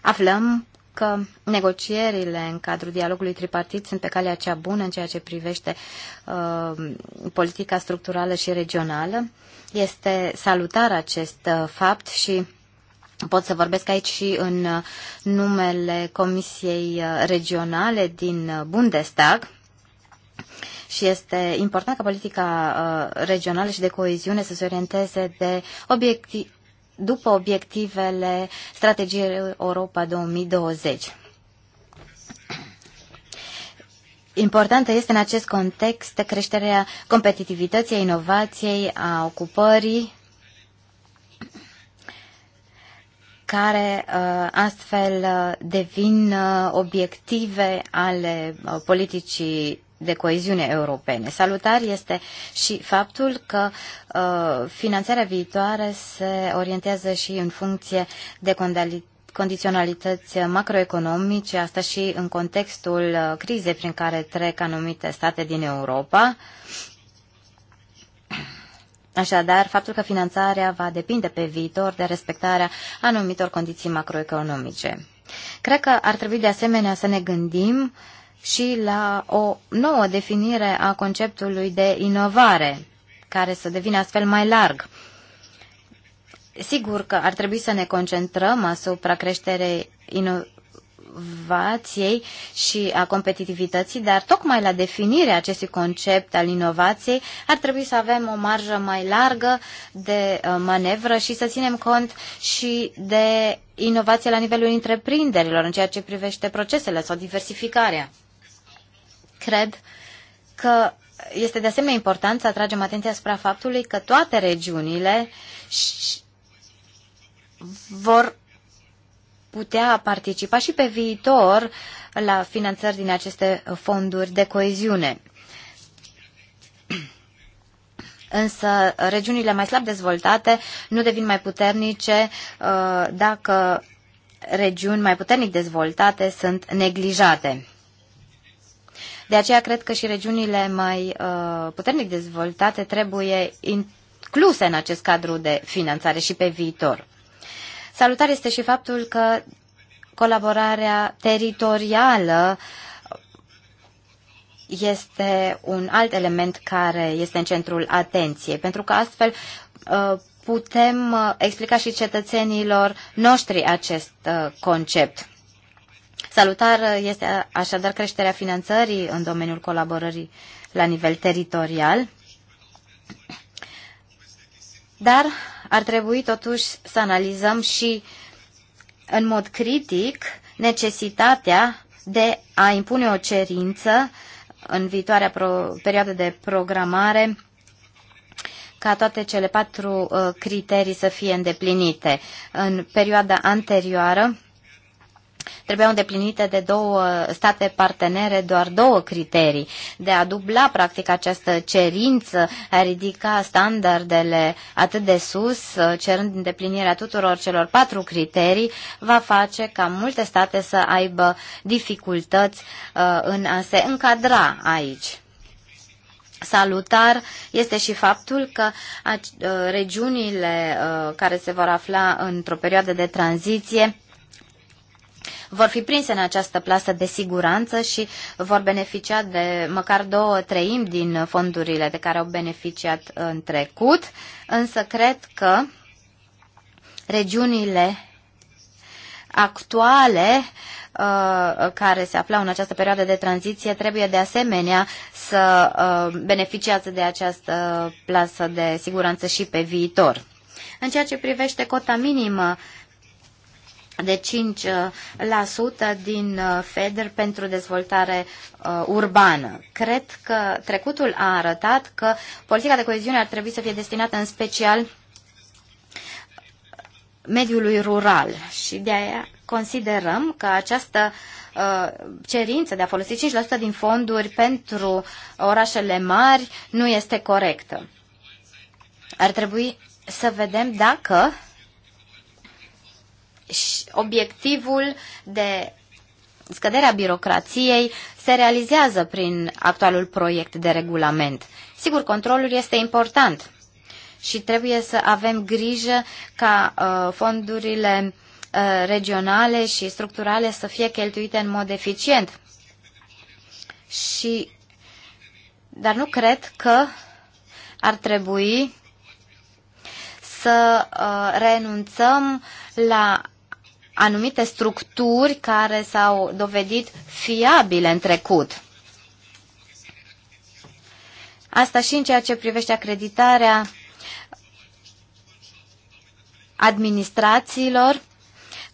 aflăm că negocierile în cadrul dialogului tripartit sunt pe calea cea bună în ceea ce privește uh, politica structurală și regională. Este salutar acest uh, fapt și Pot să vorbesc aici și în uh, numele Comisiei uh, Regionale din uh, Bundestag. Și este important ca politica regională și de coeziune să se orienteze de obiecti- după obiectivele strategiei Europa 2020. Importantă este în acest context creșterea competitivității, a inovației, a ocupării care uh, astfel uh, devin uh, obiective ale politicii de coeziune europene. Salutar este și faptul că uh, finanțarea viitoare se orientează și în funcție de condiționalități macroeconomice, asta și în contextul crizei prin care trec anumite state din Europa. Așadar, faptul că finanțarea va depinde pe viitor de respectarea anumitor condiții macroeconomice. Cred că ar trebui de asemenea să ne gândim și la o nouă definire a conceptului de inovare, care să devină astfel mai larg. Sigur că ar trebui să ne concentrăm asupra creșterii inovației și a competitivității, dar tocmai la definirea acestui concept al inovației ar trebui să avem o marjă mai largă de uh, manevră și să ținem cont și de inovație la nivelul întreprinderilor în ceea ce privește procesele sau diversificarea. Cred că este de asemenea important să atragem atenția asupra faptului că toate regiunile vor putea participa și pe viitor la finanțări din aceste fonduri de coeziune. Însă regiunile mai slab dezvoltate nu devin mai puternice uh, dacă regiuni mai puternic dezvoltate sunt neglijate. De aceea cred că și regiunile mai uh, puternic dezvoltate trebuie incluse în acest cadru de finanțare și pe viitor. Salutar este și faptul că colaborarea teritorială este un alt element care este în centrul atenției, pentru că astfel uh, putem uh, explica și cetățenilor noștri acest uh, concept. Salutar este așadar creșterea finanțării în domeniul colaborării la nivel teritorial, dar ar trebui totuși să analizăm și în mod critic necesitatea de a impune o cerință în viitoarea pro- perioadă de programare ca toate cele patru uh, criterii să fie îndeplinite. În perioada anterioară, Trebuiau îndeplinite de două state partenere doar două criterii. De a dubla, practic, această cerință, a ridica standardele atât de sus, cerând îndeplinirea tuturor celor patru criterii, va face ca multe state să aibă dificultăți uh, în a se încadra aici. Salutar este și faptul că uh, regiunile uh, care se vor afla într-o perioadă de tranziție vor fi prinse în această plasă de siguranță și vor beneficia de măcar două treimi din fondurile de care au beneficiat în trecut, însă cred că regiunile actuale uh, care se aflau în această perioadă de tranziție trebuie de asemenea să uh, beneficiază de această plasă de siguranță și pe viitor. În ceea ce privește cota minimă de 5% uh, din uh, FEDER pentru dezvoltare uh, urbană. Cred că trecutul a arătat că politica de coeziune ar trebui să fie destinată în special mediului rural și de aia considerăm că această cerință de a folosi 5% din fonduri pentru orașele mari nu este corectă. Ar trebui să vedem dacă obiectivul de scăderea birocrației se realizează prin actualul proiect de regulament. Sigur, controlul este important și trebuie să avem grijă ca uh, fondurile uh, regionale și structurale să fie cheltuite în mod eficient. Și, dar nu cred că ar trebui să uh, renunțăm la anumite structuri care s-au dovedit fiabile în trecut. Asta și în ceea ce privește acreditarea administrațiilor,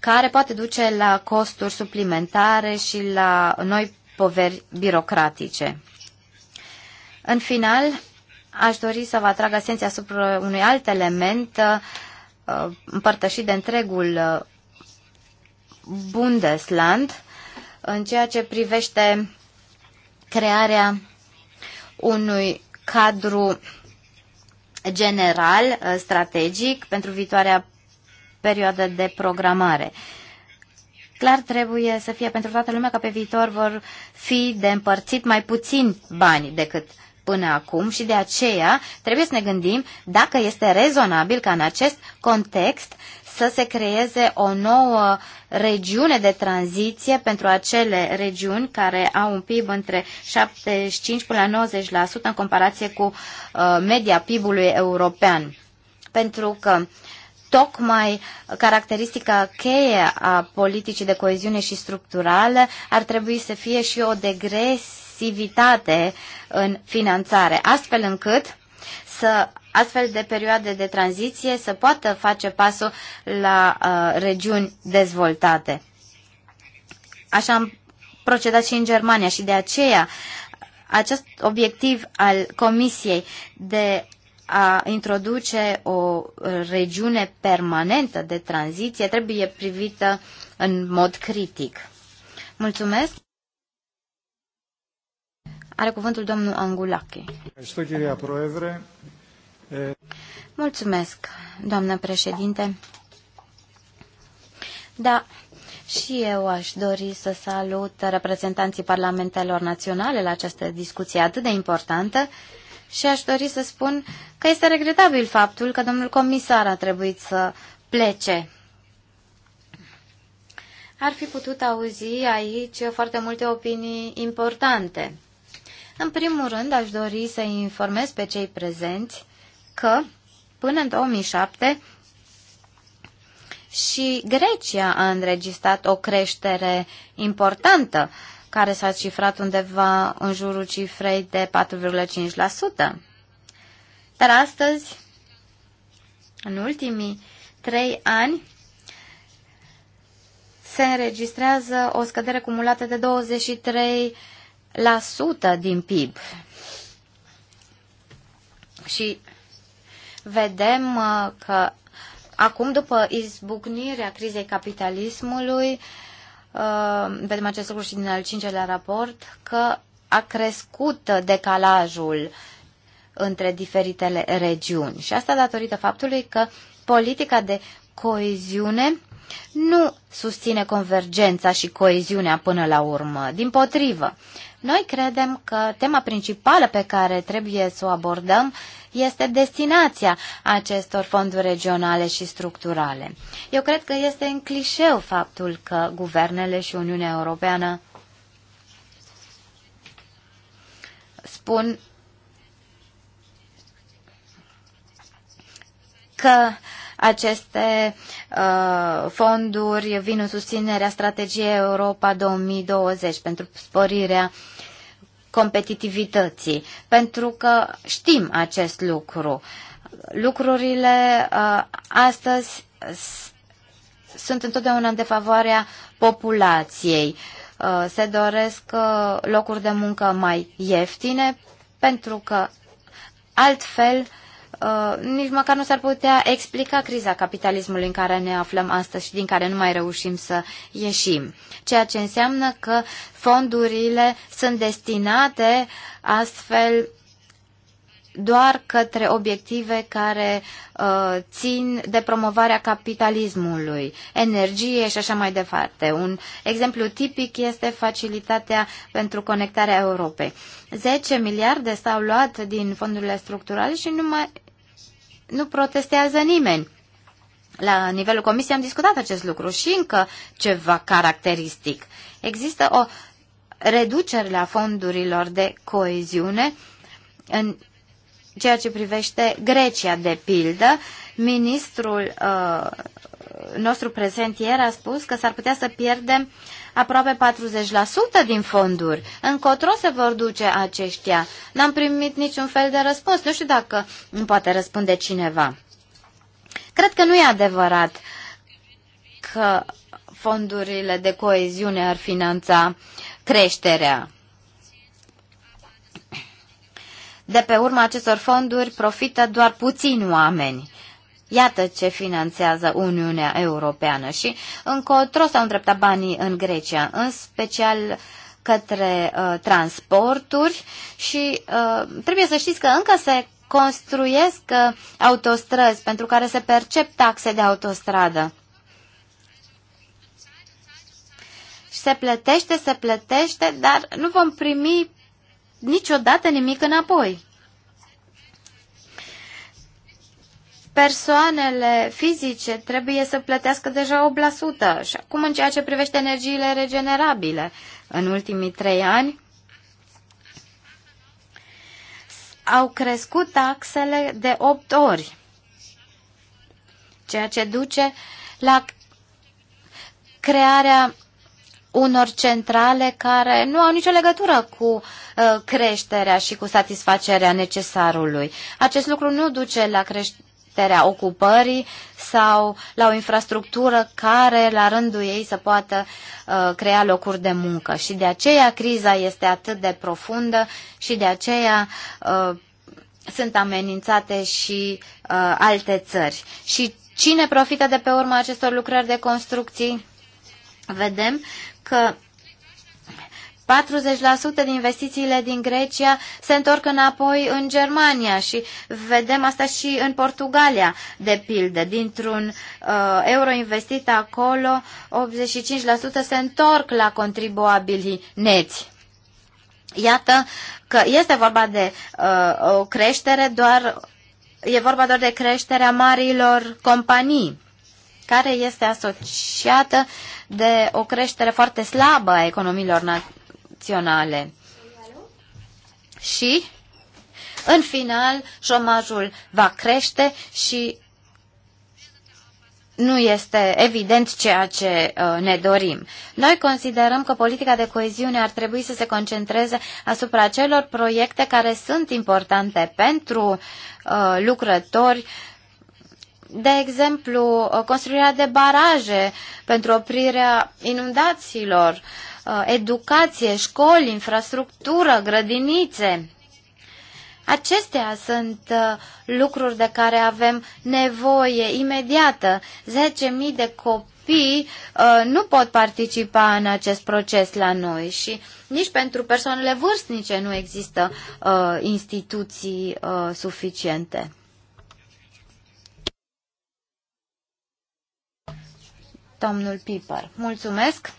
care poate duce la costuri suplimentare și la noi poveri birocratice. În final, aș dori să vă atrag atenția asupra unui alt element uh, împărtășit de întregul uh, Bundesland în ceea ce privește crearea unui cadru general uh, strategic pentru viitoarea perioadă de programare. Clar trebuie să fie pentru toată lumea că pe viitor vor fi de împărțit mai puțin bani decât până acum și de aceea trebuie să ne gândim dacă este rezonabil ca în acest context să se creeze o nouă regiune de tranziție pentru acele regiuni care au un PIB între 75 până la 90% în comparație cu uh, media PIB-ului european. Pentru că tocmai caracteristica cheie a politicii de coeziune și structurală ar trebui să fie și o degresivitate în finanțare, astfel încât să astfel de perioade de tranziție să poată face pasul la uh, regiuni dezvoltate. Așa am procedat și în Germania și de aceea acest obiectiv al Comisiei de a introduce o regiune permanentă de tranziție trebuie privită în mod critic. Mulțumesc! Are cuvântul domnul Angulache. Mulțumesc, doamnă președinte. Da, și eu aș dori să salut reprezentanții parlamentelor naționale la această discuție atât de importantă și aș dori să spun că este regretabil faptul că domnul comisar a trebuit să plece. Ar fi putut auzi aici foarte multe opinii importante. În primul rând, aș dori să informez pe cei prezenți că până în 2007 și Grecia a înregistrat o creștere importantă, care s-a cifrat undeva în jurul cifrei de 4,5%. Dar astăzi, în ultimii trei ani, se înregistrează o scădere cumulată de 23% din PIB. Și vedem uh, că acum, după izbucnirea crizei capitalismului, uh, vedem acest lucru și din al cincelea raport, că a crescut decalajul între diferitele regiuni. Și asta datorită faptului că politica de coeziune nu susține convergența și coeziunea până la urmă. Din potrivă, noi credem că tema principală pe care trebuie să o abordăm este destinația acestor fonduri regionale și structurale. Eu cred că este în clișeu faptul că guvernele și Uniunea Europeană spun că uh, aceste uh, fonduri vin în susținerea strategiei Europa 2020 pentru sporirea competitivității, pentru că știm acest lucru. Lucrurile uh, astăzi sunt întotdeauna în defavoarea populației. Uh, se doresc uh, locuri de muncă mai ieftine, pentru că altfel uh, uh, nici măcar nu s-ar putea explica criza capitalismului în care ne aflăm astăzi și din care nu mai reușim să ieșim. Ceea ce înseamnă că fondurile sunt destinate astfel doar către obiective care uh, țin de promovarea capitalismului, energie și așa mai departe. Un exemplu tipic este facilitatea pentru conectarea Europei. 10 miliarde s-au luat din fondurile structurale și numai nu protestează nimeni. La nivelul comisiei am discutat acest lucru și încă ceva caracteristic. Există o reducere la fondurilor de coeziune în ceea ce privește Grecia, de pildă. Ministrul uh, nostru prezent ieri a spus că s-ar putea să pierdem uh, aproape 40% din fonduri. Încotro se vor duce aceștia? N-am primit niciun fel de răspuns. Nu știu dacă îmi poate răspunde cineva. Cred că nu e adevărat că fondurile de coeziune ar finanța creșterea. De pe urma acestor fonduri profită doar puțini oameni Iată ce finanțează Uniunea Europeană și încotro s-au îndreptat banii în Grecia, în special către uh, transporturi și uh, trebuie să știți că încă se construiesc uh, autostrăzi pentru care se percep taxe de autostradă. Și se plătește, se plătește, dar nu vom primi niciodată nimic înapoi. persoanele fizice trebuie să plătească deja 8%. Și acum în ceea ce privește energiile regenerabile, în ultimii trei ani au crescut taxele de 8 ori, ceea ce duce la crearea unor centrale care nu au nicio legătură cu uh, creșterea și cu satisfacerea necesarului. Acest lucru nu duce la creș- creșterea ocupării sau la o infrastructură care, la rândul ei, să poată uh, crea locuri de muncă. Și de aceea criza este atât de profundă și de aceea uh, sunt amenințate și uh, alte țări. Și cine profită de pe urma acestor lucrări de construcții? Vedem că 40% din investițiile din Grecia se întorc înapoi în Germania și vedem asta și în Portugalia, de pildă. Dintr-un uh, euro investit acolo, 85% se întorc la contribuabilii neți. Iată că este vorba de uh, o creștere doar, e vorba doar de creșterea marilor companii care este asociată de o creștere foarte slabă a economiilor naționale naționale. Și, în final, șomajul va crește și nu este evident ceea ce uh, ne dorim. Noi considerăm că politica de coeziune ar trebui să se concentreze asupra celor proiecte care sunt importante pentru uh, lucrători, de exemplu, uh, construirea de baraje pentru oprirea inundațiilor, uh, Uh, educație, școli, infrastructură, grădinițe. Acestea sunt uh, lucruri de care avem nevoie imediată. 10.000 de copii uh, nu pot participa în acest proces la noi și nici pentru persoanele vârstnice nu există instituții suficiente. Domnul Piper, mulțumesc!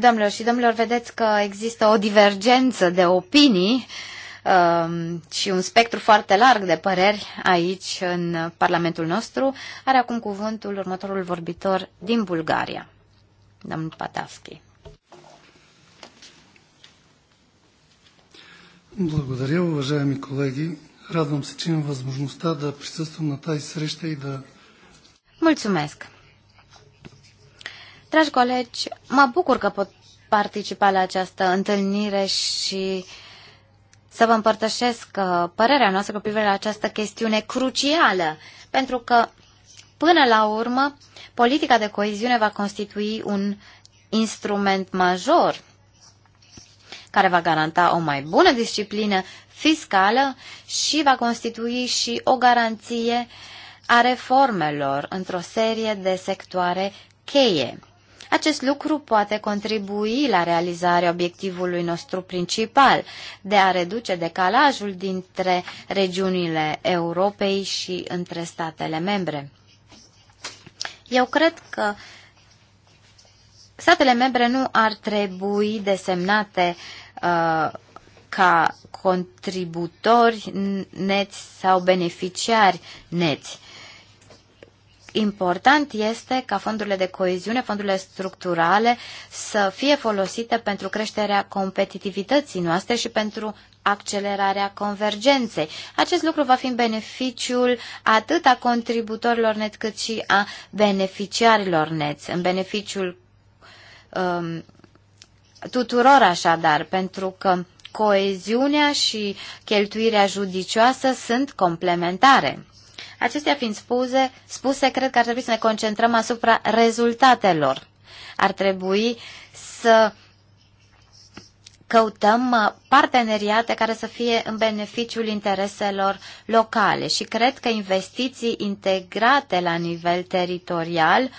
Doamnelor și domnilor, vedeți că există o divergență de opinii um, și un spectru foarte larg de păreri aici în Parlamentul nostru. Are acum cuvântul următorul vorbitor din Bulgaria, domnul Patavski. Благодаря, уважаеми колеги. Радвам се, че имам възможността да присъствам на тази среща и да... Mulțumesc! Dragi colegi, mă bucur că pot participa la această întâlnire și să vă împărtășesc uh, părerea noastră cu privire la această chestiune crucială, pentru că, până la urmă, politica de coeziune va constitui un instrument major care va garanta o mai bună disciplină fiscală și va constitui și o garanție a reformelor într-o serie de sectoare cheie. Acest lucru poate contribui la realizarea obiectivului nostru principal de a reduce decalajul dintre regiunile Europei și între statele membre. Eu cred că statele membre nu ar trebui desemnate uh, ca contributori neți sau beneficiari neți. Important este ca fondurile de coeziune, fondurile structurale să fie folosite pentru creșterea competitivității noastre și pentru accelerarea convergenței. Acest lucru va fi în beneficiul atât a contributorilor net cât și a beneficiarilor net, în beneficiul um, tuturor așadar, pentru că coeziunea și cheltuirea judicioasă sunt complementare. Acestea fiind spuse, spuse, cred că ar trebui să ne concentrăm asupra rezultatelor. Ar trebui să căutăm uh, parteneriate care să fie în beneficiul intereselor locale și cred că investiții integrate la nivel teritorial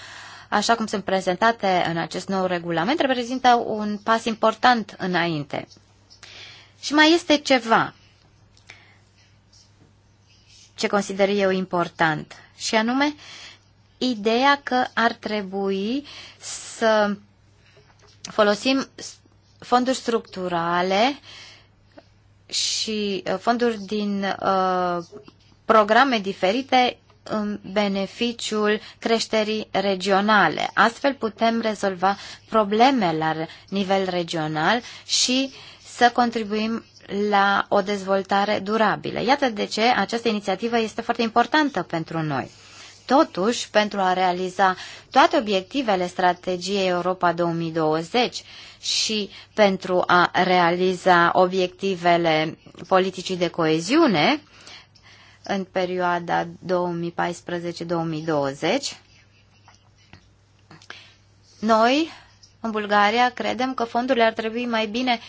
așa cum sunt prezentate în acest nou regulament, reprezintă un pas important înainte. Și mai este ceva ce consider eu important, și anume ideea că ar trebui să folosim fonduri structurale și uh, fonduri din uh, programe diferite în beneficiul creșterii regionale. Astfel putem rezolva probleme la nivel regional și să contribuim la o dezvoltare durabilă. Iată de ce această inițiativă este foarte importantă pentru noi. Totuși, pentru a realiza toate obiectivele strategiei Europa 2020 și pentru a realiza obiectivele politicii de coeziune în perioada 2014-2020, noi, în Bulgaria, credem că fondurile ar trebui mai bine uh,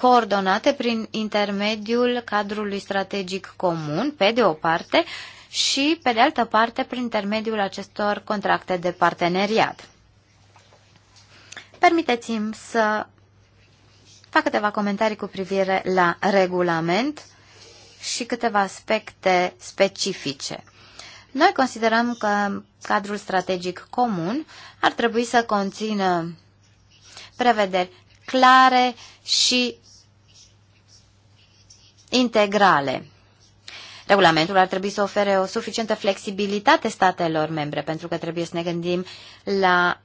coordonate prin intermediul cadrului strategic comun, pe de o parte, și, pe de altă parte, prin intermediul acestor contracte de parteneriat. Permiteți-mi să fac câteva comentarii cu privire la regulament și câteva aspecte specifice. Noi considerăm că cadrul strategic comun ar trebui să conțină prevederi clare și integrale. Regulamentul ar trebui să ofere o suficientă flexibilitate statelor membre, pentru că trebuie să ne gândim la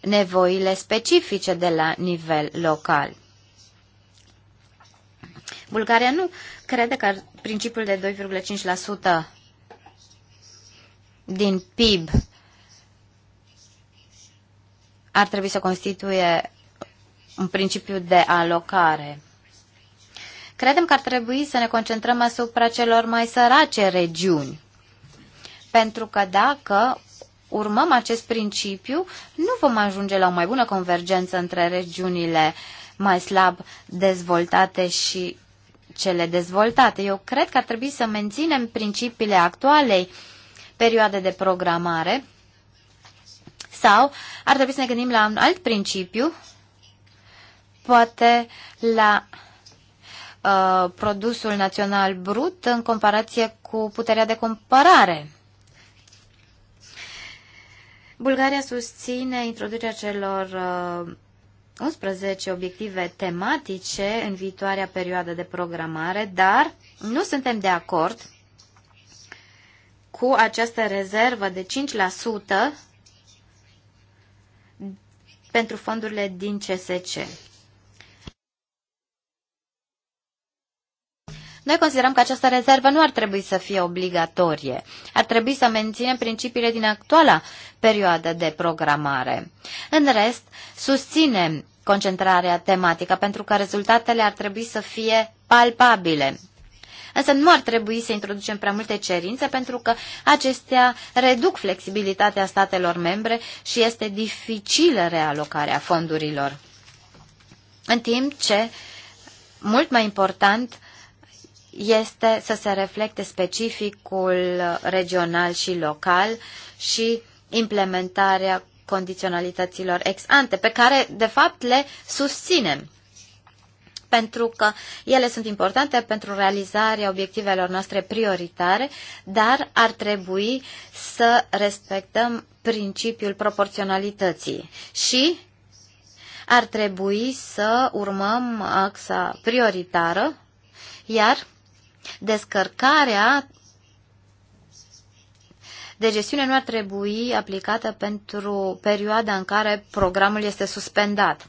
nevoile specifice de la nivel local. Bulgaria nu crede că principiul de 2,5% din PIB ar trebui să constituie un principiu de alocare. Credem că ar trebui să ne concentrăm asupra celor mai sărace regiuni. Pentru că dacă urmăm acest principiu, nu vom ajunge la o mai bună convergență între regiunile mai slab dezvoltate și cele dezvoltate. Eu cred că ar trebui să menținem principiile actualei perioade de programare sau ar trebui să ne gândim la un alt principiu, poate la Uh, produsul național brut în comparație cu puterea de comparare. Bulgaria susține introducerea celor 11 uh, obiective tematice în viitoarea perioadă de programare, dar nu suntem de acord cu această rezervă de 5% pentru fondurile din CSC. Noi considerăm că această rezervă nu ar trebui să fie obligatorie. Ar trebui să menținem principiile din actuala perioadă de programare. În rest, susținem concentrarea tematică pentru că rezultatele ar trebui să fie palpabile. Însă nu ar trebui să introducem prea multe cerințe pentru că acestea reduc flexibilitatea statelor membre și este dificilă realocarea fondurilor. În timp ce, mult mai important, este să se reflecte specificul regional și local și implementarea condiționalităților ex ante, pe care, de fapt, le susținem pentru că ele sunt importante pentru realizarea obiectivelor noastre prioritare, dar ar trebui să respectăm principiul proporționalității și ar trebui să urmăm axa prioritară, iar descărcarea de gestiune nu ar trebui aplicată pentru perioada în care programul este suspendat.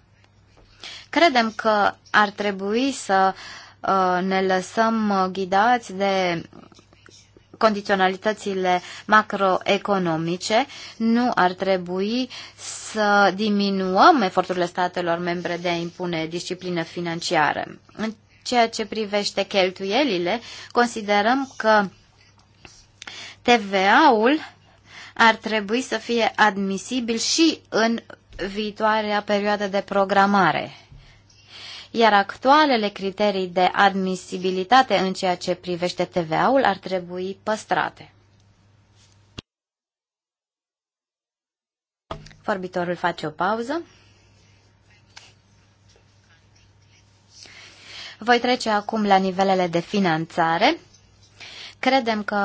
Credem că ar trebui să uh, ne lăsăm ghidați de condiționalitățile macroeconomice, nu ar trebui să diminuăm eforturile statelor membre de a impune disciplină financiară. În ceea ce privește cheltuielile, considerăm că TVA-ul ar trebui să fie admisibil și în viitoarea perioadă de programare. Iar actualele criterii de admisibilitate în ceea ce privește TVA-ul ar trebui păstrate. Vorbitorul face o pauză. Voi trece acum la nivelele de finanțare. Credem că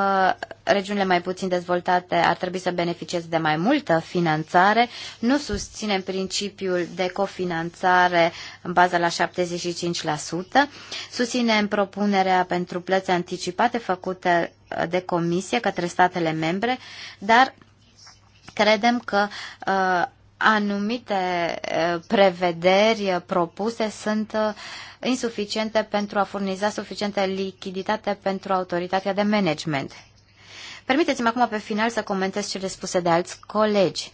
regiunile mai puțin dezvoltate ar trebui să beneficieze de mai multă finanțare. Nu susținem principiul de cofinanțare în baza la 75%. Susținem propunerea pentru plăți anticipate făcute de comisie către statele membre, dar credem că uh, anumite prevederi propuse sunt insuficiente pentru a furniza suficientă lichiditate pentru autoritatea de management. Permiteți-mi acum pe final să comentez cele spuse de alți colegi.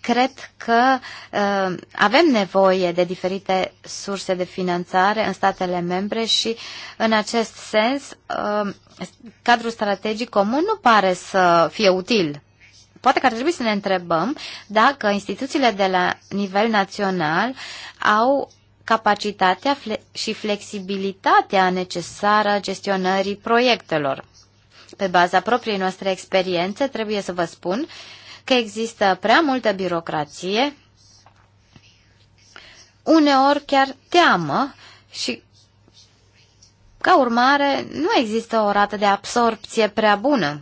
Cred că uh, avem nevoie de diferite surse de finanțare în statele membre și, în acest sens, uh, cadrul strategic comun nu pare să fie util poate că ar trebui să ne întrebăm dacă instituțiile de la nivel național au capacitatea fle și flexibilitatea necesară gestionării proiectelor. Pe baza propriei noastre experiențe, trebuie să vă spun că există prea multă birocrație, uneori chiar teamă și ca urmare, nu există o rată de absorpție prea bună.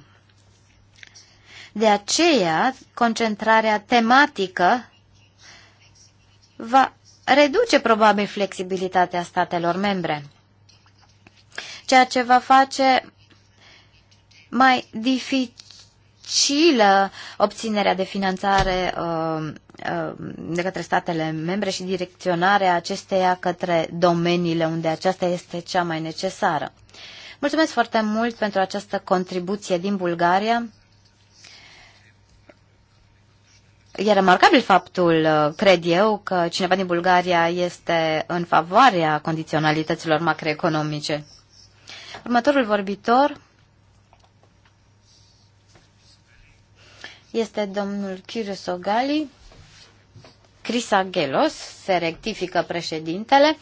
De aceea, concentrarea tematică va reduce probabil flexibilitatea statelor membre, ceea ce va face mai dificilă obținerea de finanțare uh, uh, de către statele membre și direcționarea acesteia către domeniile unde aceasta este cea mai necesară. Mulțumesc foarte mult pentru această contribuție din Bulgaria. E remarcabil faptul, cred eu, că cineva din Bulgaria este în favoarea condiționalităților macroeconomice. Următorul vorbitor este domnul Kyrios Ogali. Gelos, se rectifică președintele.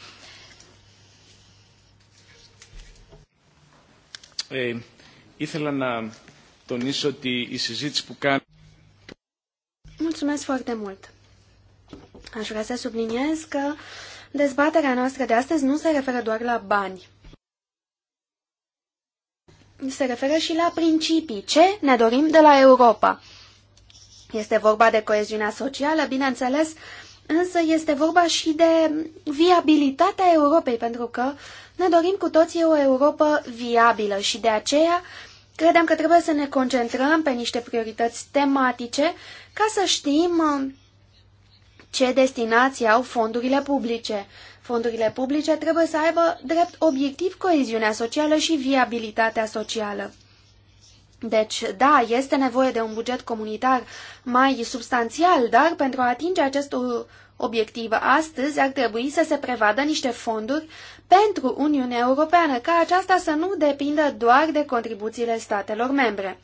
Îi eh, ήθελα να τονίσω ότι η συζήτηση που κάνει Mulțumesc foarte mult! Aș vrea să subliniez că dezbaterea noastră de astăzi nu se referă doar la bani. Se referă și la principii. Ce ne dorim de la Europa? Este vorba de coeziunea socială, bineînțeles, însă este vorba și de viabilitatea Europei, pentru că ne dorim cu toții o Europa viabilă și de aceea Credeam că trebuie să ne concentrăm pe niște priorități tematice ca să știm uh, ce destinații au fondurile publice. Fondurile publice trebuie să aibă drept obiectiv coeziunea socială și viabilitatea socială. Deci, da, este nevoie de un buget comunitar mai substanțial, dar pentru a atinge acest obiectivă astăzi ar trebui să se prevadă niște fonduri pentru Uniunea Europeană, ca aceasta să nu depindă doar de contribuțiile statelor membre.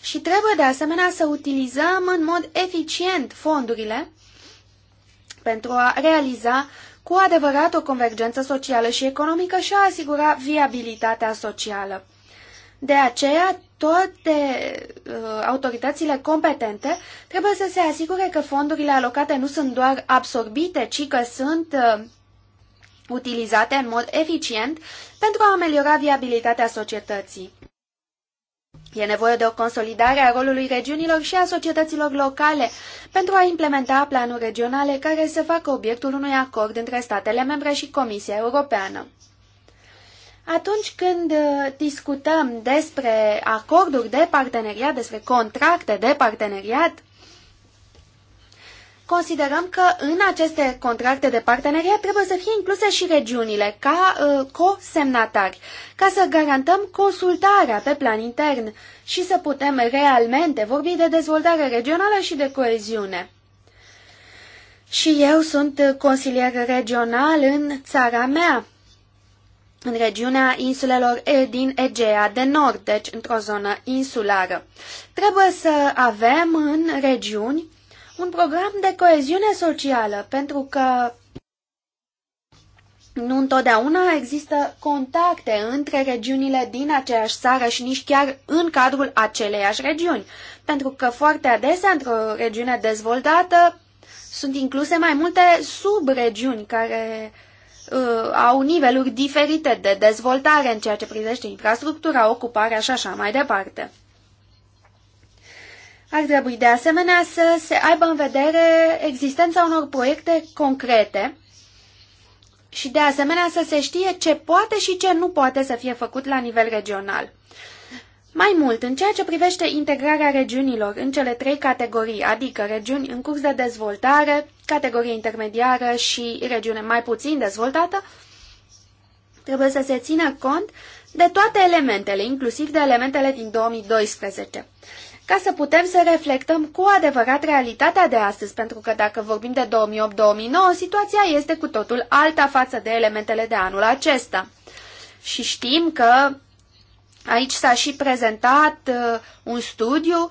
Și trebuie de asemenea să utilizăm în mod eficient fondurile pentru a realiza cu adevărat o convergență socială și economică și a asigura viabilitatea socială. De aceea, toate uh, autoritățile competente trebuie să se asigure că fondurile alocate nu sunt doar absorbite, ci că sunt uh, utilizate în mod eficient pentru a ameliora viabilitatea societății. E nevoie de o consolidare a rolului regiunilor și a societăților locale pentru a implementa planuri regionale care să facă obiectul unui acord între statele membre și Comisia Europeană. Atunci când uh, discutăm despre acorduri de parteneriat, despre contracte de parteneriat, considerăm că în aceste contracte de parteneriat trebuie să fie incluse și regiunile ca uh, co-semnatari, ca să garantăm consultarea pe plan intern și să putem realmente vorbi de dezvoltare regională și de coeziune. Și eu sunt uh, consilier regional în țara mea în regiunea insulelor din Egea de Nord, deci într-o zonă insulară. Trebuie să avem în regiuni un program de coeziune socială, pentru că nu întotdeauna există contacte între regiunile din aceeași țară și nici chiar în cadrul aceleiași regiuni, pentru că foarte adesea într-o regiune dezvoltată sunt incluse mai multe subregiuni care uh, au niveluri diferite de dezvoltare în ceea ce privește infrastructura, ocuparea și așa mai departe. Ar trebui de asemenea să se aibă în vedere existența unor proiecte concrete și de asemenea să se știe ce poate și ce nu poate să fie făcut la nivel regional. Mai mult, în ceea ce privește integrarea regiunilor în cele trei categorii, adică regiuni în curs de dezvoltare, categorie intermediară și regiune mai puțin dezvoltată, trebuie să se țină cont de toate elementele, inclusiv de elementele din 2012 ca să putem să reflectăm cu adevărat realitatea de astăzi, pentru că dacă vorbim de 2008-2009, situația este cu totul alta față de elementele de anul acesta. Și știm că Aici s-a și prezentat uh, un studiu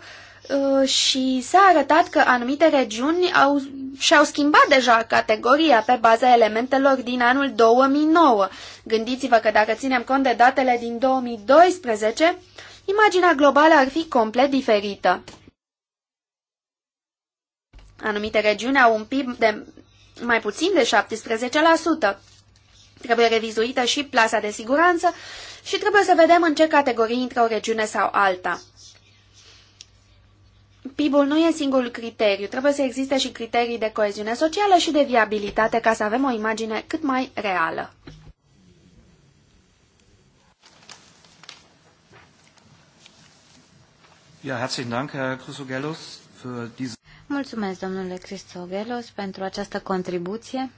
uh, și s-a arătat că anumite regiuni au, și-au schimbat deja categoria pe baza elementelor din anul 2009. Gândiți-vă că dacă ținem cont de datele din 2012, imaginea globală ar fi complet diferită. Anumite regiuni au un PIB de mai puțin de 17%. Trebuie revizuită și plasa de siguranță și trebuie să vedem în ce categorii intră o regiune sau alta. PIB-ul nu e singurul criteriu, trebuie să existe și criterii de coeziune socială și de viabilitate ca să avem o imagine cât mai reală. Ja, herzlichen Dank, Herr für diese Mulțumesc, domnule Cristogelos, pentru această contribuție.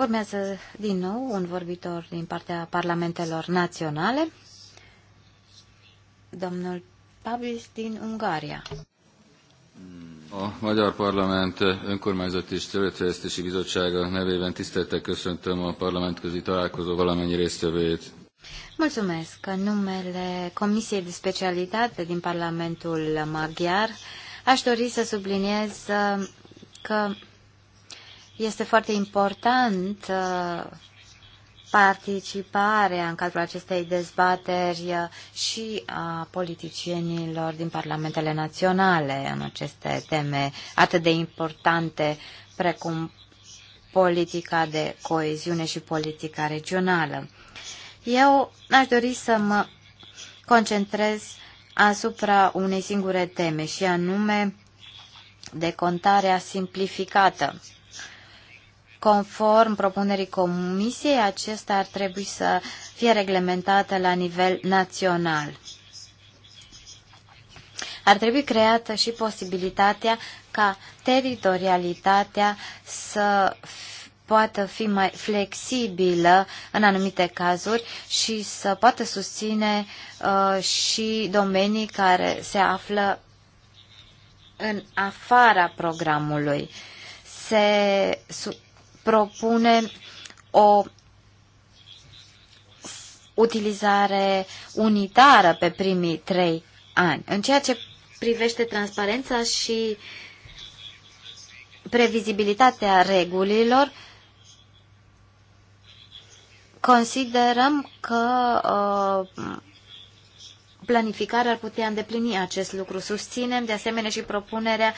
Urmează din nou un vorbitor din partea parlamentelor naționale, domnul Pablis din Ungaria. A Magyar Parlament önkormányzati és területfejlesztési bizottsága nevében tisztelettel köszöntöm a parlamentközi találkozó valamennyi résztvevőjét. Mulțumesc. În numele Comisiei de Specialitate din Parlamentul Maghiar aș dori să subliniez uh, că este foarte important uh, participarea în cadrul acestei dezbateri uh, și a politicienilor din parlamentele naționale în aceste teme atât de importante precum politica de coeziune și politica regională. Eu aș dori să mă concentrez asupra unei singure teme și anume decontarea simplificată Conform propunerii Comisiei, acestea ar trebui să fie reglementate la nivel național. Ar trebui creată și posibilitatea ca teritorialitatea să poată fi mai flexibilă în anumite cazuri și să poată susține uh, și domenii care se află în afara programului. Se propune o utilizare unitară pe primii trei ani. În ceea ce privește transparența și previzibilitatea regulilor, considerăm că uh, planificarea ar putea îndeplini acest lucru. Susținem de asemenea și propunerea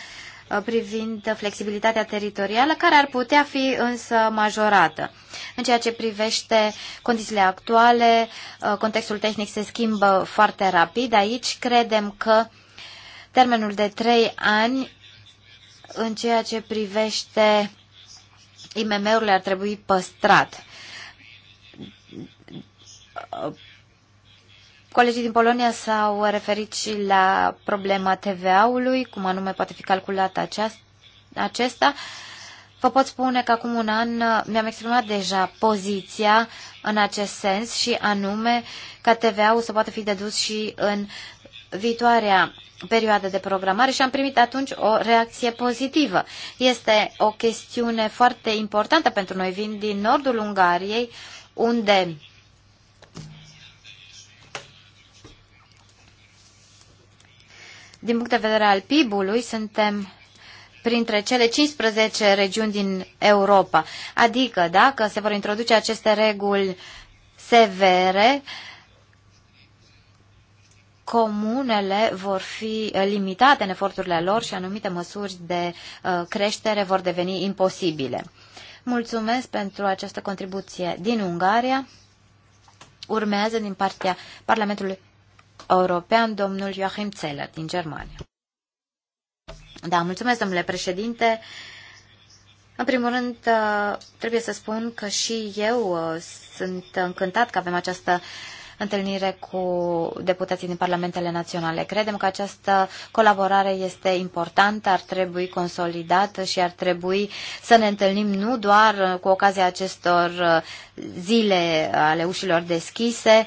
Uh, privind flexibilitatea teritorială, care ar putea fi însă majorată. În ceea ce privește condițiile actuale, uh, contextul tehnic se schimbă foarte rapid. Aici credem că termenul de trei ani în ceea ce privește IMM-urile ar trebui păstrat uh, Colegii din Polonia s-au referit și la problema TVA-ului, cum anume poate fi calculat acesta. Vă pot spune că acum un an mi-am exprimat deja poziția în acest sens și anume ca TVA-ul să poată fi dedus și în viitoarea perioadă de programare și am primit atunci o reacție pozitivă. Este o chestiune foarte importantă pentru noi. Vin din nordul Ungariei, unde Din punct de vedere al PIB-ului, suntem printre cele 15 regiuni din Europa. Adică, dacă se vor introduce aceste reguli severe, comunele vor fi eh, limitate în eforturile lor și anumite măsuri de eh, creștere vor deveni imposibile. Mulțumesc pentru această contribuție din Ungaria. Urmează din partea Parlamentului European, domnul Joachim Zeller din Germania. Da, mulțumesc, domnule președinte. În primul rând, uh, trebuie să spun că și eu uh, sunt încântat că avem această întâlnire cu deputații din Parlamentele Naționale. Credem că această colaborare este importantă, ar trebui consolidată și ar trebui să ne întâlnim nu doar cu ocazia acestor uh, zile ale ușilor deschise,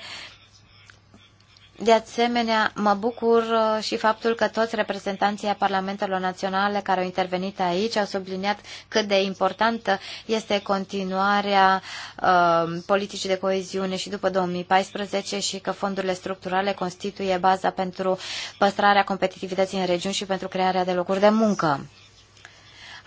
de asemenea, mă bucur uh, și faptul că toți reprezentanții a Parlamentelor Naționale care au intervenit aici au subliniat cât de importantă este continuarea uh, politicii de coeziune și după 2014 și că fondurile structurale constituie baza pentru păstrarea competitivității în regiuni și pentru crearea de locuri de muncă.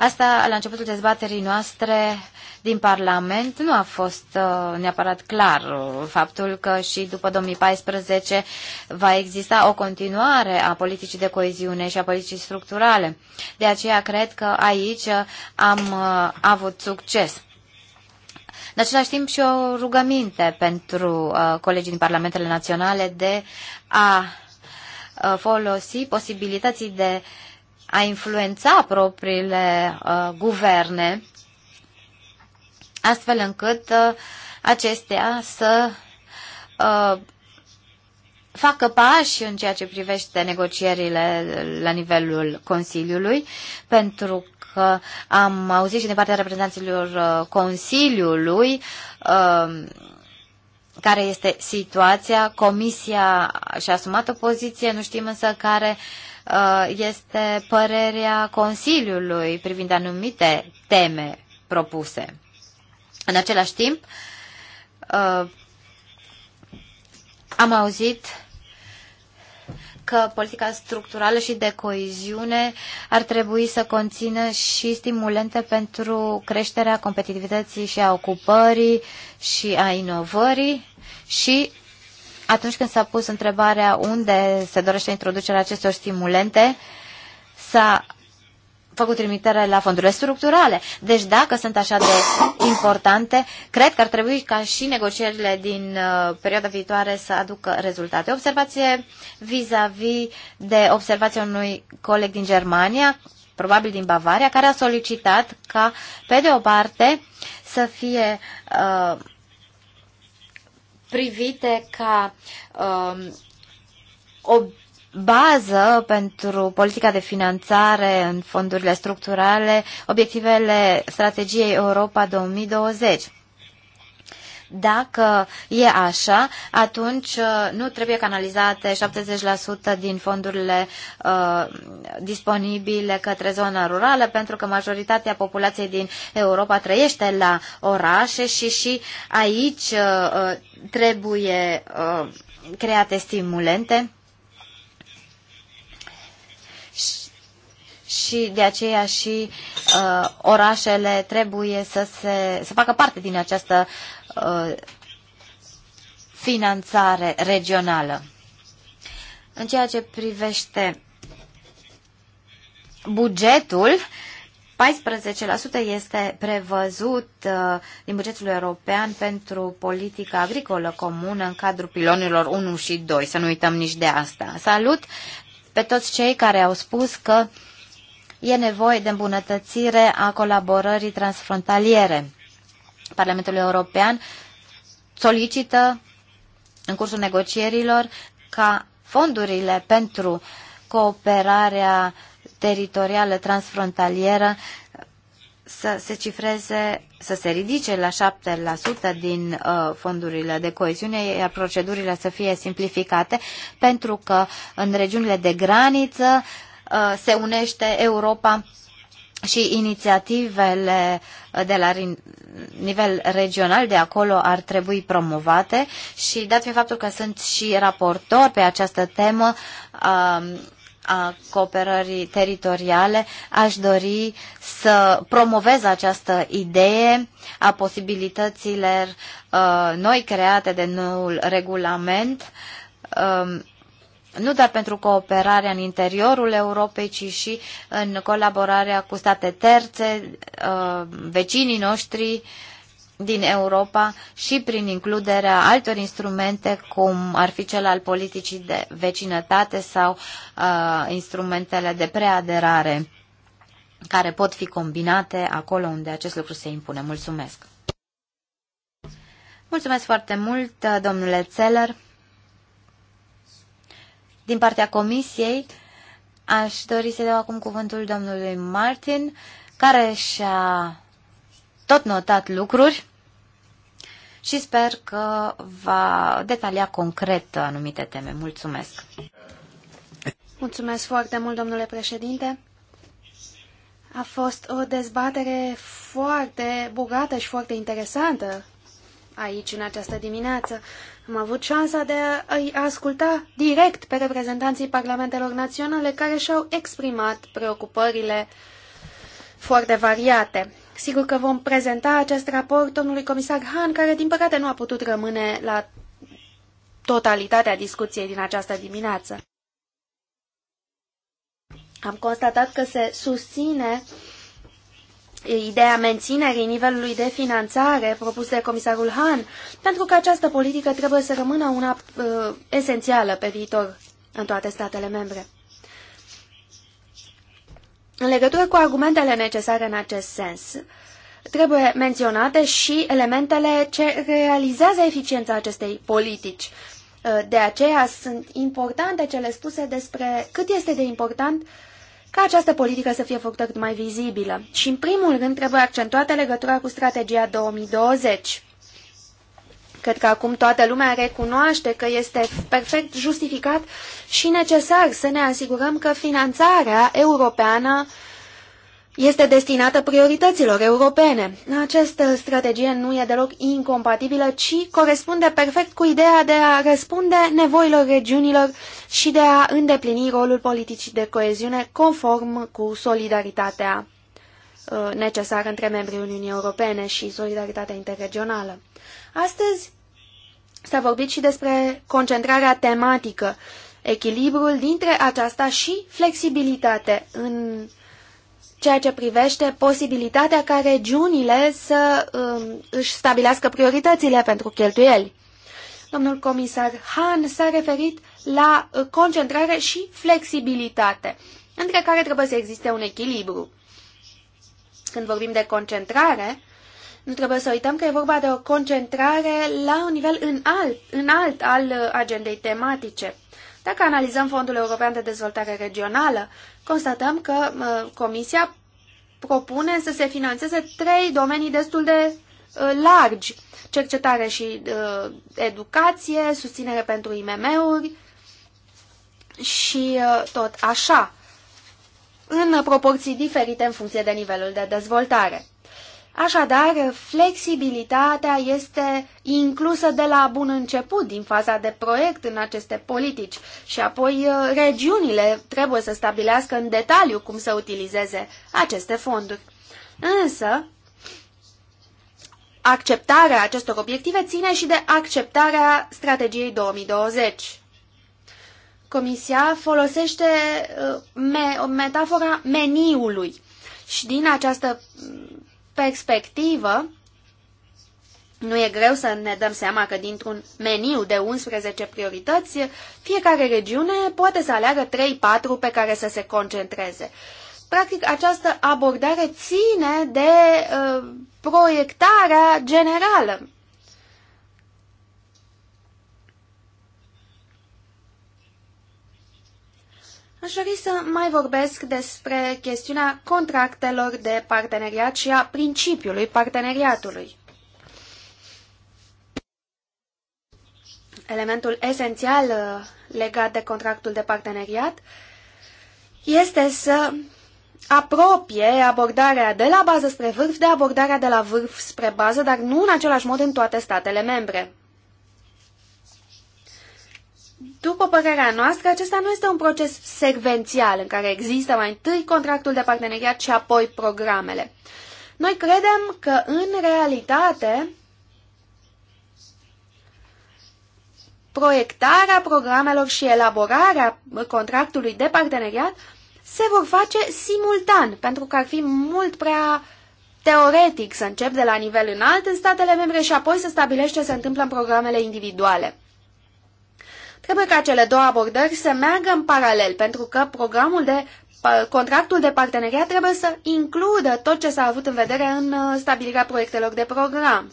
Asta, la începutul dezbaterii noastre din Parlament, nu a fost uh, neapărat clar uh, faptul că și după 2014 va exista o continuare a politicii de coeziune și a politicii structurale. De aceea cred că aici uh, am avut succes. În același timp și o rugăminte pentru colegii din Parlamentele Naționale de a folosi posibilității de uh, a influența propriile uh, guverne, astfel încât uh, acestea să uh, facă pași în ceea ce privește negocierile la nivelul Consiliului, pentru că am auzit și din partea reprezentanților uh, Consiliului uh, care este situația. Comisia și-a asumat o poziție, nu știm însă care uh, Uh, este părerea Consiliului privind anumite teme propuse. În același timp, uh, am auzit că politica structurală și de coeziune ar trebui să conțină și stimulente pentru creșterea competitivității și a ocupării și a inovării și atunci când s-a pus întrebarea unde se dorește introducerea acestor stimulente, s-a făcut trimitere la fondurile structurale. Deci dacă sunt așa de importante, cred că ar trebui ca și negocierile din uh, perioada viitoare să aducă rezultate. Observație vis-a-vis -vis de observația unui coleg din Germania, probabil din Bavaria, care a solicitat ca, pe de o parte, să fie uh, privite ca um, o bază pentru politica de finanțare în fondurile structurale, obiectivele strategiei Europa 2020. Dacă e așa, atunci uh, nu trebuie canalizate 70% din fondurile uh, disponibile către zona rurală, pentru că majoritatea populației din Europa trăiește la orașe și și aici uh, uh trebuie uh, create stimulente. și de aceea și uh, orașele trebuie să, se, să facă parte din această Uh, finanțare regională. În ceea ce privește bugetul, 14% este prevăzut uh, din bugetul european pentru politica agricolă comună în cadrul pilonilor 1 și 2. Să nu uităm nici de asta. Salut pe toți cei care au spus că e nevoie de îmbunătățire a colaborării transfrontaliere. Parlamentului European solicită în cursul negocierilor ca fondurile pentru cooperarea teritorială transfrontalieră să se cifreze, să se ridice la 7% din uh, fondurile de coeziune, iar procedurile să fie simplificate, pentru că în regiunile de graniță uh, se unește Europa și inițiativele de la nivel regional de acolo ar trebui promovate și dat fiind faptul că sunt și raportor pe această temă a, um, a cooperării teritoriale, aș dori să promovez această idee a posibilităților a, uh, noi create de noul regulament a, um, nu doar pentru cooperarea în interiorul Europei, ci și în colaborarea cu state terțe, uh, vecinii noștri din Europa și prin includerea altor instrumente, cum ar fi cel al politicii de vecinătate sau uh, instrumentele de preaderare, care pot fi combinate acolo unde acest lucru se impune. Mulțumesc! Mulțumesc foarte mult, domnule Zeller din partea Comisiei. Aș dori să dau acum cuvântul domnului Martin, care și-a tot notat lucruri și sper că va detalia concret anumite teme. Mulțumesc! Mulțumesc foarte mult, domnule președinte! A fost o dezbatere foarte bogată și foarte interesantă aici în această dimineață. Am avut șansa de a-i asculta direct pe reprezentanții parlamentelor naționale care și-au exprimat preocupările foarte variate. Sigur că vom prezenta acest raport domnului comisar Han, care din păcate nu a putut rămâne la totalitatea discuției din această dimineață. Am constatat că se susține uh, ideea menținerii nivelului de finanțare propus de comisarul Han, pentru că această politică trebuie să rămână una uh, esențială pe viitor în toate statele membre. În legătură cu argumentele necesare în acest sens, trebuie menționate și elementele ce realizează eficiența acestei politici. Uh, de aceea sunt importante cele spuse despre cât este de important uh, ca această politică să fie făcută cât mai vizibilă. Și, în primul rând, trebuie accentuată legătura cu strategia 2020. Cred că acum toată lumea recunoaște că este perfect justificat și necesar să ne asigurăm că finanțarea europeană uh, este destinată priorităților europene. Această strategie nu e deloc incompatibilă, ci corespunde perfect cu ideea de a răspunde nevoilor regiunilor și de a îndeplini rolul politicii de coeziune conform cu solidaritatea uh, necesară între membrii Uniunii Europene și solidaritatea interregională. Astăzi s-a vorbit și despre concentrarea tematică, echilibrul dintre aceasta și flexibilitate în ceea ce privește posibilitatea ca regiunile să uh, își stabilească prioritățile pentru cheltuieli. Domnul comisar Han s-a referit la uh, concentrare și flexibilitate, între care trebuie să existe un echilibru. Când vorbim de concentrare, nu trebuie să uităm că e vorba de o concentrare la un nivel înalt, înalt al uh, agendei tematice. Dacă analizăm Fondul European de Dezvoltare Regională, constatăm că Comisia propune să se financeze trei domenii destul de ă, largi. Cercetare și ă, educație, susținere pentru IMM-uri și ă, tot așa, în proporții diferite în funcție de nivelul de dezvoltare. Așadar, flexibilitatea este inclusă de la bun început din faza de proiect în aceste politici și apoi uh, regiunile trebuie să stabilească în detaliu cum să utilizeze aceste fonduri. Însă, acceptarea acestor obiective ține și de acceptarea strategiei 2020. Comisia folosește uh, me metafora meniului și din această perspectivă, nu e greu să ne dăm seama că dintr-un meniu de 11 priorități, fiecare regiune poate să aleagă 3-4 pe care să se concentreze. Practic, această abordare ține de uh, proiectarea generală Aș dori să mai vorbesc despre chestiunea contractelor de parteneriat și a principiului parteneriatului. Elementul esențial uh, legat de contractul de parteneriat este să apropie abordarea de la bază spre vârf de abordarea de la vârf spre bază, dar nu în același mod în toate statele membre. După părerea noastră, acesta nu este un proces secvențial în care există mai întâi contractul de parteneriat și apoi programele. Noi credem că, în realitate, proiectarea programelor și elaborarea contractului de parteneriat se vor face simultan, pentru că ar fi mult prea teoretic să încep de la nivel înalt în statele membre și apoi să stabilești ce se întâmplă în programele individuale. Trebuie ca cele două abordări să meargă în paralel, pentru că programul de contractul de parteneriat trebuie să includă tot ce s-a avut în vedere în uh, stabilirea proiectelor de program.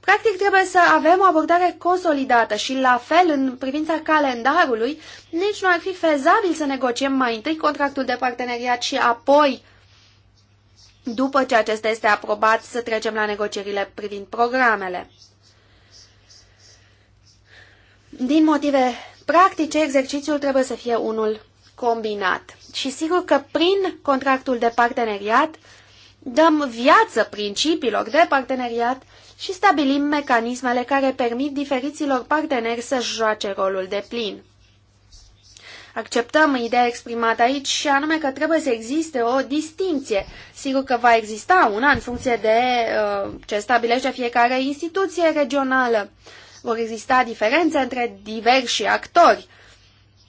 Practic trebuie să avem o abordare consolidată și la fel în privința calendarului, nici nu ar fi fezabil să negociem mai întâi contractul de parteneriat și apoi, după ce acesta este aprobat, să trecem la negocierile privind programele. Din motive practice, exercițiul trebuie să fie unul combinat. Și sigur că prin contractul de parteneriat dăm viață principiilor de parteneriat și stabilim mecanismele care permit diferiților parteneri să joace rolul de plin. Acceptăm ideea exprimată aici și anume că trebuie să existe o distinție. Sigur că va exista una în funcție de uh, ce stabilește fiecare instituție regională. Uh, vor exista diferențe între diversi actori.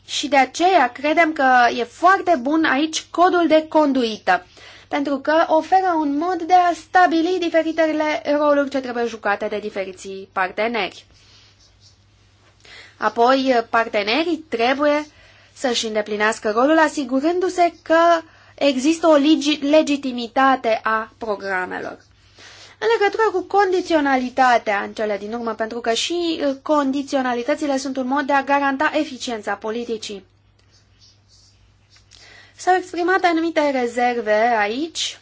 Și de aceea credem că e foarte bun aici codul de conduită, pentru că oferă un mod de a stabili diferitele roluri ce trebuie jucate de diferiții parteneri. Apoi, partenerii trebuie să-și îndeplinească rolul asigurându-se că există o legitimitate a programelor. În legătură cu condiționalitatea în cele din urmă, pentru că și uh, condiționalitățile sunt un mod de a garanta eficiența politicii. S-au exprimat anumite rezerve aici.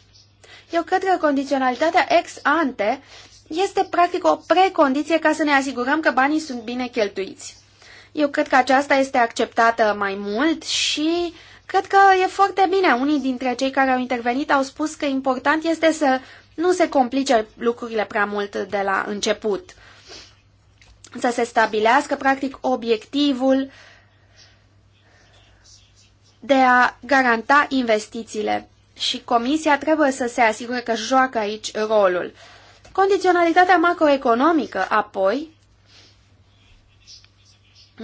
Eu cred că condiționalitatea ex ante este practic o precondiție ca să ne asigurăm că banii sunt bine cheltuiți. Eu cred că aceasta este acceptată mai mult și cred că e foarte bine. Unii dintre cei care au intervenit au spus că important este să nu se complice lucrurile prea mult de la început. Să se stabilească, practic, obiectivul de a garanta investițiile și Comisia trebuie să se asigure că joacă aici rolul. Condiționalitatea macroeconomică, apoi,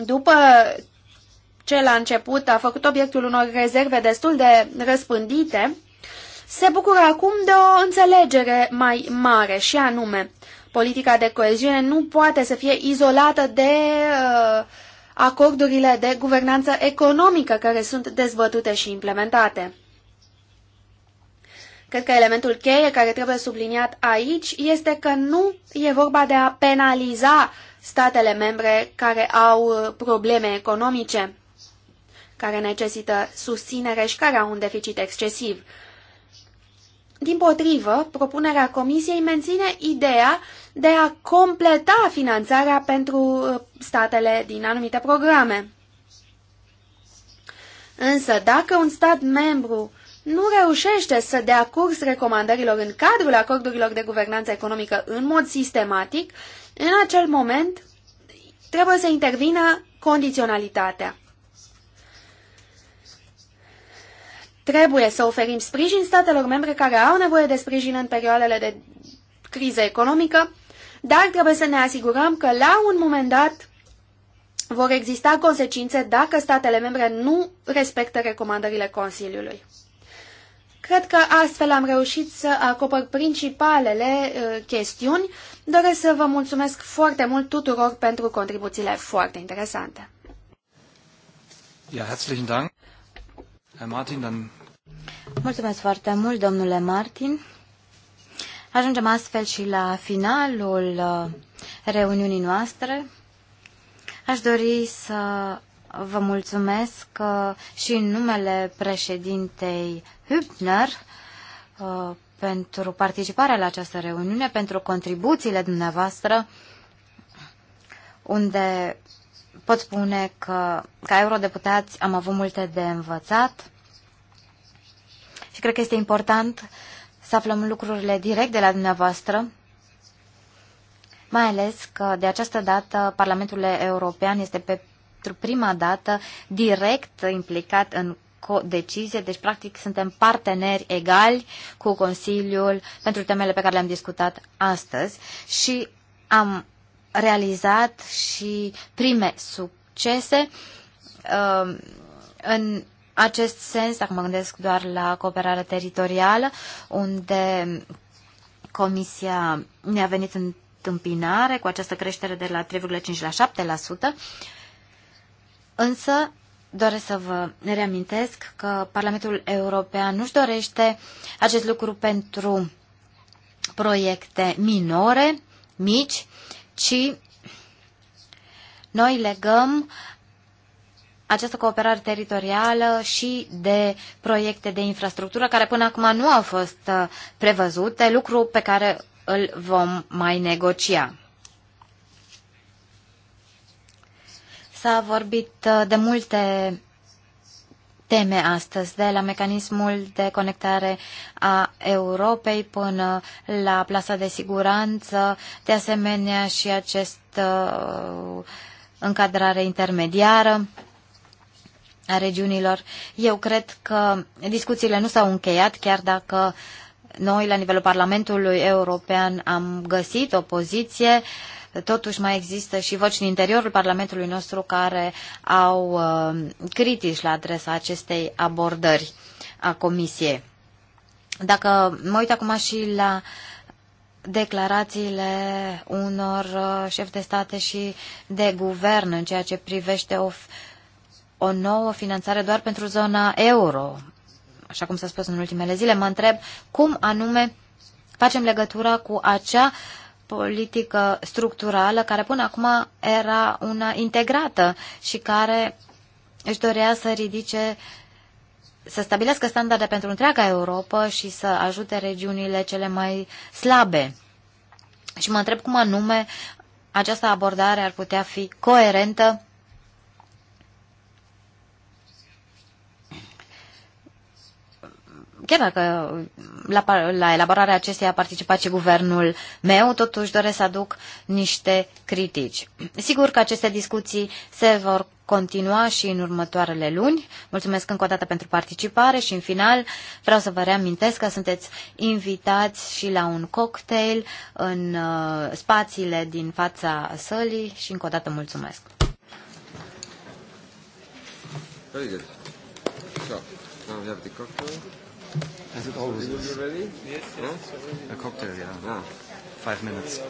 după ce la început a făcut obiectul unor rezerve destul de răspândite, se bucură acum de o înțelegere mai mare și anume, politica de coeziune nu poate să fie izolată de uh, acordurile de guvernanță economică care sunt dezbătute și implementate. Cred că elementul cheie care trebuie subliniat aici este că nu e vorba de a penaliza statele membre care au uh, probleme economice, care necesită susținere și care au un deficit excesiv. Din potrivă, propunerea Comisiei menține ideea de a completa finanțarea pentru uh, statele din anumite programe. Însă, dacă un stat membru nu reușește să dea curs recomandărilor în cadrul acordurilor de guvernanță economică în mod sistematic, în acel moment trebuie să intervină condiționalitatea. Trebuie să oferim sprijin statelor membre care au nevoie de sprijin în perioadele de criză economică, dar trebuie să ne asigurăm că la un moment dat vor exista consecințe dacă statele membre nu respectă recomandările Consiliului. Cred că astfel am reușit să acopăr principalele uh, chestiuni. Doresc să vă mulțumesc foarte mult tuturor pentru contribuțiile foarte interesante. Ja, herzlichen Dank. Herr Martin, dann Mulțumesc foarte mult, domnule Martin. Ajungem astfel și la finalul uh, reuniunii noastre. Aș dori să vă mulțumesc uh, și în numele președintei Hübner uh, pentru participarea la această reuniune, pentru contribuțiile dumneavoastră, unde pot spune că ca eurodeputați am avut multe de învățat și cred că este important să aflăm lucrurile direct de la dumneavoastră, mai ales că de această dată Parlamentul European este pentru prima dată direct implicat în decizie, deci practic suntem parteneri egali cu Consiliul pentru temele pe care le-am discutat astăzi și am realizat și prime succese uh, în acest sens, dacă mă gândesc doar la cooperarea teritorială, unde Comisia ne-a venit în tâmpinare cu această creștere de la 3,5 la 7%, însă doresc să vă reamintesc că Parlamentul European nu-și dorește acest lucru pentru proiecte minore, mici, ci noi legăm această cooperare teritorială și de proiecte de infrastructură care până acum nu au fost uh, prevăzute, lucru pe care îl vom mai negocia. S-a vorbit uh, de multe teme astăzi, de la mecanismul de conectare a Europei până la plasa de siguranță, de asemenea și acest uh, încadrare intermediară a regiunilor. Eu cred că discuțiile nu s-au încheiat, chiar dacă noi, la nivelul Parlamentului European, am găsit o poziție. Totuși mai există și voci din interiorul Parlamentului nostru care au uh, critici la adresa acestei abordări a Comisiei. Dacă mă uit acum și la declarațiile unor uh, șefi de state și de guvern în ceea ce privește of- o nouă finanțare doar pentru zona euro, așa cum s-a spus în ultimele zile. Mă întreb cum anume facem legătura cu acea politică structurală care până acum era una integrată și care își dorea să ridice să stabilească standarde pentru întreaga Europa și să ajute regiunile cele mai slabe. Și mă întreb cum anume această abordare ar putea fi coerentă chiar dacă la, la elaborarea acesteia a participat și guvernul meu, totuși doresc să aduc niște critici. Sigur că aceste discuții se vor continua și în următoarele luni. Mulțumesc încă o dată pentru participare și în final vreau să vă reamintesc că sunteți invitați și la un cocktail în uh, spațiile din fața sălii și încă o dată mulțumesc. Very good. So, now we have the cocktail. As it always is. Yes, yes. A cocktail, yeah. yeah. Five minutes.